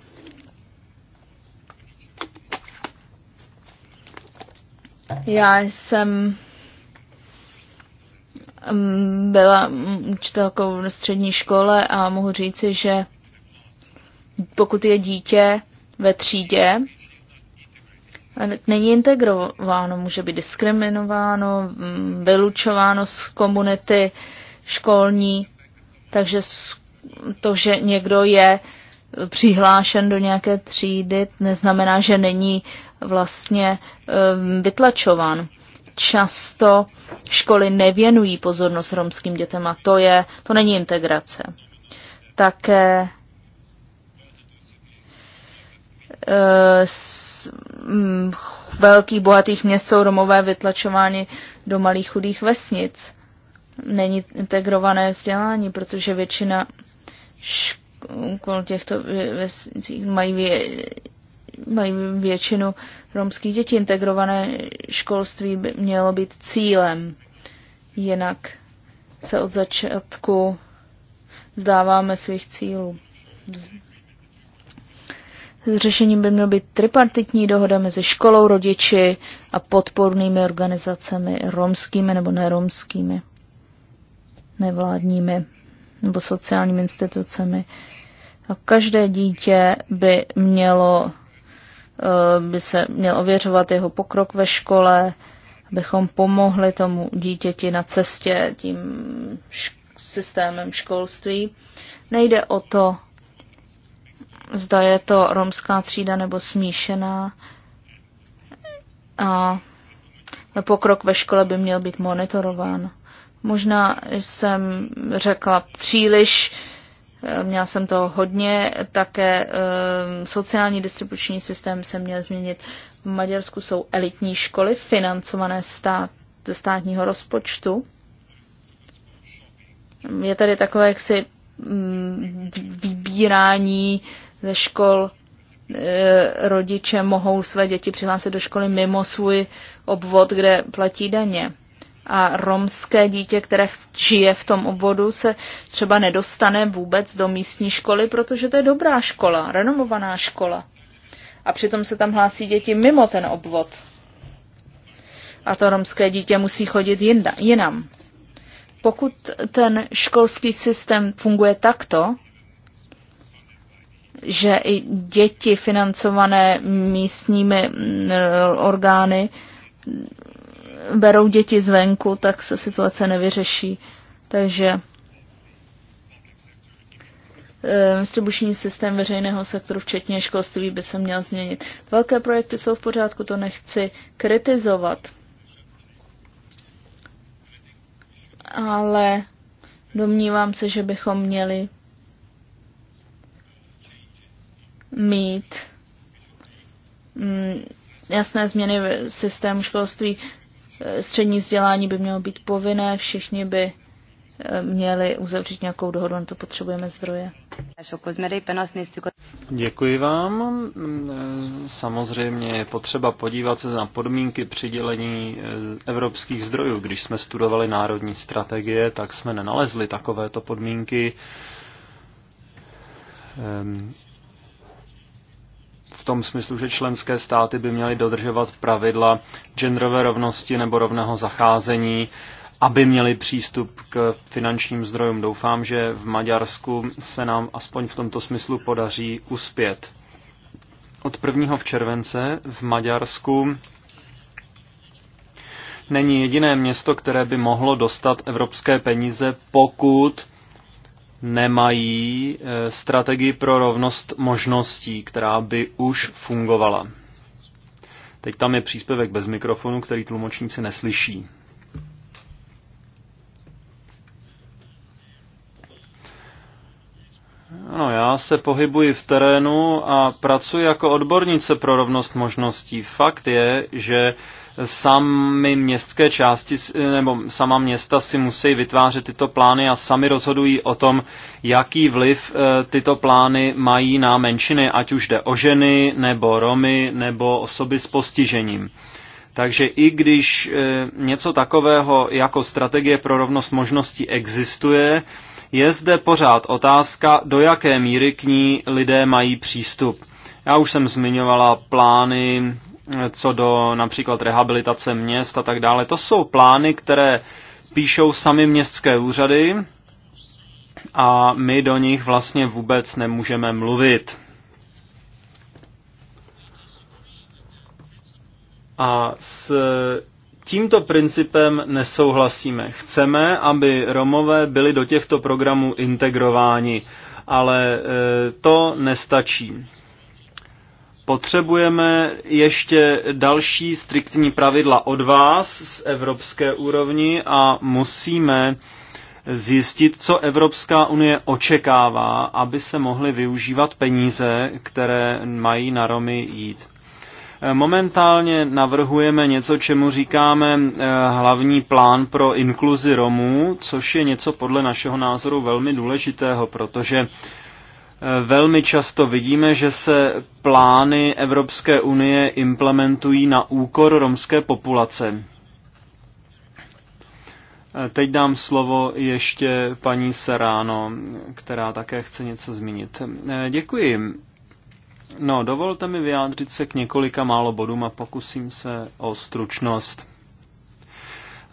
Já jsem mm, byla učitelkou na střední škole a mohu říci, že pokud je dítě ve třídě, není integrováno, může být diskriminováno, mm, vylučováno z komunity školní, takže to, že někdo je přihlášen do nějaké třídy, neznamená, že není vlastně eh, vytlačován. Často školy nevěnují pozornost romským dětem a to, je, to není integrace. Také z eh, mm, velkých bohatých měst jsou Romové vytlačováni do malých chudých vesnic. Není integrované vzdělání, protože většina škol těchto vesnicích mají mají většinu romských dětí. Integrované školství by mělo být cílem. Jinak se od začátku vzdáváme svých cílů. Řešením by mělo být tripartitní dohoda mezi školou, rodiči a podpornými organizacemi romskými nebo neromskými, nevládními nebo sociálními institucemi. A každé dítě by mělo Eh, by se měl ověřovat jeho pokrok ve škole, abychom pomohli tomu dítěti na cestě tím systémem školství. Nejde o to, zda je to romská třída nebo smíšená. A pokrok ve škole by měl být monitorován. Možná jsem řekla příliš Měl jsem to hodně, také ehm, sociální distribuční systém se měl změnit. V Maďarsku jsou elitní školy financované stát, ze státního rozpočtu. Je tady takové jaksi mm, vybírání ze škol eh, rodiče mohou své děti přihlásit do školy mimo svůj obvod, kde platí daně a romské dítě, které žije v tom obvodu, se třeba nedostane vůbec do místní školy, protože to je dobrá škola, renomovaná škola. A přitom se tam hlásí děti mimo ten obvod. A to romské dítě musí chodit jinda, jinam. Pokud ten školský systém funguje takto, že i děti financované místními mm, orgány berou děti zvenku, tak se situace nevyřeší. Takže eh, distribuční systém veřejného sektoru, včetně školství, by se měl změnit. Velké projekty jsou v pořádku, to nechci kritizovat. Ale domnívám se, že bychom měli mít mm, jasné změny v systému školství Eh, střední vzdělání by mělo být povinné, všichni by eh, měli uzavřít nějakou dohodu, na to potřebujeme zdroje. Děkuji vám. Eh, samozřejmě je potřeba podívat se na podmínky přidělení evropských zdrojů. Když jsme studovali národní strategie, tak jsme nenalezli takovéto podmínky ehm, tom smyslu, že členské státy by měly dodržovat pravidla genderové rovnosti nebo rovného zacházení, aby měli přístup k finančním zdrojům. Doufám, že v Maďarsku se nám aspoň v tomto smyslu podaří uspět. Od 1. v července v Maďarsku není jediné město, které by mohlo dostat evropské peníze, pokud nemají eh, strategii pro rovnost možností, která by už fungovala. Teď tam je příspěvek bez mikrofonu, který tlumočníci neslyší. Ano, já se pohybuji v terénu a pracuji jako odbornice pro rovnost možností. Fakt je, že sami městské části nebo sama města si musí vytvářet tyto plány a sami rozhodují o tom, jaký vliv eh, tyto plány mají na menšiny, ať už jde o ženy, nebo Romy, nebo osoby s postižením. Takže i když eh, něco takového jako strategie pro rovnost možností existuje, je zde pořád otázka, do jaké míry k ní lidé mají přístup. Já už jsem zmiňovala plány co do například rehabilitace měst a tak dále. To jsou plány, které píšou sami městské úřady a my do nich vlastně vůbec nemůžeme mluvit. A s tímto principem nesouhlasíme. Chceme, aby Romové byli do těchto programů integrováni, ale e, to nestačí. Potřebujeme ještě další striktní pravidla od vás z evropské úrovni a musíme zjistit, co Evropská unie očekává, aby se mohly využívat peníze, které mají na Romy jít. Momentálně navrhujeme něco, čemu říkáme eh, hlavní plán pro inkluzi Romů, což je něco podle našeho názoru velmi důležitého, protože velmi často vidíme, že se plány Evropské unie implementují na úkor romské populace. Teď dám slovo ještě paní Seráno, která také chce něco zmínit. Děkuji. No, dovolte mi vyjádřit se k několika málo bodům a pokusím se o stručnost.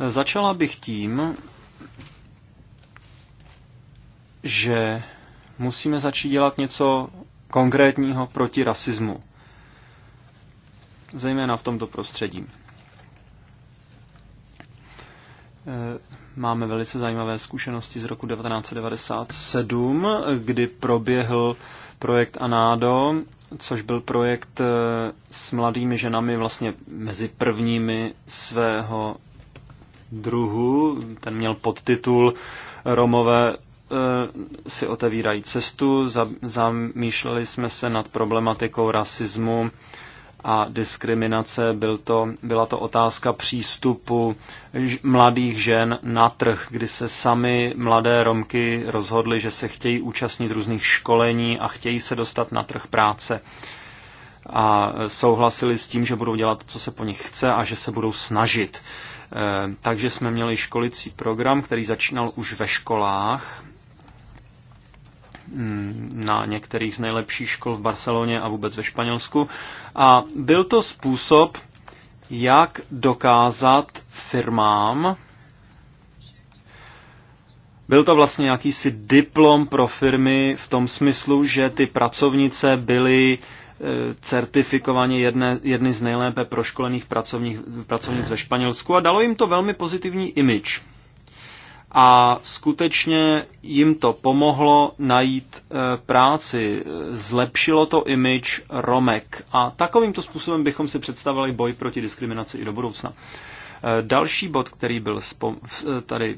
Začala bych tím, že Musíme začít dělat něco konkrétního proti rasismu. Zejména v tomto prostředí. Eh, máme velice zajímavé zkušenosti z roku 1997, kdy proběhl projekt Anádo, což byl projekt eh, s mladými ženami vlastně mezi prvními svého druhu. Ten měl podtitul Romové Eh, si otevírají cestu. Zamýšleli jsme se nad problematikou rasismu a diskriminace. Byl to, byla to otázka přístupu mladých žen na trh, kdy se sami mladé Romky rozhodly, že se chtějí účastnit různých školení a chtějí se dostat na trh práce. A souhlasili s tím, že budou dělat to, co se po nich chce a že se budou snažit. Eh, takže jsme měli školicí program, který začínal už ve školách Mm, na některých z nejlepších škol v Barceloně a vůbec ve Španělsku. A byl to způsob, jak dokázat firmám, byl to vlastně jakýsi diplom pro firmy v tom smyslu, že ty pracovnice byly e, certifikovaně jedne, jedny z nejlépe proškolených pracovních, pracovnic ve Španělsku a dalo jim to velmi pozitivní image a skutečně jim to pomohlo najít eh, práci. Zlepšilo to image Romek a takovýmto způsobem bychom si představili boj proti diskriminaci i do budoucna. Eh, další bod, který byl eh, tady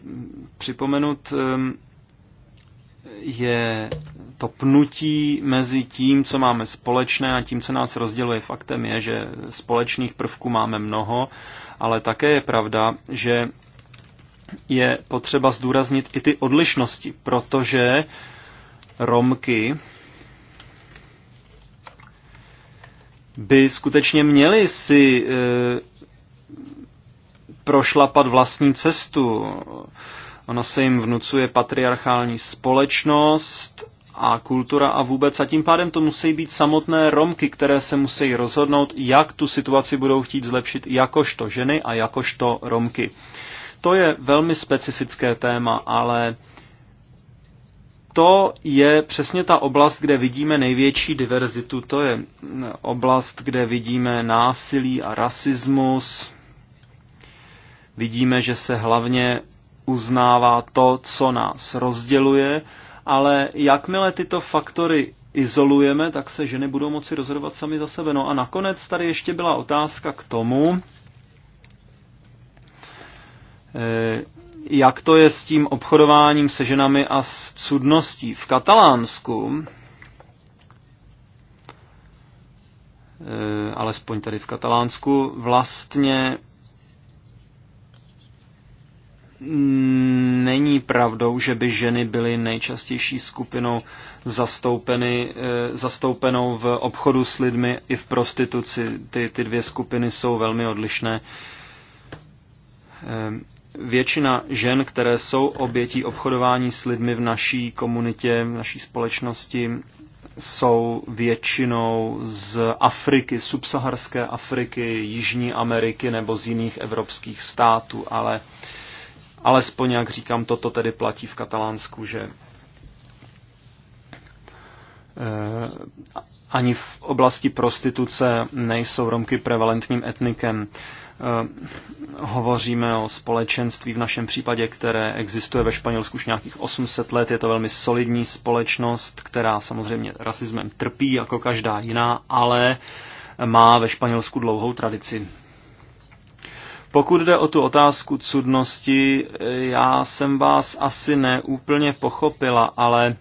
připomenut, je to pnutí mezi tím, co máme společné a tím, co nás rozděluje. Faktem je, že společných prvků máme mnoho, ale také je pravda, že je potřeba zdůraznit i ty odlišnosti, protože Romky by skutečně měli si e, prošlapat vlastní cestu. Ono se jim vnucuje patriarchální společnost a kultura a vůbec a tím pádem to musí být samotné Romky, které se musí rozhodnout, jak tu situaci budou chtít zlepšit jakožto ženy a jakožto Romky. E, to je velmi specifické téma, ale to je přesně ta oblast, kde vidíme největší diverzitu. To je oblast, kde vidíme násilí a rasismus. Vidíme, že se hlavně uznává to, co nás rozděluje, ale jakmile tyto faktory izolujeme, tak se ženy budou moci rozhodovat sami za sebe. No a nakonec tady ještě byla otázka k tomu, Eh, jak to je s tím obchodováním se ženami a s cudností. V Katalánsku, eh, alespoň tady v Katalánsku, vlastně není pravdou, že by ženy byly nejčastější skupinou zastoupeny, eh, zastoupenou v obchodu s lidmi i v prostituci. Ty, ty dvě skupiny jsou velmi odlišné většina žen, které jsou obětí obchodování s lidmi v naší komunitě, v naší společnosti, jsou většinou z Afriky, subsaharské Afriky, Jižní Ameriky nebo z jiných evropských států, ale alespoň, jak říkám, toto tedy platí v Katalánsku, že eh, ani v oblasti prostituce nejsou Romky prevalentním etnikem. Eh, hovoříme o společenství v našem případě, které existuje ve Španělsku už nějakých 800 let. Je to velmi solidní společnost, která samozřejmě rasismem trpí jako každá jiná, ale má ve Španělsku dlouhou tradici. Pokud jde o tu otázku cudnosti, eh, já jsem vás asi neúplně pochopila, ale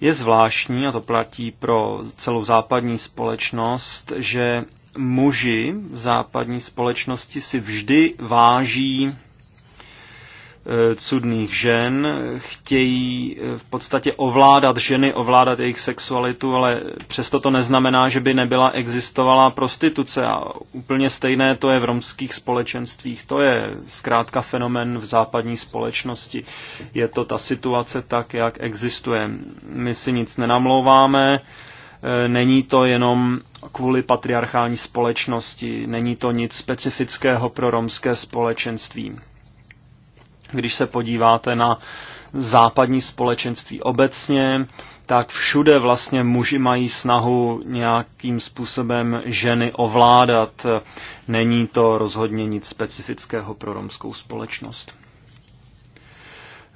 je zvláštní, a to platí pro celou západní společnost, že muži v západní společnosti si vždy váží e, cudných žen, chtějí e, v podstatě ovládat ženy, ovládat jejich sexualitu, ale přesto to neznamená, že by nebyla existovala prostituce a úplně stejné to je v romských společenstvích. To je zkrátka fenomen v západní společnosti. Je to ta situace tak, jak existuje. My si nic nenamlouváme, E, není to jenom kvůli patriarchální společnosti, není to nic specifického pro romské společenství. Když se podíváte na západní společenství obecně, tak všude vlastně muži mají snahu nějakým způsobem ženy ovládat. Není to rozhodně nic specifického pro romskou společnost.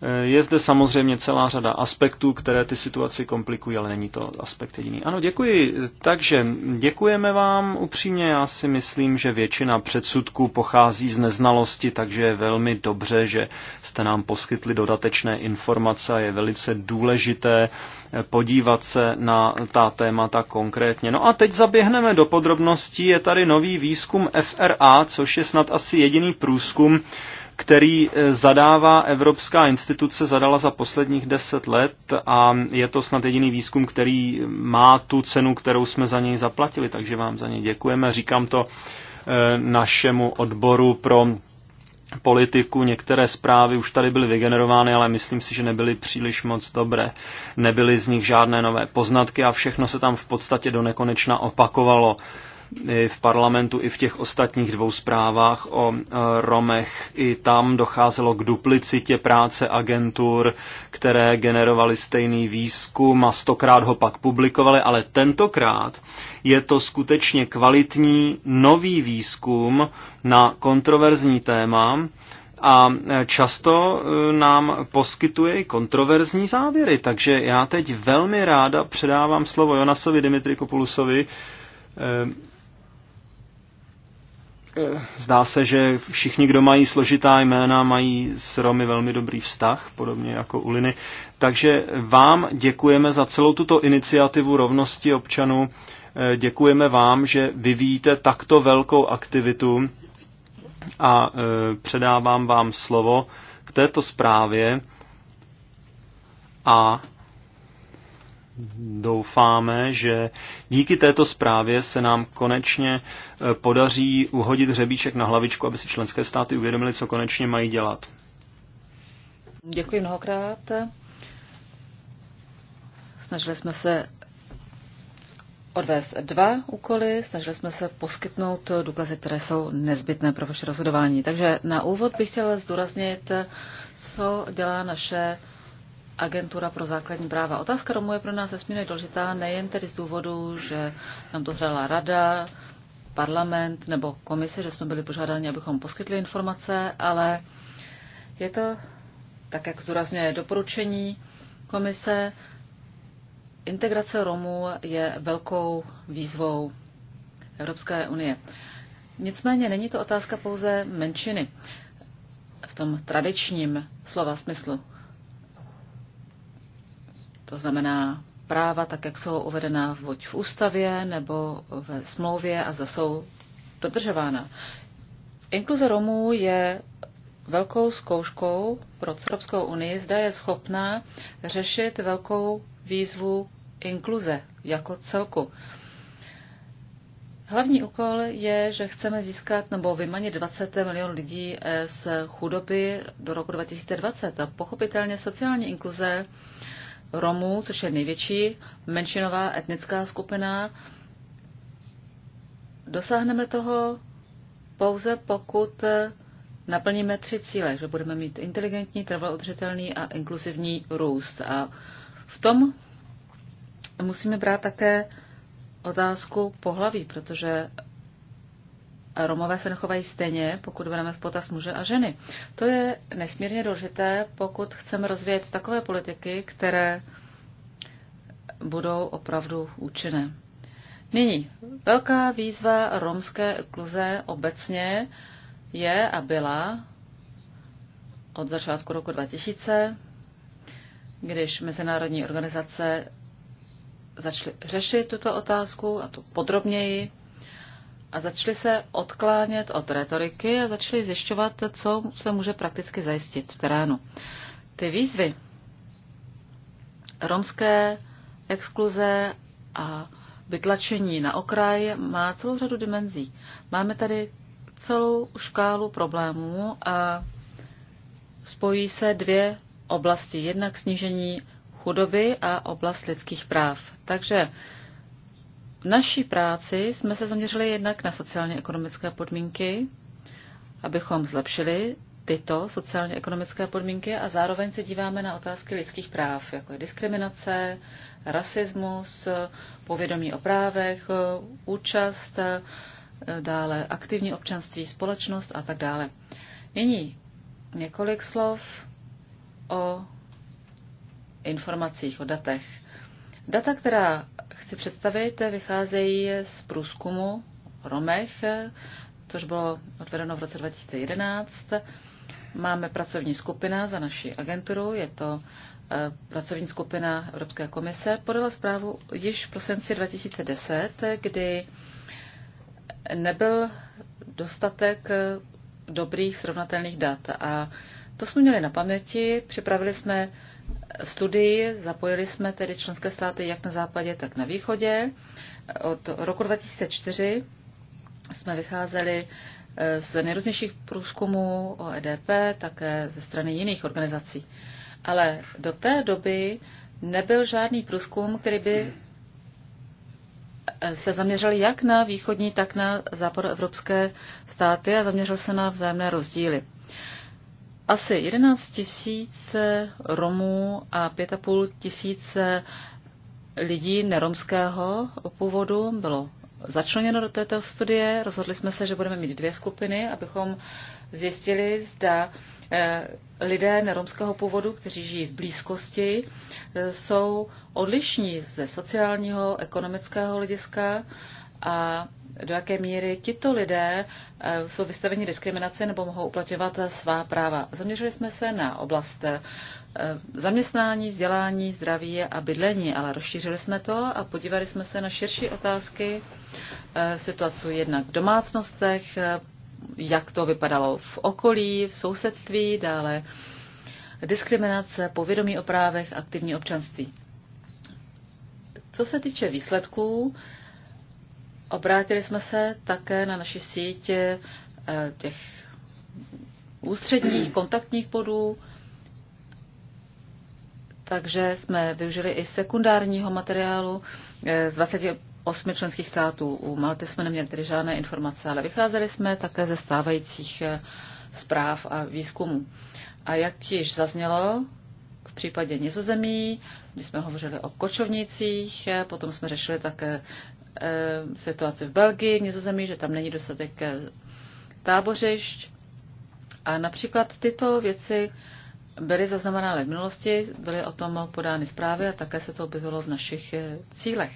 Eh, je zde samozřejmě celá řada aspektů, které ty situaci komplikují, ale není to aspekt jediný. Ano, děkuji. Takže děkujeme vám upřímně. Já si myslím, že většina předsudků pochází z neznalosti, takže je velmi dobře, že jste nám poskytli dodatečné informace a je velice důležité eh, podívat se na ta témata konkrétně. No a teď zaběhneme do podrobností. Je tady nový výzkum FRA, což je snad asi jediný průzkum, který eh, zadává Evropská instituce, zadala za posledních deset let a je to snad jediný výzkum, který má tu cenu, kterou jsme za něj zaplatili, takže vám za něj děkujeme. Říkám to eh, našemu odboru pro politiku. Některé zprávy už tady byly vygenerovány, ale myslím si, že nebyly příliš moc dobré. Nebyly z nich žádné nové poznatky a všechno se tam v podstatě do nekonečna opakovalo i v parlamentu, i v těch ostatních dvou zprávách o e, Romech. I tam docházelo k duplicitě práce agentur, které generovaly stejný výzkum a stokrát ho pak publikovaly, ale tentokrát je to skutečně kvalitní nový výzkum na kontroverzní téma, a e, často e, nám poskytuje kontroverzní závěry. Takže já teď velmi ráda předávám slovo Jonasovi Dimitrikopulusovi, Eh, zdá se, že všichni, kdo mají složitá jména, mají s Romy velmi dobrý vztah, podobně jako u Liny. Takže vám děkujeme za celou tuto iniciativu rovnosti občanů. Eh, děkujeme vám, že vyvíjíte takto velkou aktivitu a eh, předávám vám slovo k této zprávě a doufáme, že díky této zprávě se nám konečně e, podaří uhodit hřebíček na hlavičku, aby si členské státy uvědomili, co konečně mají dělat. Děkuji mnohokrát. Snažili jsme se odvést dva úkoly, snažili jsme se poskytnout důkazy, které jsou nezbytné pro vaše rozhodování. Takže na úvod bych chtěla zdůraznit, co dělá naše Agentura pro základní práva. Otázka Romů je pro nás nesmírně důležitá, nejen tedy z důvodu, že nám to hrála rada, parlament nebo komise, že jsme byli požádáni, abychom poskytli informace, ale je to, tak jak zúrazně doporučení komise, integrace Romů je velkou výzvou Evropské unie. Nicméně není to otázka pouze menšiny v tom tradičním slova smyslu to znamená práva, tak jak jsou uvedena buď v ústavě nebo ve smlouvě a zase jsou dodržována. Inkluze Romů je velkou zkouškou pro Evropskou unii, zda je schopná řešit velkou výzvu inkluze jako celku. Hlavní úkol je, že chceme získat nebo vymanit 20 milion lidí z chudoby do roku 2020. A pochopitelně sociální inkluze Romů, což je největší menšinová etnická skupina. Dosáhneme toho pouze pokud naplníme tři cíle, že budeme mít inteligentní, trvalo a inkluzivní růst. A v tom musíme brát také otázku pohlaví, protože Romové se nechovají stejně, pokud bereme v potaz muže a ženy. To je nesmírně důležité, pokud chceme rozvíjet takové politiky, které budou opravdu účinné. Nyní, velká výzva romské kluze obecně je a byla od začátku roku 2000, když mezinárodní organizace začaly řešit tuto otázku, a to podrobněji, a začali se odklánět od retoriky a začali zjišťovat, co se může prakticky zajistit v terénu. Ty výzvy romské exkluze a vytlačení na okraj má celou řadu dimenzí. Máme tady celou škálu problémů a spojí se dvě oblasti. Jednak snížení chudoby a oblast lidských práv. Takže v naší práci jsme se zaměřili jednak na sociálně-ekonomické podmínky, abychom zlepšili tyto sociálně-ekonomické podmínky a zároveň se díváme na otázky lidských práv, jako je diskriminace, rasismus, povědomí o právech, účast, dále aktivní občanství, společnost a tak dále. Nyní několik slov o informacích, o datech. Data, která si představit, vycházejí z průzkumu Romech, což bylo odvedeno v roce 2011. Máme pracovní skupina za naši agenturu, je to eh, pracovní skupina Evropské komise, podala zprávu již v prosinci 2010, kdy nebyl dostatek eh, dobrých srovnatelných dat. A to jsme měli na paměti, připravili jsme studii. Zapojili jsme tedy členské státy jak na západě, tak na východě. Od roku 2004 jsme vycházeli eh, z nejrůznějších průzkumů o EDP, také ze strany jiných organizací. Ale do té doby nebyl žádný průzkum, který by eh, se zaměřil jak na východní, tak na západoevropské státy a zaměřil se na vzájemné rozdíly asi 11 tisíc Romů a 5,5 tisíce lidí neromského původu bylo začleněno do této studie. Rozhodli jsme se, že budeme mít dvě skupiny, abychom zjistili, zda eh, lidé neromského původu, kteří žijí v blízkosti, eh, jsou odlišní ze sociálního, ekonomického hlediska a do jaké míry tito lidé eh, jsou vystaveni diskriminaci nebo mohou uplatňovat svá práva. Zaměřili jsme se na oblast eh, zaměstnání, vzdělání, zdraví a bydlení, ale rozšířili jsme to a podívali jsme se na širší otázky eh, situaci jednak v domácnostech, jak to vypadalo v okolí, v sousedství, dále diskriminace, povědomí o právech, aktivní občanství. Co se týče výsledků, Obrátili jsme se také na naši síť eh, těch ústředních kontaktních bodů, takže jsme využili i sekundárního materiálu eh, z 28 členských států. U Malty jsme neměli tedy žádné informace, ale vycházeli jsme také ze stávajících eh, zpráv a výzkumů. A jak již zaznělo, v případě nizozemí, kdy jsme hovořili o kočovnicích, potom jsme řešili také Eh, situaci v Belgii, v Nizozemí, že tam není dostatek eh, tábořišť. A například tyto věci byly zaznamenány v minulosti, byly o tom podány zprávy a také se to objevilo v našich eh, cílech.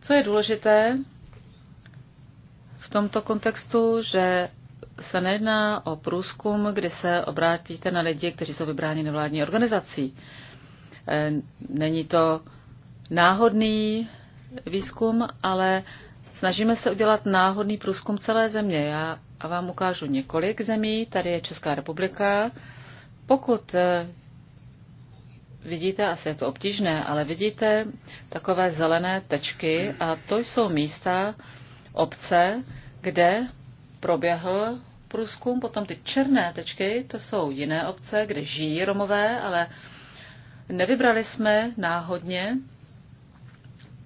Co je důležité v tomto kontextu, že se nejedná o průzkum, kdy se obrátíte na lidi, kteří jsou vybráni nevládní organizací. Není to náhodný výzkum, ale snažíme se udělat náhodný průzkum celé země. Já vám ukážu několik zemí. Tady je Česká republika. Pokud eh, vidíte, asi je to obtížné, ale vidíte takové zelené tečky a to jsou místa, obce, kde proběhl průzkum, potom ty černé tečky, to jsou jiné obce, kde žijí Romové, ale nevybrali jsme náhodně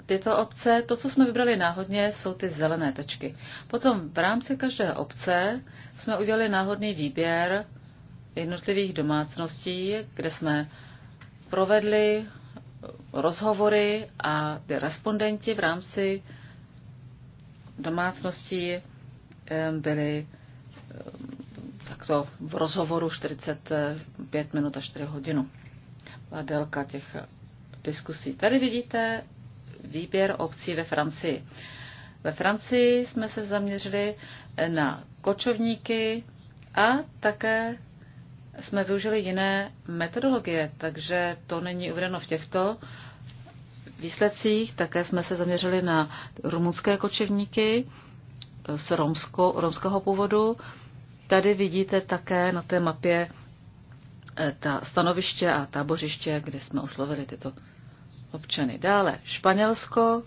tyto obce. To, co jsme vybrali náhodně, jsou ty zelené tečky. Potom v rámci každé obce jsme udělali náhodný výběr jednotlivých domácností, kde jsme provedli rozhovory a ty respondenti v rámci domácností byli takto v rozhovoru 45 minut a 4 hodinu. Byla délka těch diskusí. Tady vidíte výběr obcí ve Francii. Ve Francii jsme se zaměřili na kočovníky a také jsme využili jiné metodologie, takže to není uvedeno v těchto výsledcích. Také jsme se zaměřili na rumunské kočovníky z romsko, romského původu. Tady vidíte také na té mapě eh, ta stanoviště a tábořiště, kde jsme oslovili tyto občany. Dále Španělsko.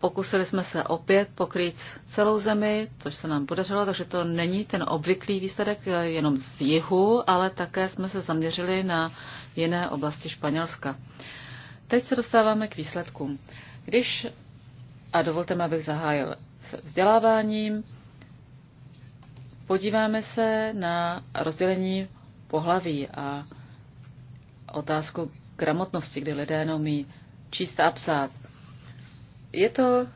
Pokusili jsme se opět pokrýt celou zemi, což se nám podařilo, takže to není ten obvyklý výsledek eh, jenom z jihu, ale také jsme se zaměřili na jiné oblasti Španělska. Teď se dostáváme k výsledkům. Když, a dovolte mi, abych zahájil se vzděláváním, podíváme se na rozdělení pohlaví a otázku, gramotnosti, kdy lidé neumí číst a psát. Je to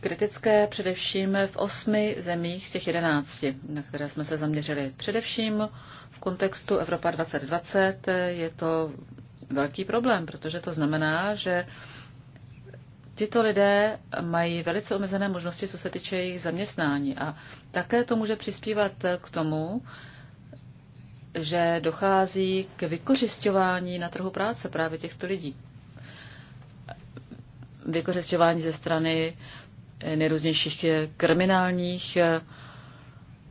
kritické především v osmi zemích z těch jedenácti, na které jsme se zaměřili. Především v kontextu Evropa 2020 je to velký problém, protože to znamená, že tito lidé mají velice omezené možnosti, co se týče jejich zaměstnání. A také to může přispívat k tomu, že dochází k vykořišťování na trhu práce právě těchto lidí. Vykořišťování ze strany nejrůznějších kriminálních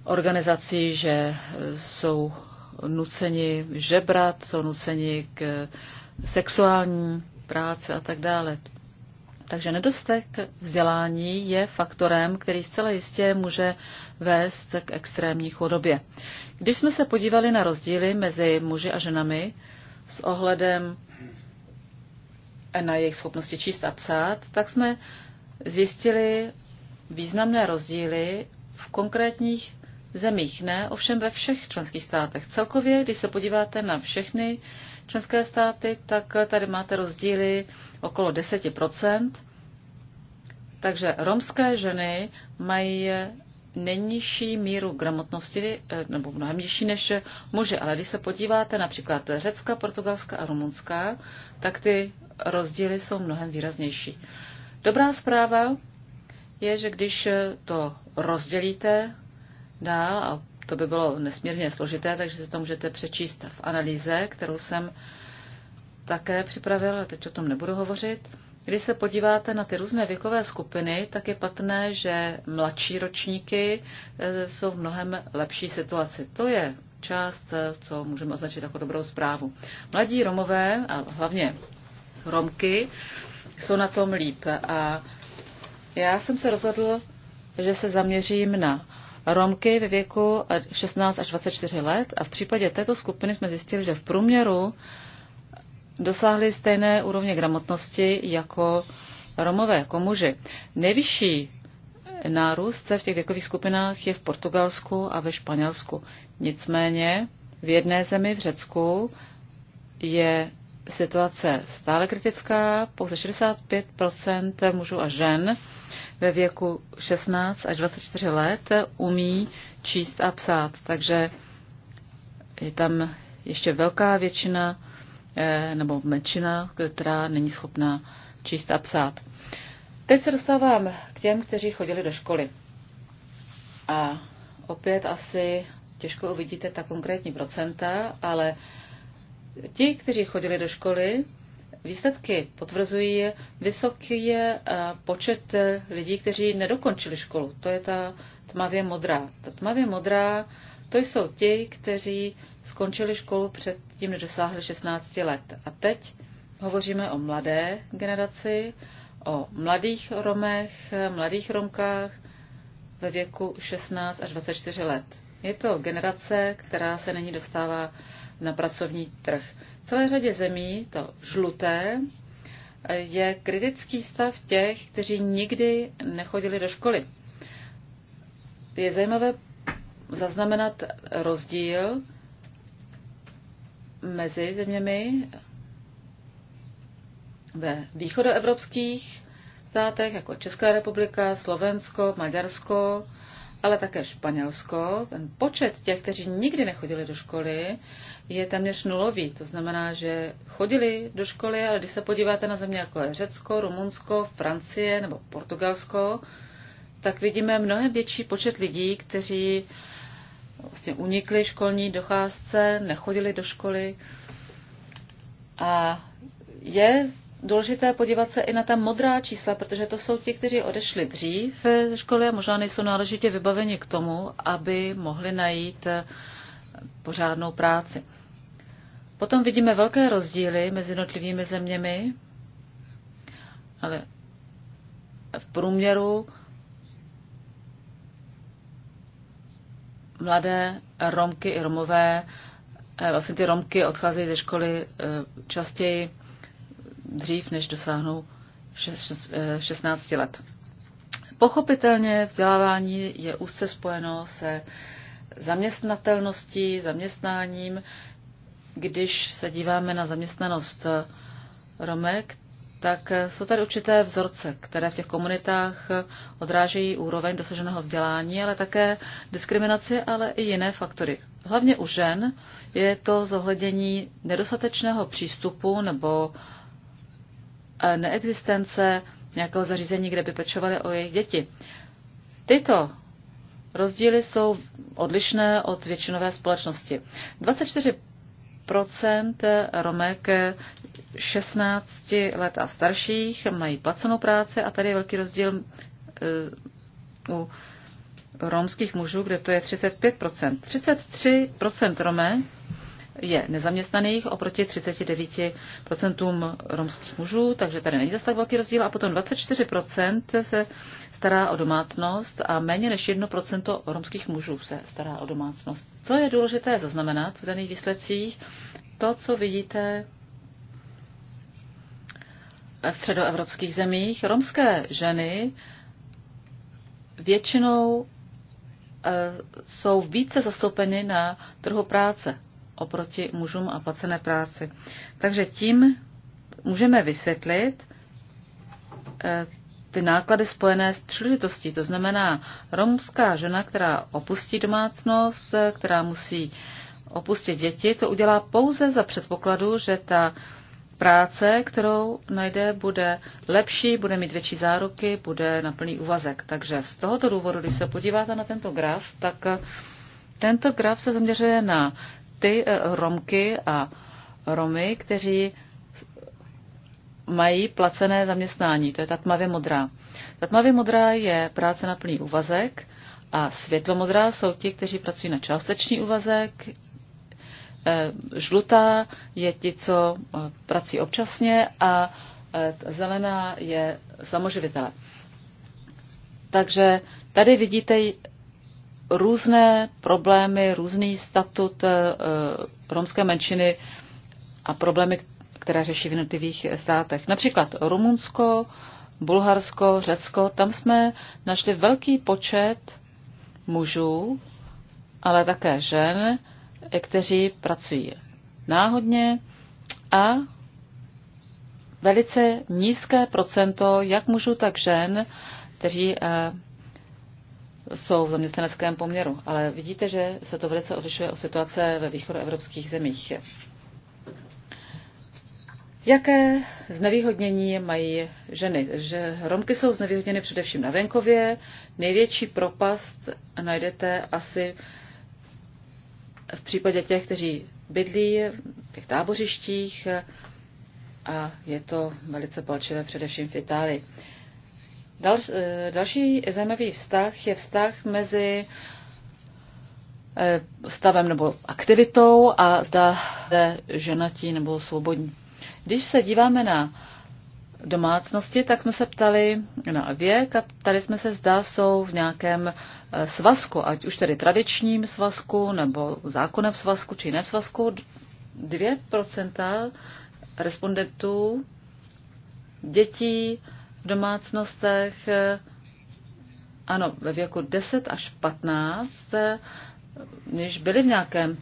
organizací, že jsou nuceni žebrat, jsou nuceni k sexuální práce a tak dále. Takže nedostatek vzdělání je faktorem, který zcela jistě může vést k extrémní chudobě. Když jsme se podívali na rozdíly mezi muži a ženami s ohledem na jejich schopnosti číst a psát, tak jsme zjistili významné rozdíly v konkrétních zemích, ne ovšem ve všech členských státech. Celkově, když se podíváte na všechny členské státy, tak tady máte rozdíly okolo 10 Takže romské ženy mají nejnižší míru gramotnosti, eh, nebo mnohem nižší než muže. Ale když se podíváte například Řecka, Portugalska a Rumunská, tak ty rozdíly jsou mnohem výraznější. Dobrá zpráva je, že když to rozdělíte dál a to by bylo nesmírně složité, takže si to můžete přečíst v analýze, kterou jsem také připravil, ale teď o tom nebudu hovořit. Když se podíváte na ty různé věkové skupiny, tak je patrné, že mladší ročníky e, jsou v mnohem lepší situaci. To je část, e, co můžeme označit jako dobrou zprávu. Mladí Romové, a hlavně Romky, jsou na tom líp. A já jsem se rozhodl, že se zaměřím na Romky ve věku 16 až 24 let a v případě této skupiny jsme zjistili, že v průměru dosáhli stejné úrovně gramotnosti jako Romové, jako muži. Nejvyšší nárůst v těch věkových skupinách je v Portugalsku a ve Španělsku. Nicméně v jedné zemi, v Řecku, je situace stále kritická. Pouze 65 mužů a žen ve věku 16 až 24 let umí číst a psát. Takže je tam ještě velká většina eh, nebo menšina, která není schopná číst a psát. Teď se dostávám k těm, kteří chodili do školy. A opět asi těžko uvidíte ta konkrétní procenta, ale ti, kteří chodili do školy, Výsledky potvrzují vysoký eh, počet eh, lidí, kteří nedokončili školu. To je ta tmavě modrá. Ta tmavě modrá to jsou ti, kteří skončili školu předtím, nedosáhli 16 let. A teď hovoříme o mladé generaci, o mladých Romech, mladých Romkách ve věku 16 až 24 let. Je to generace, která se není dostává na pracovní trh. V celé řadě zemí to žluté je kritický stav těch, kteří nikdy nechodili do školy. Je zajímavé zaznamenat rozdíl mezi zeměmi ve východoevropských státech, jako Česká republika, Slovensko, Maďarsko, ale také Španělsko. Ten počet těch, kteří nikdy nechodili do školy, je téměř nulový. To znamená, že chodili do školy, ale když se podíváte na země jako je Řecko, Rumunsko, Francie nebo Portugalsko, tak vidíme mnohem větší počet lidí, kteří vlastně unikli školní docházce, nechodili do školy. A je důležité podívat se i na ta modrá čísla, protože to jsou ti, kteří odešli dřív ze školy a možná nejsou náležitě vybaveni k tomu, aby mohli najít eh, pořádnou práci. Potom vidíme velké rozdíly mezi jednotlivými zeměmi, ale v průměru mladé Romky i Romové, eh, vlastně ty Romky odcházejí ze školy eh, častěji dřív, než dosáhnou 16 eh, let. Pochopitelně vzdělávání je úzce spojeno se zaměstnatelností, zaměstnáním. Když se díváme na zaměstnanost eh, Romek, tak eh, jsou tady určité vzorce, které v těch komunitách odrážejí úroveň dosaženého vzdělání, ale také diskriminaci, ale i jiné faktory. Hlavně u žen je to zohledění nedostatečného přístupu nebo neexistence nějakého zařízení, kde by pečovali o jejich děti. Tyto rozdíly jsou odlišné od většinové společnosti. 24 Romek 16 let a starších mají placenou práci a tady je velký rozdíl eh, u romských mužů, kde to je 35 33 Romek je nezaměstnaných oproti 39% romských mužů, takže tady není zase tak velký rozdíl. A potom 24% se stará o domácnost a méně než 1% romských mužů se stará o domácnost. Co je důležité zaznamenat v daných výsledcích? To, co vidíte v středoevropských zemích, romské ženy většinou eh, jsou více zastoupeny na trhu práce oproti mužům a placené práci. Takže tím můžeme vysvětlit eh, ty náklady spojené s příležitostí. To znamená romská žena, která opustí domácnost, eh, která musí opustit děti, to udělá pouze za předpokladu, že ta práce, kterou najde, bude lepší, bude mít větší záruky, bude na plný úvazek. Takže z tohoto důvodu, když se podíváte na tento graf, tak eh, tento graf se zaměřuje na ty eh, Romky a Romy, kteří mají placené zaměstnání. To je ta tmavě modrá. Ta tmavě modrá je práce na plný úvazek a světlomodrá jsou ti, kteří pracují na částečný úvazek. Eh, žlutá je ti, co eh, prací občasně a zelená je samoživitele. Takže tady vidíte, různé problémy, různý statut eh, romské menšiny a problémy, které řeší v jednotlivých státech. Například Rumunsko, Bulharsko, Řecko, tam jsme našli velký počet mužů, ale také žen, eh, kteří pracují náhodně a velice nízké procento jak mužů, tak žen, kteří eh, jsou v zaměstnaneckém poměru, ale vidíte, že se to velice odlišuje o situace ve východoevropských zemích. Jaké znevýhodnění mají ženy? Že Romky jsou znevýhodněny především na venkově. Největší propast najdete asi v případě těch, kteří bydlí v těch tábořištích a je to velice palčivé především v Itálii. Dal, eh, další zajímavý vztah je vztah mezi eh, stavem nebo aktivitou a zda je ženatí nebo svobodní. Když se díváme na domácnosti, tak jsme se ptali na věk a tady jsme se zdá jsou v nějakém eh, svazku, ať už tedy tradičním svazku nebo zákonem svazku či jiném svazku. 2% respondentů dětí domácnostech, eh, ano, ve věku 10 až 15, když eh, byli v nějakém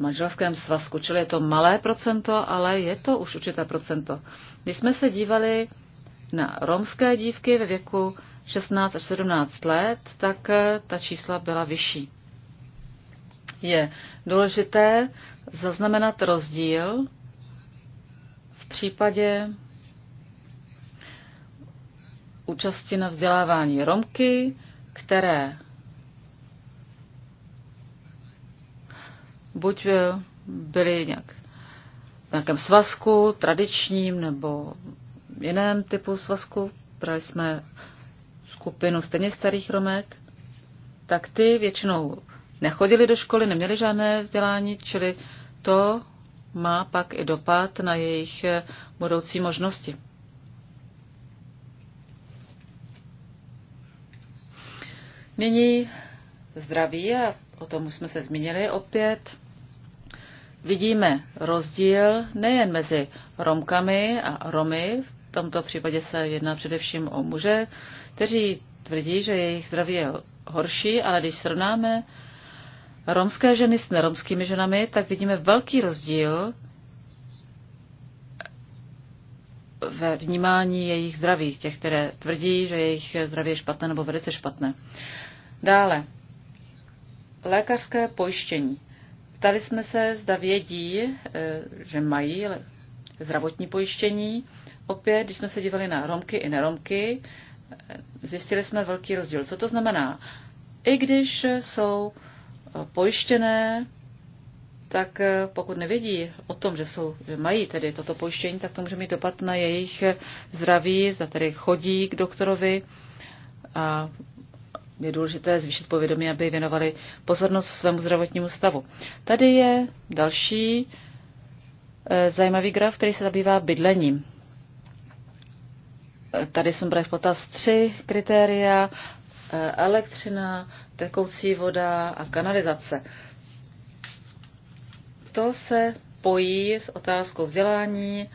manželském svazku, čili je to malé procento, ale je to už určité procento. Když jsme se dívali na romské dívky ve věku 16 až 17 let, tak eh, ta čísla byla vyšší. Je důležité zaznamenat rozdíl v případě účasti na vzdělávání Romky, které buď eh, byly nějak v nějakém svazku, tradičním nebo jiném typu svazku, brali jsme skupinu stejně starých Romek, tak ty většinou nechodili do školy, neměli žádné vzdělání, čili to má pak i dopad na jejich eh, budoucí možnosti. Nyní zdraví, a o tom už jsme se zmínili opět, vidíme rozdíl nejen mezi Romkami a Romy, v tomto případě se jedná především o muže, kteří tvrdí, že jejich zdraví je horší, ale když srovnáme romské ženy s neromskými ženami, tak vidíme velký rozdíl ve vnímání jejich zdraví, těch, které tvrdí, že jejich zdraví je špatné nebo velice špatné. Dále, lékařské pojištění. Ptali jsme se, zda vědí, e, že mají zdravotní pojištění. Opět, když jsme se dívali na Romky i neromky, e, zjistili jsme velký rozdíl. Co to znamená? I když jsou e, pojištěné, tak pokud nevědí o tom, že, jsou, že mají tedy toto pojištění, tak to může mít dopad na jejich zdraví, zda tedy chodí k doktorovi a je důležité zvýšit povědomí, aby věnovali pozornost svému zdravotnímu stavu. Tady je další eh, zajímavý graf, který se zabývá bydlením. Eh, tady jsme brali v potaz tři kritéria, eh, elektřina, tekoucí voda a kanalizace. To se pojí s otázkou vzdělání,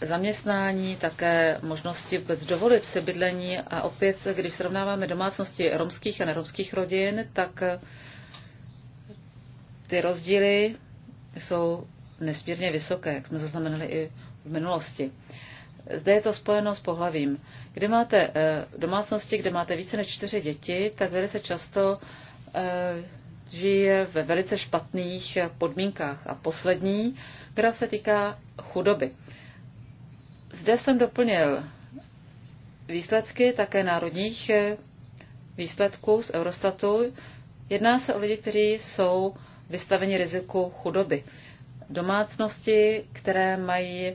zaměstnání, také možnosti vůbec dovolit si bydlení a opět, když srovnáváme domácnosti romských a neromských rodin, tak ty rozdíly jsou nesmírně vysoké, jak jsme zaznamenali i v minulosti. Zde je to spojeno s pohlavím. Kde máte eh, domácnosti, kde máte více než čtyři děti, tak velice často eh, žije ve velice špatných podmínkách. A poslední graf se týká chudoby. Zde jsem doplnil výsledky také národních eh, výsledků z Eurostatu. Jedná se o lidi, kteří jsou vystaveni riziku chudoby. Domácnosti, které mají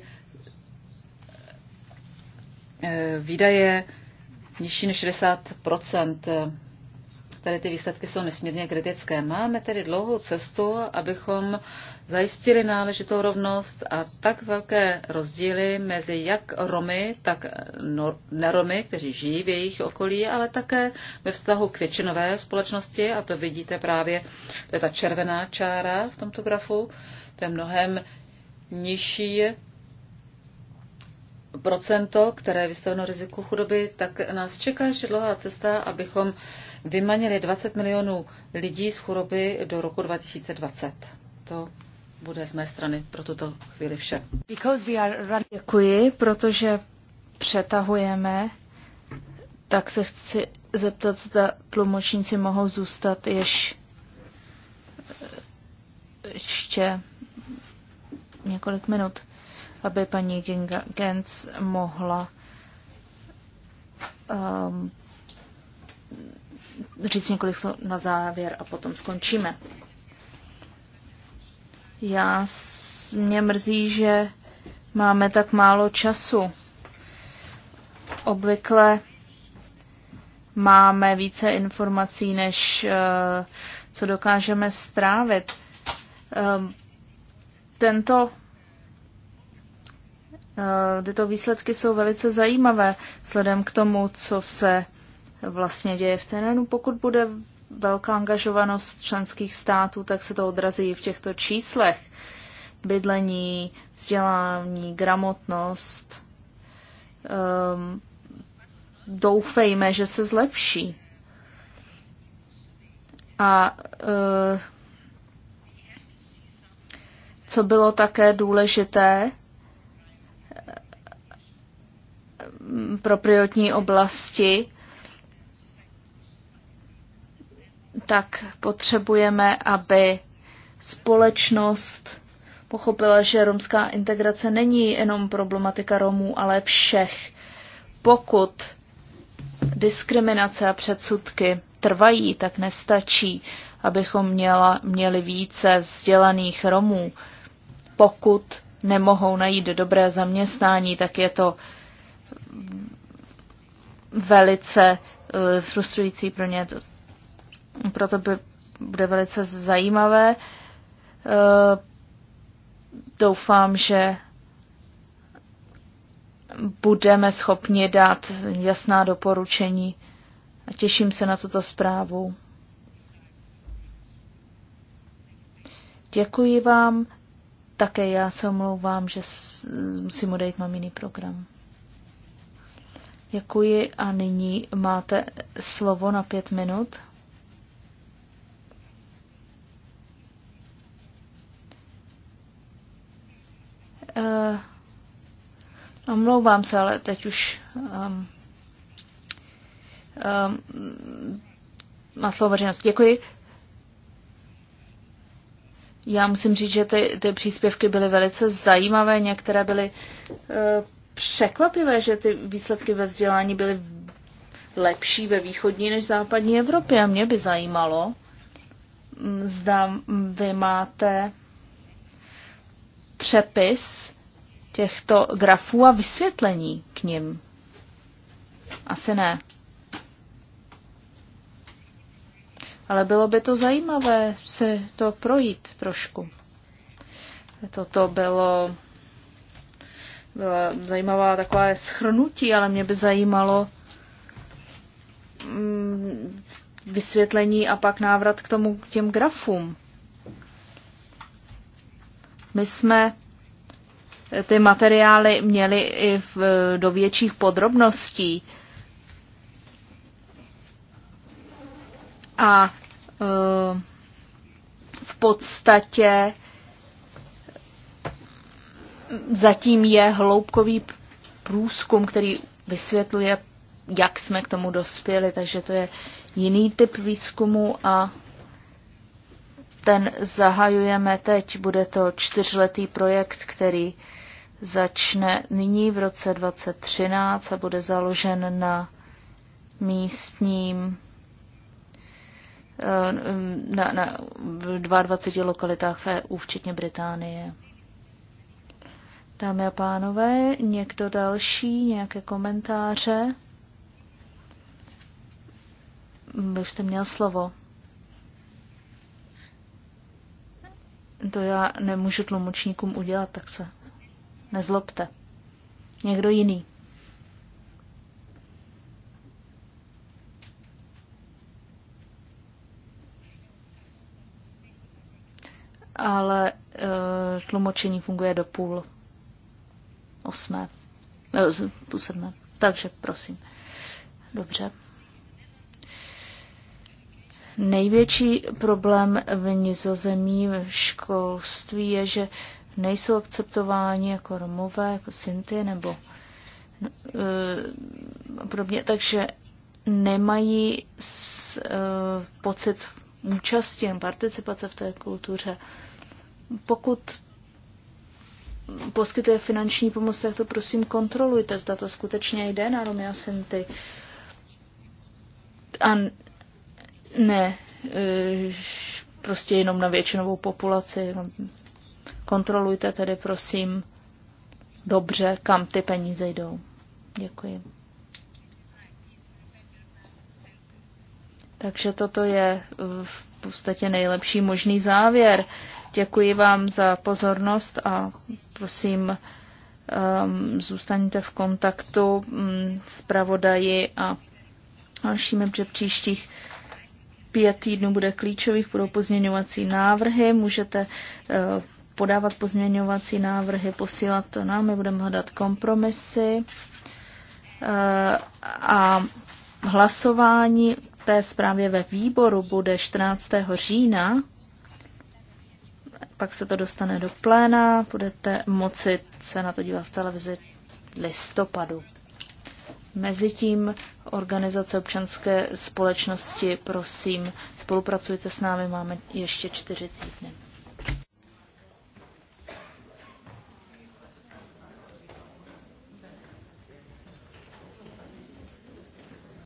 eh, výdaje nižší než 60 tady ty výsledky jsou nesmírně kritické. Máme tedy dlouhou cestu, abychom zajistili náležitou rovnost a tak velké rozdíly mezi jak Romy, tak no, neromy, kteří žijí v jejich okolí, ale také ve vztahu k většinové společnosti, a to vidíte právě, to je ta červená čára v tomto grafu, to je mnohem nižší procento, které je vystaveno riziku chudoby, tak nás čeká ještě dlouhá cesta, abychom vymanili 20 milionů lidí z choroby do roku 2020. To bude z mé strany pro tuto chvíli vše. Děkuji, protože přetahujeme, tak se chci zeptat, zda tlumočníci mohou zůstat ješ, ještě několik minut, aby paní Gens mohla um, říct několik slov na závěr a potom skončíme. Já mě mrzí, že máme tak málo času. Obvykle máme více informací, než eh, co dokážeme strávit. Ehm, tento eh, Tyto výsledky jsou velice zajímavé vzhledem k tomu, co se vlastně děje v terénu. Pokud bude velká angažovanost členských států, tak se to odrazí v těchto číslech. Bydlení, vzdělání, gramotnost. Um, doufejme, že se zlepší. A uh, co bylo také důležité eh, pro prioritní oblasti, tak potřebujeme, aby společnost pochopila, že romská integrace není jenom problematika Romů, ale všech. Pokud diskriminace a předsudky trvají, tak nestačí, abychom měla, měli více vzdělaných Romů. Pokud nemohou najít dobré zaměstnání, tak je to velice eh, frustrující pro ně. Proto by, bude velice zajímavé. E, doufám, že budeme schopni dát jasná doporučení a těším se na tuto zprávu. Děkuji vám. Také já se omlouvám, že musím odejít, mám jiný program. Děkuji a nyní máte slovo na pět minut. Uh, omlouvám se, ale teď už um, um, má slovo veřejnost. Děkuji. Já musím říct, že ty, ty příspěvky byly velice zajímavé, některé byly uh, překvapivé, že ty výsledky ve vzdělání byly lepší ve východní než v západní Evropě. A mě by zajímalo, hm, zda vy máte přepis těchto grafů a vysvětlení k ním, Asi ne. Ale bylo by to zajímavé se to projít trošku. Toto bylo byla zajímavá taková schrnutí, ale mě by zajímalo mm, vysvětlení a pak návrat k tomu k těm grafům. My jsme ty materiály měli i v, do větších podrobností. A e, v podstatě zatím je hloubkový průzkum, který vysvětluje, jak jsme k tomu dospěli, takže to je jiný typ výzkumu a ten zahajujeme teď. Bude to čtyřletý projekt, který začne nyní v roce 2013 a bude založen na místním eh, na, na 22 lokalitách v EU, včetně Británie. Dámy a pánové, někdo další, nějaké komentáře? Vy jste měl slovo. To já nemůžu tlumočníkům udělat, tak se nezlobte. Někdo jiný. ale e, tlumočení funguje do půl osmé, e, půl sedmé. Takže prosím. Dobře. Největší problém v nizozemí v školství je, že nejsou akceptováni jako Romové, jako Sinty nebo no, e, podobně, takže nemají s, e, pocit účasti, participace v té kultuře. Pokud poskytuje finanční pomoc, tak to prosím kontrolujte, zda to skutečně jde na Romy a Sinty. A ne, eh, prostě jenom na většinovou populaci. No, kontrolujte tedy, prosím, dobře, kam ty peníze jdou. Děkuji. Takže toto je eh, v podstatě nejlepší možný závěr. Děkuji vám za pozornost a prosím, um, zůstaňte v kontaktu um, s pravodaji a dalšími, příštích pět týdnů bude klíčových, budou pozměňovací návrhy, můžete eh, podávat pozměňovací návrhy, posílat to nám, my budeme hledat kompromisy eh, a hlasování té zprávě ve výboru bude 14. října, pak se to dostane do pléna, budete moci se na to dívat v televizi listopadu. Mezitím organizace občanské společnosti, prosím, spolupracujte s námi, máme ještě čtyři týdny.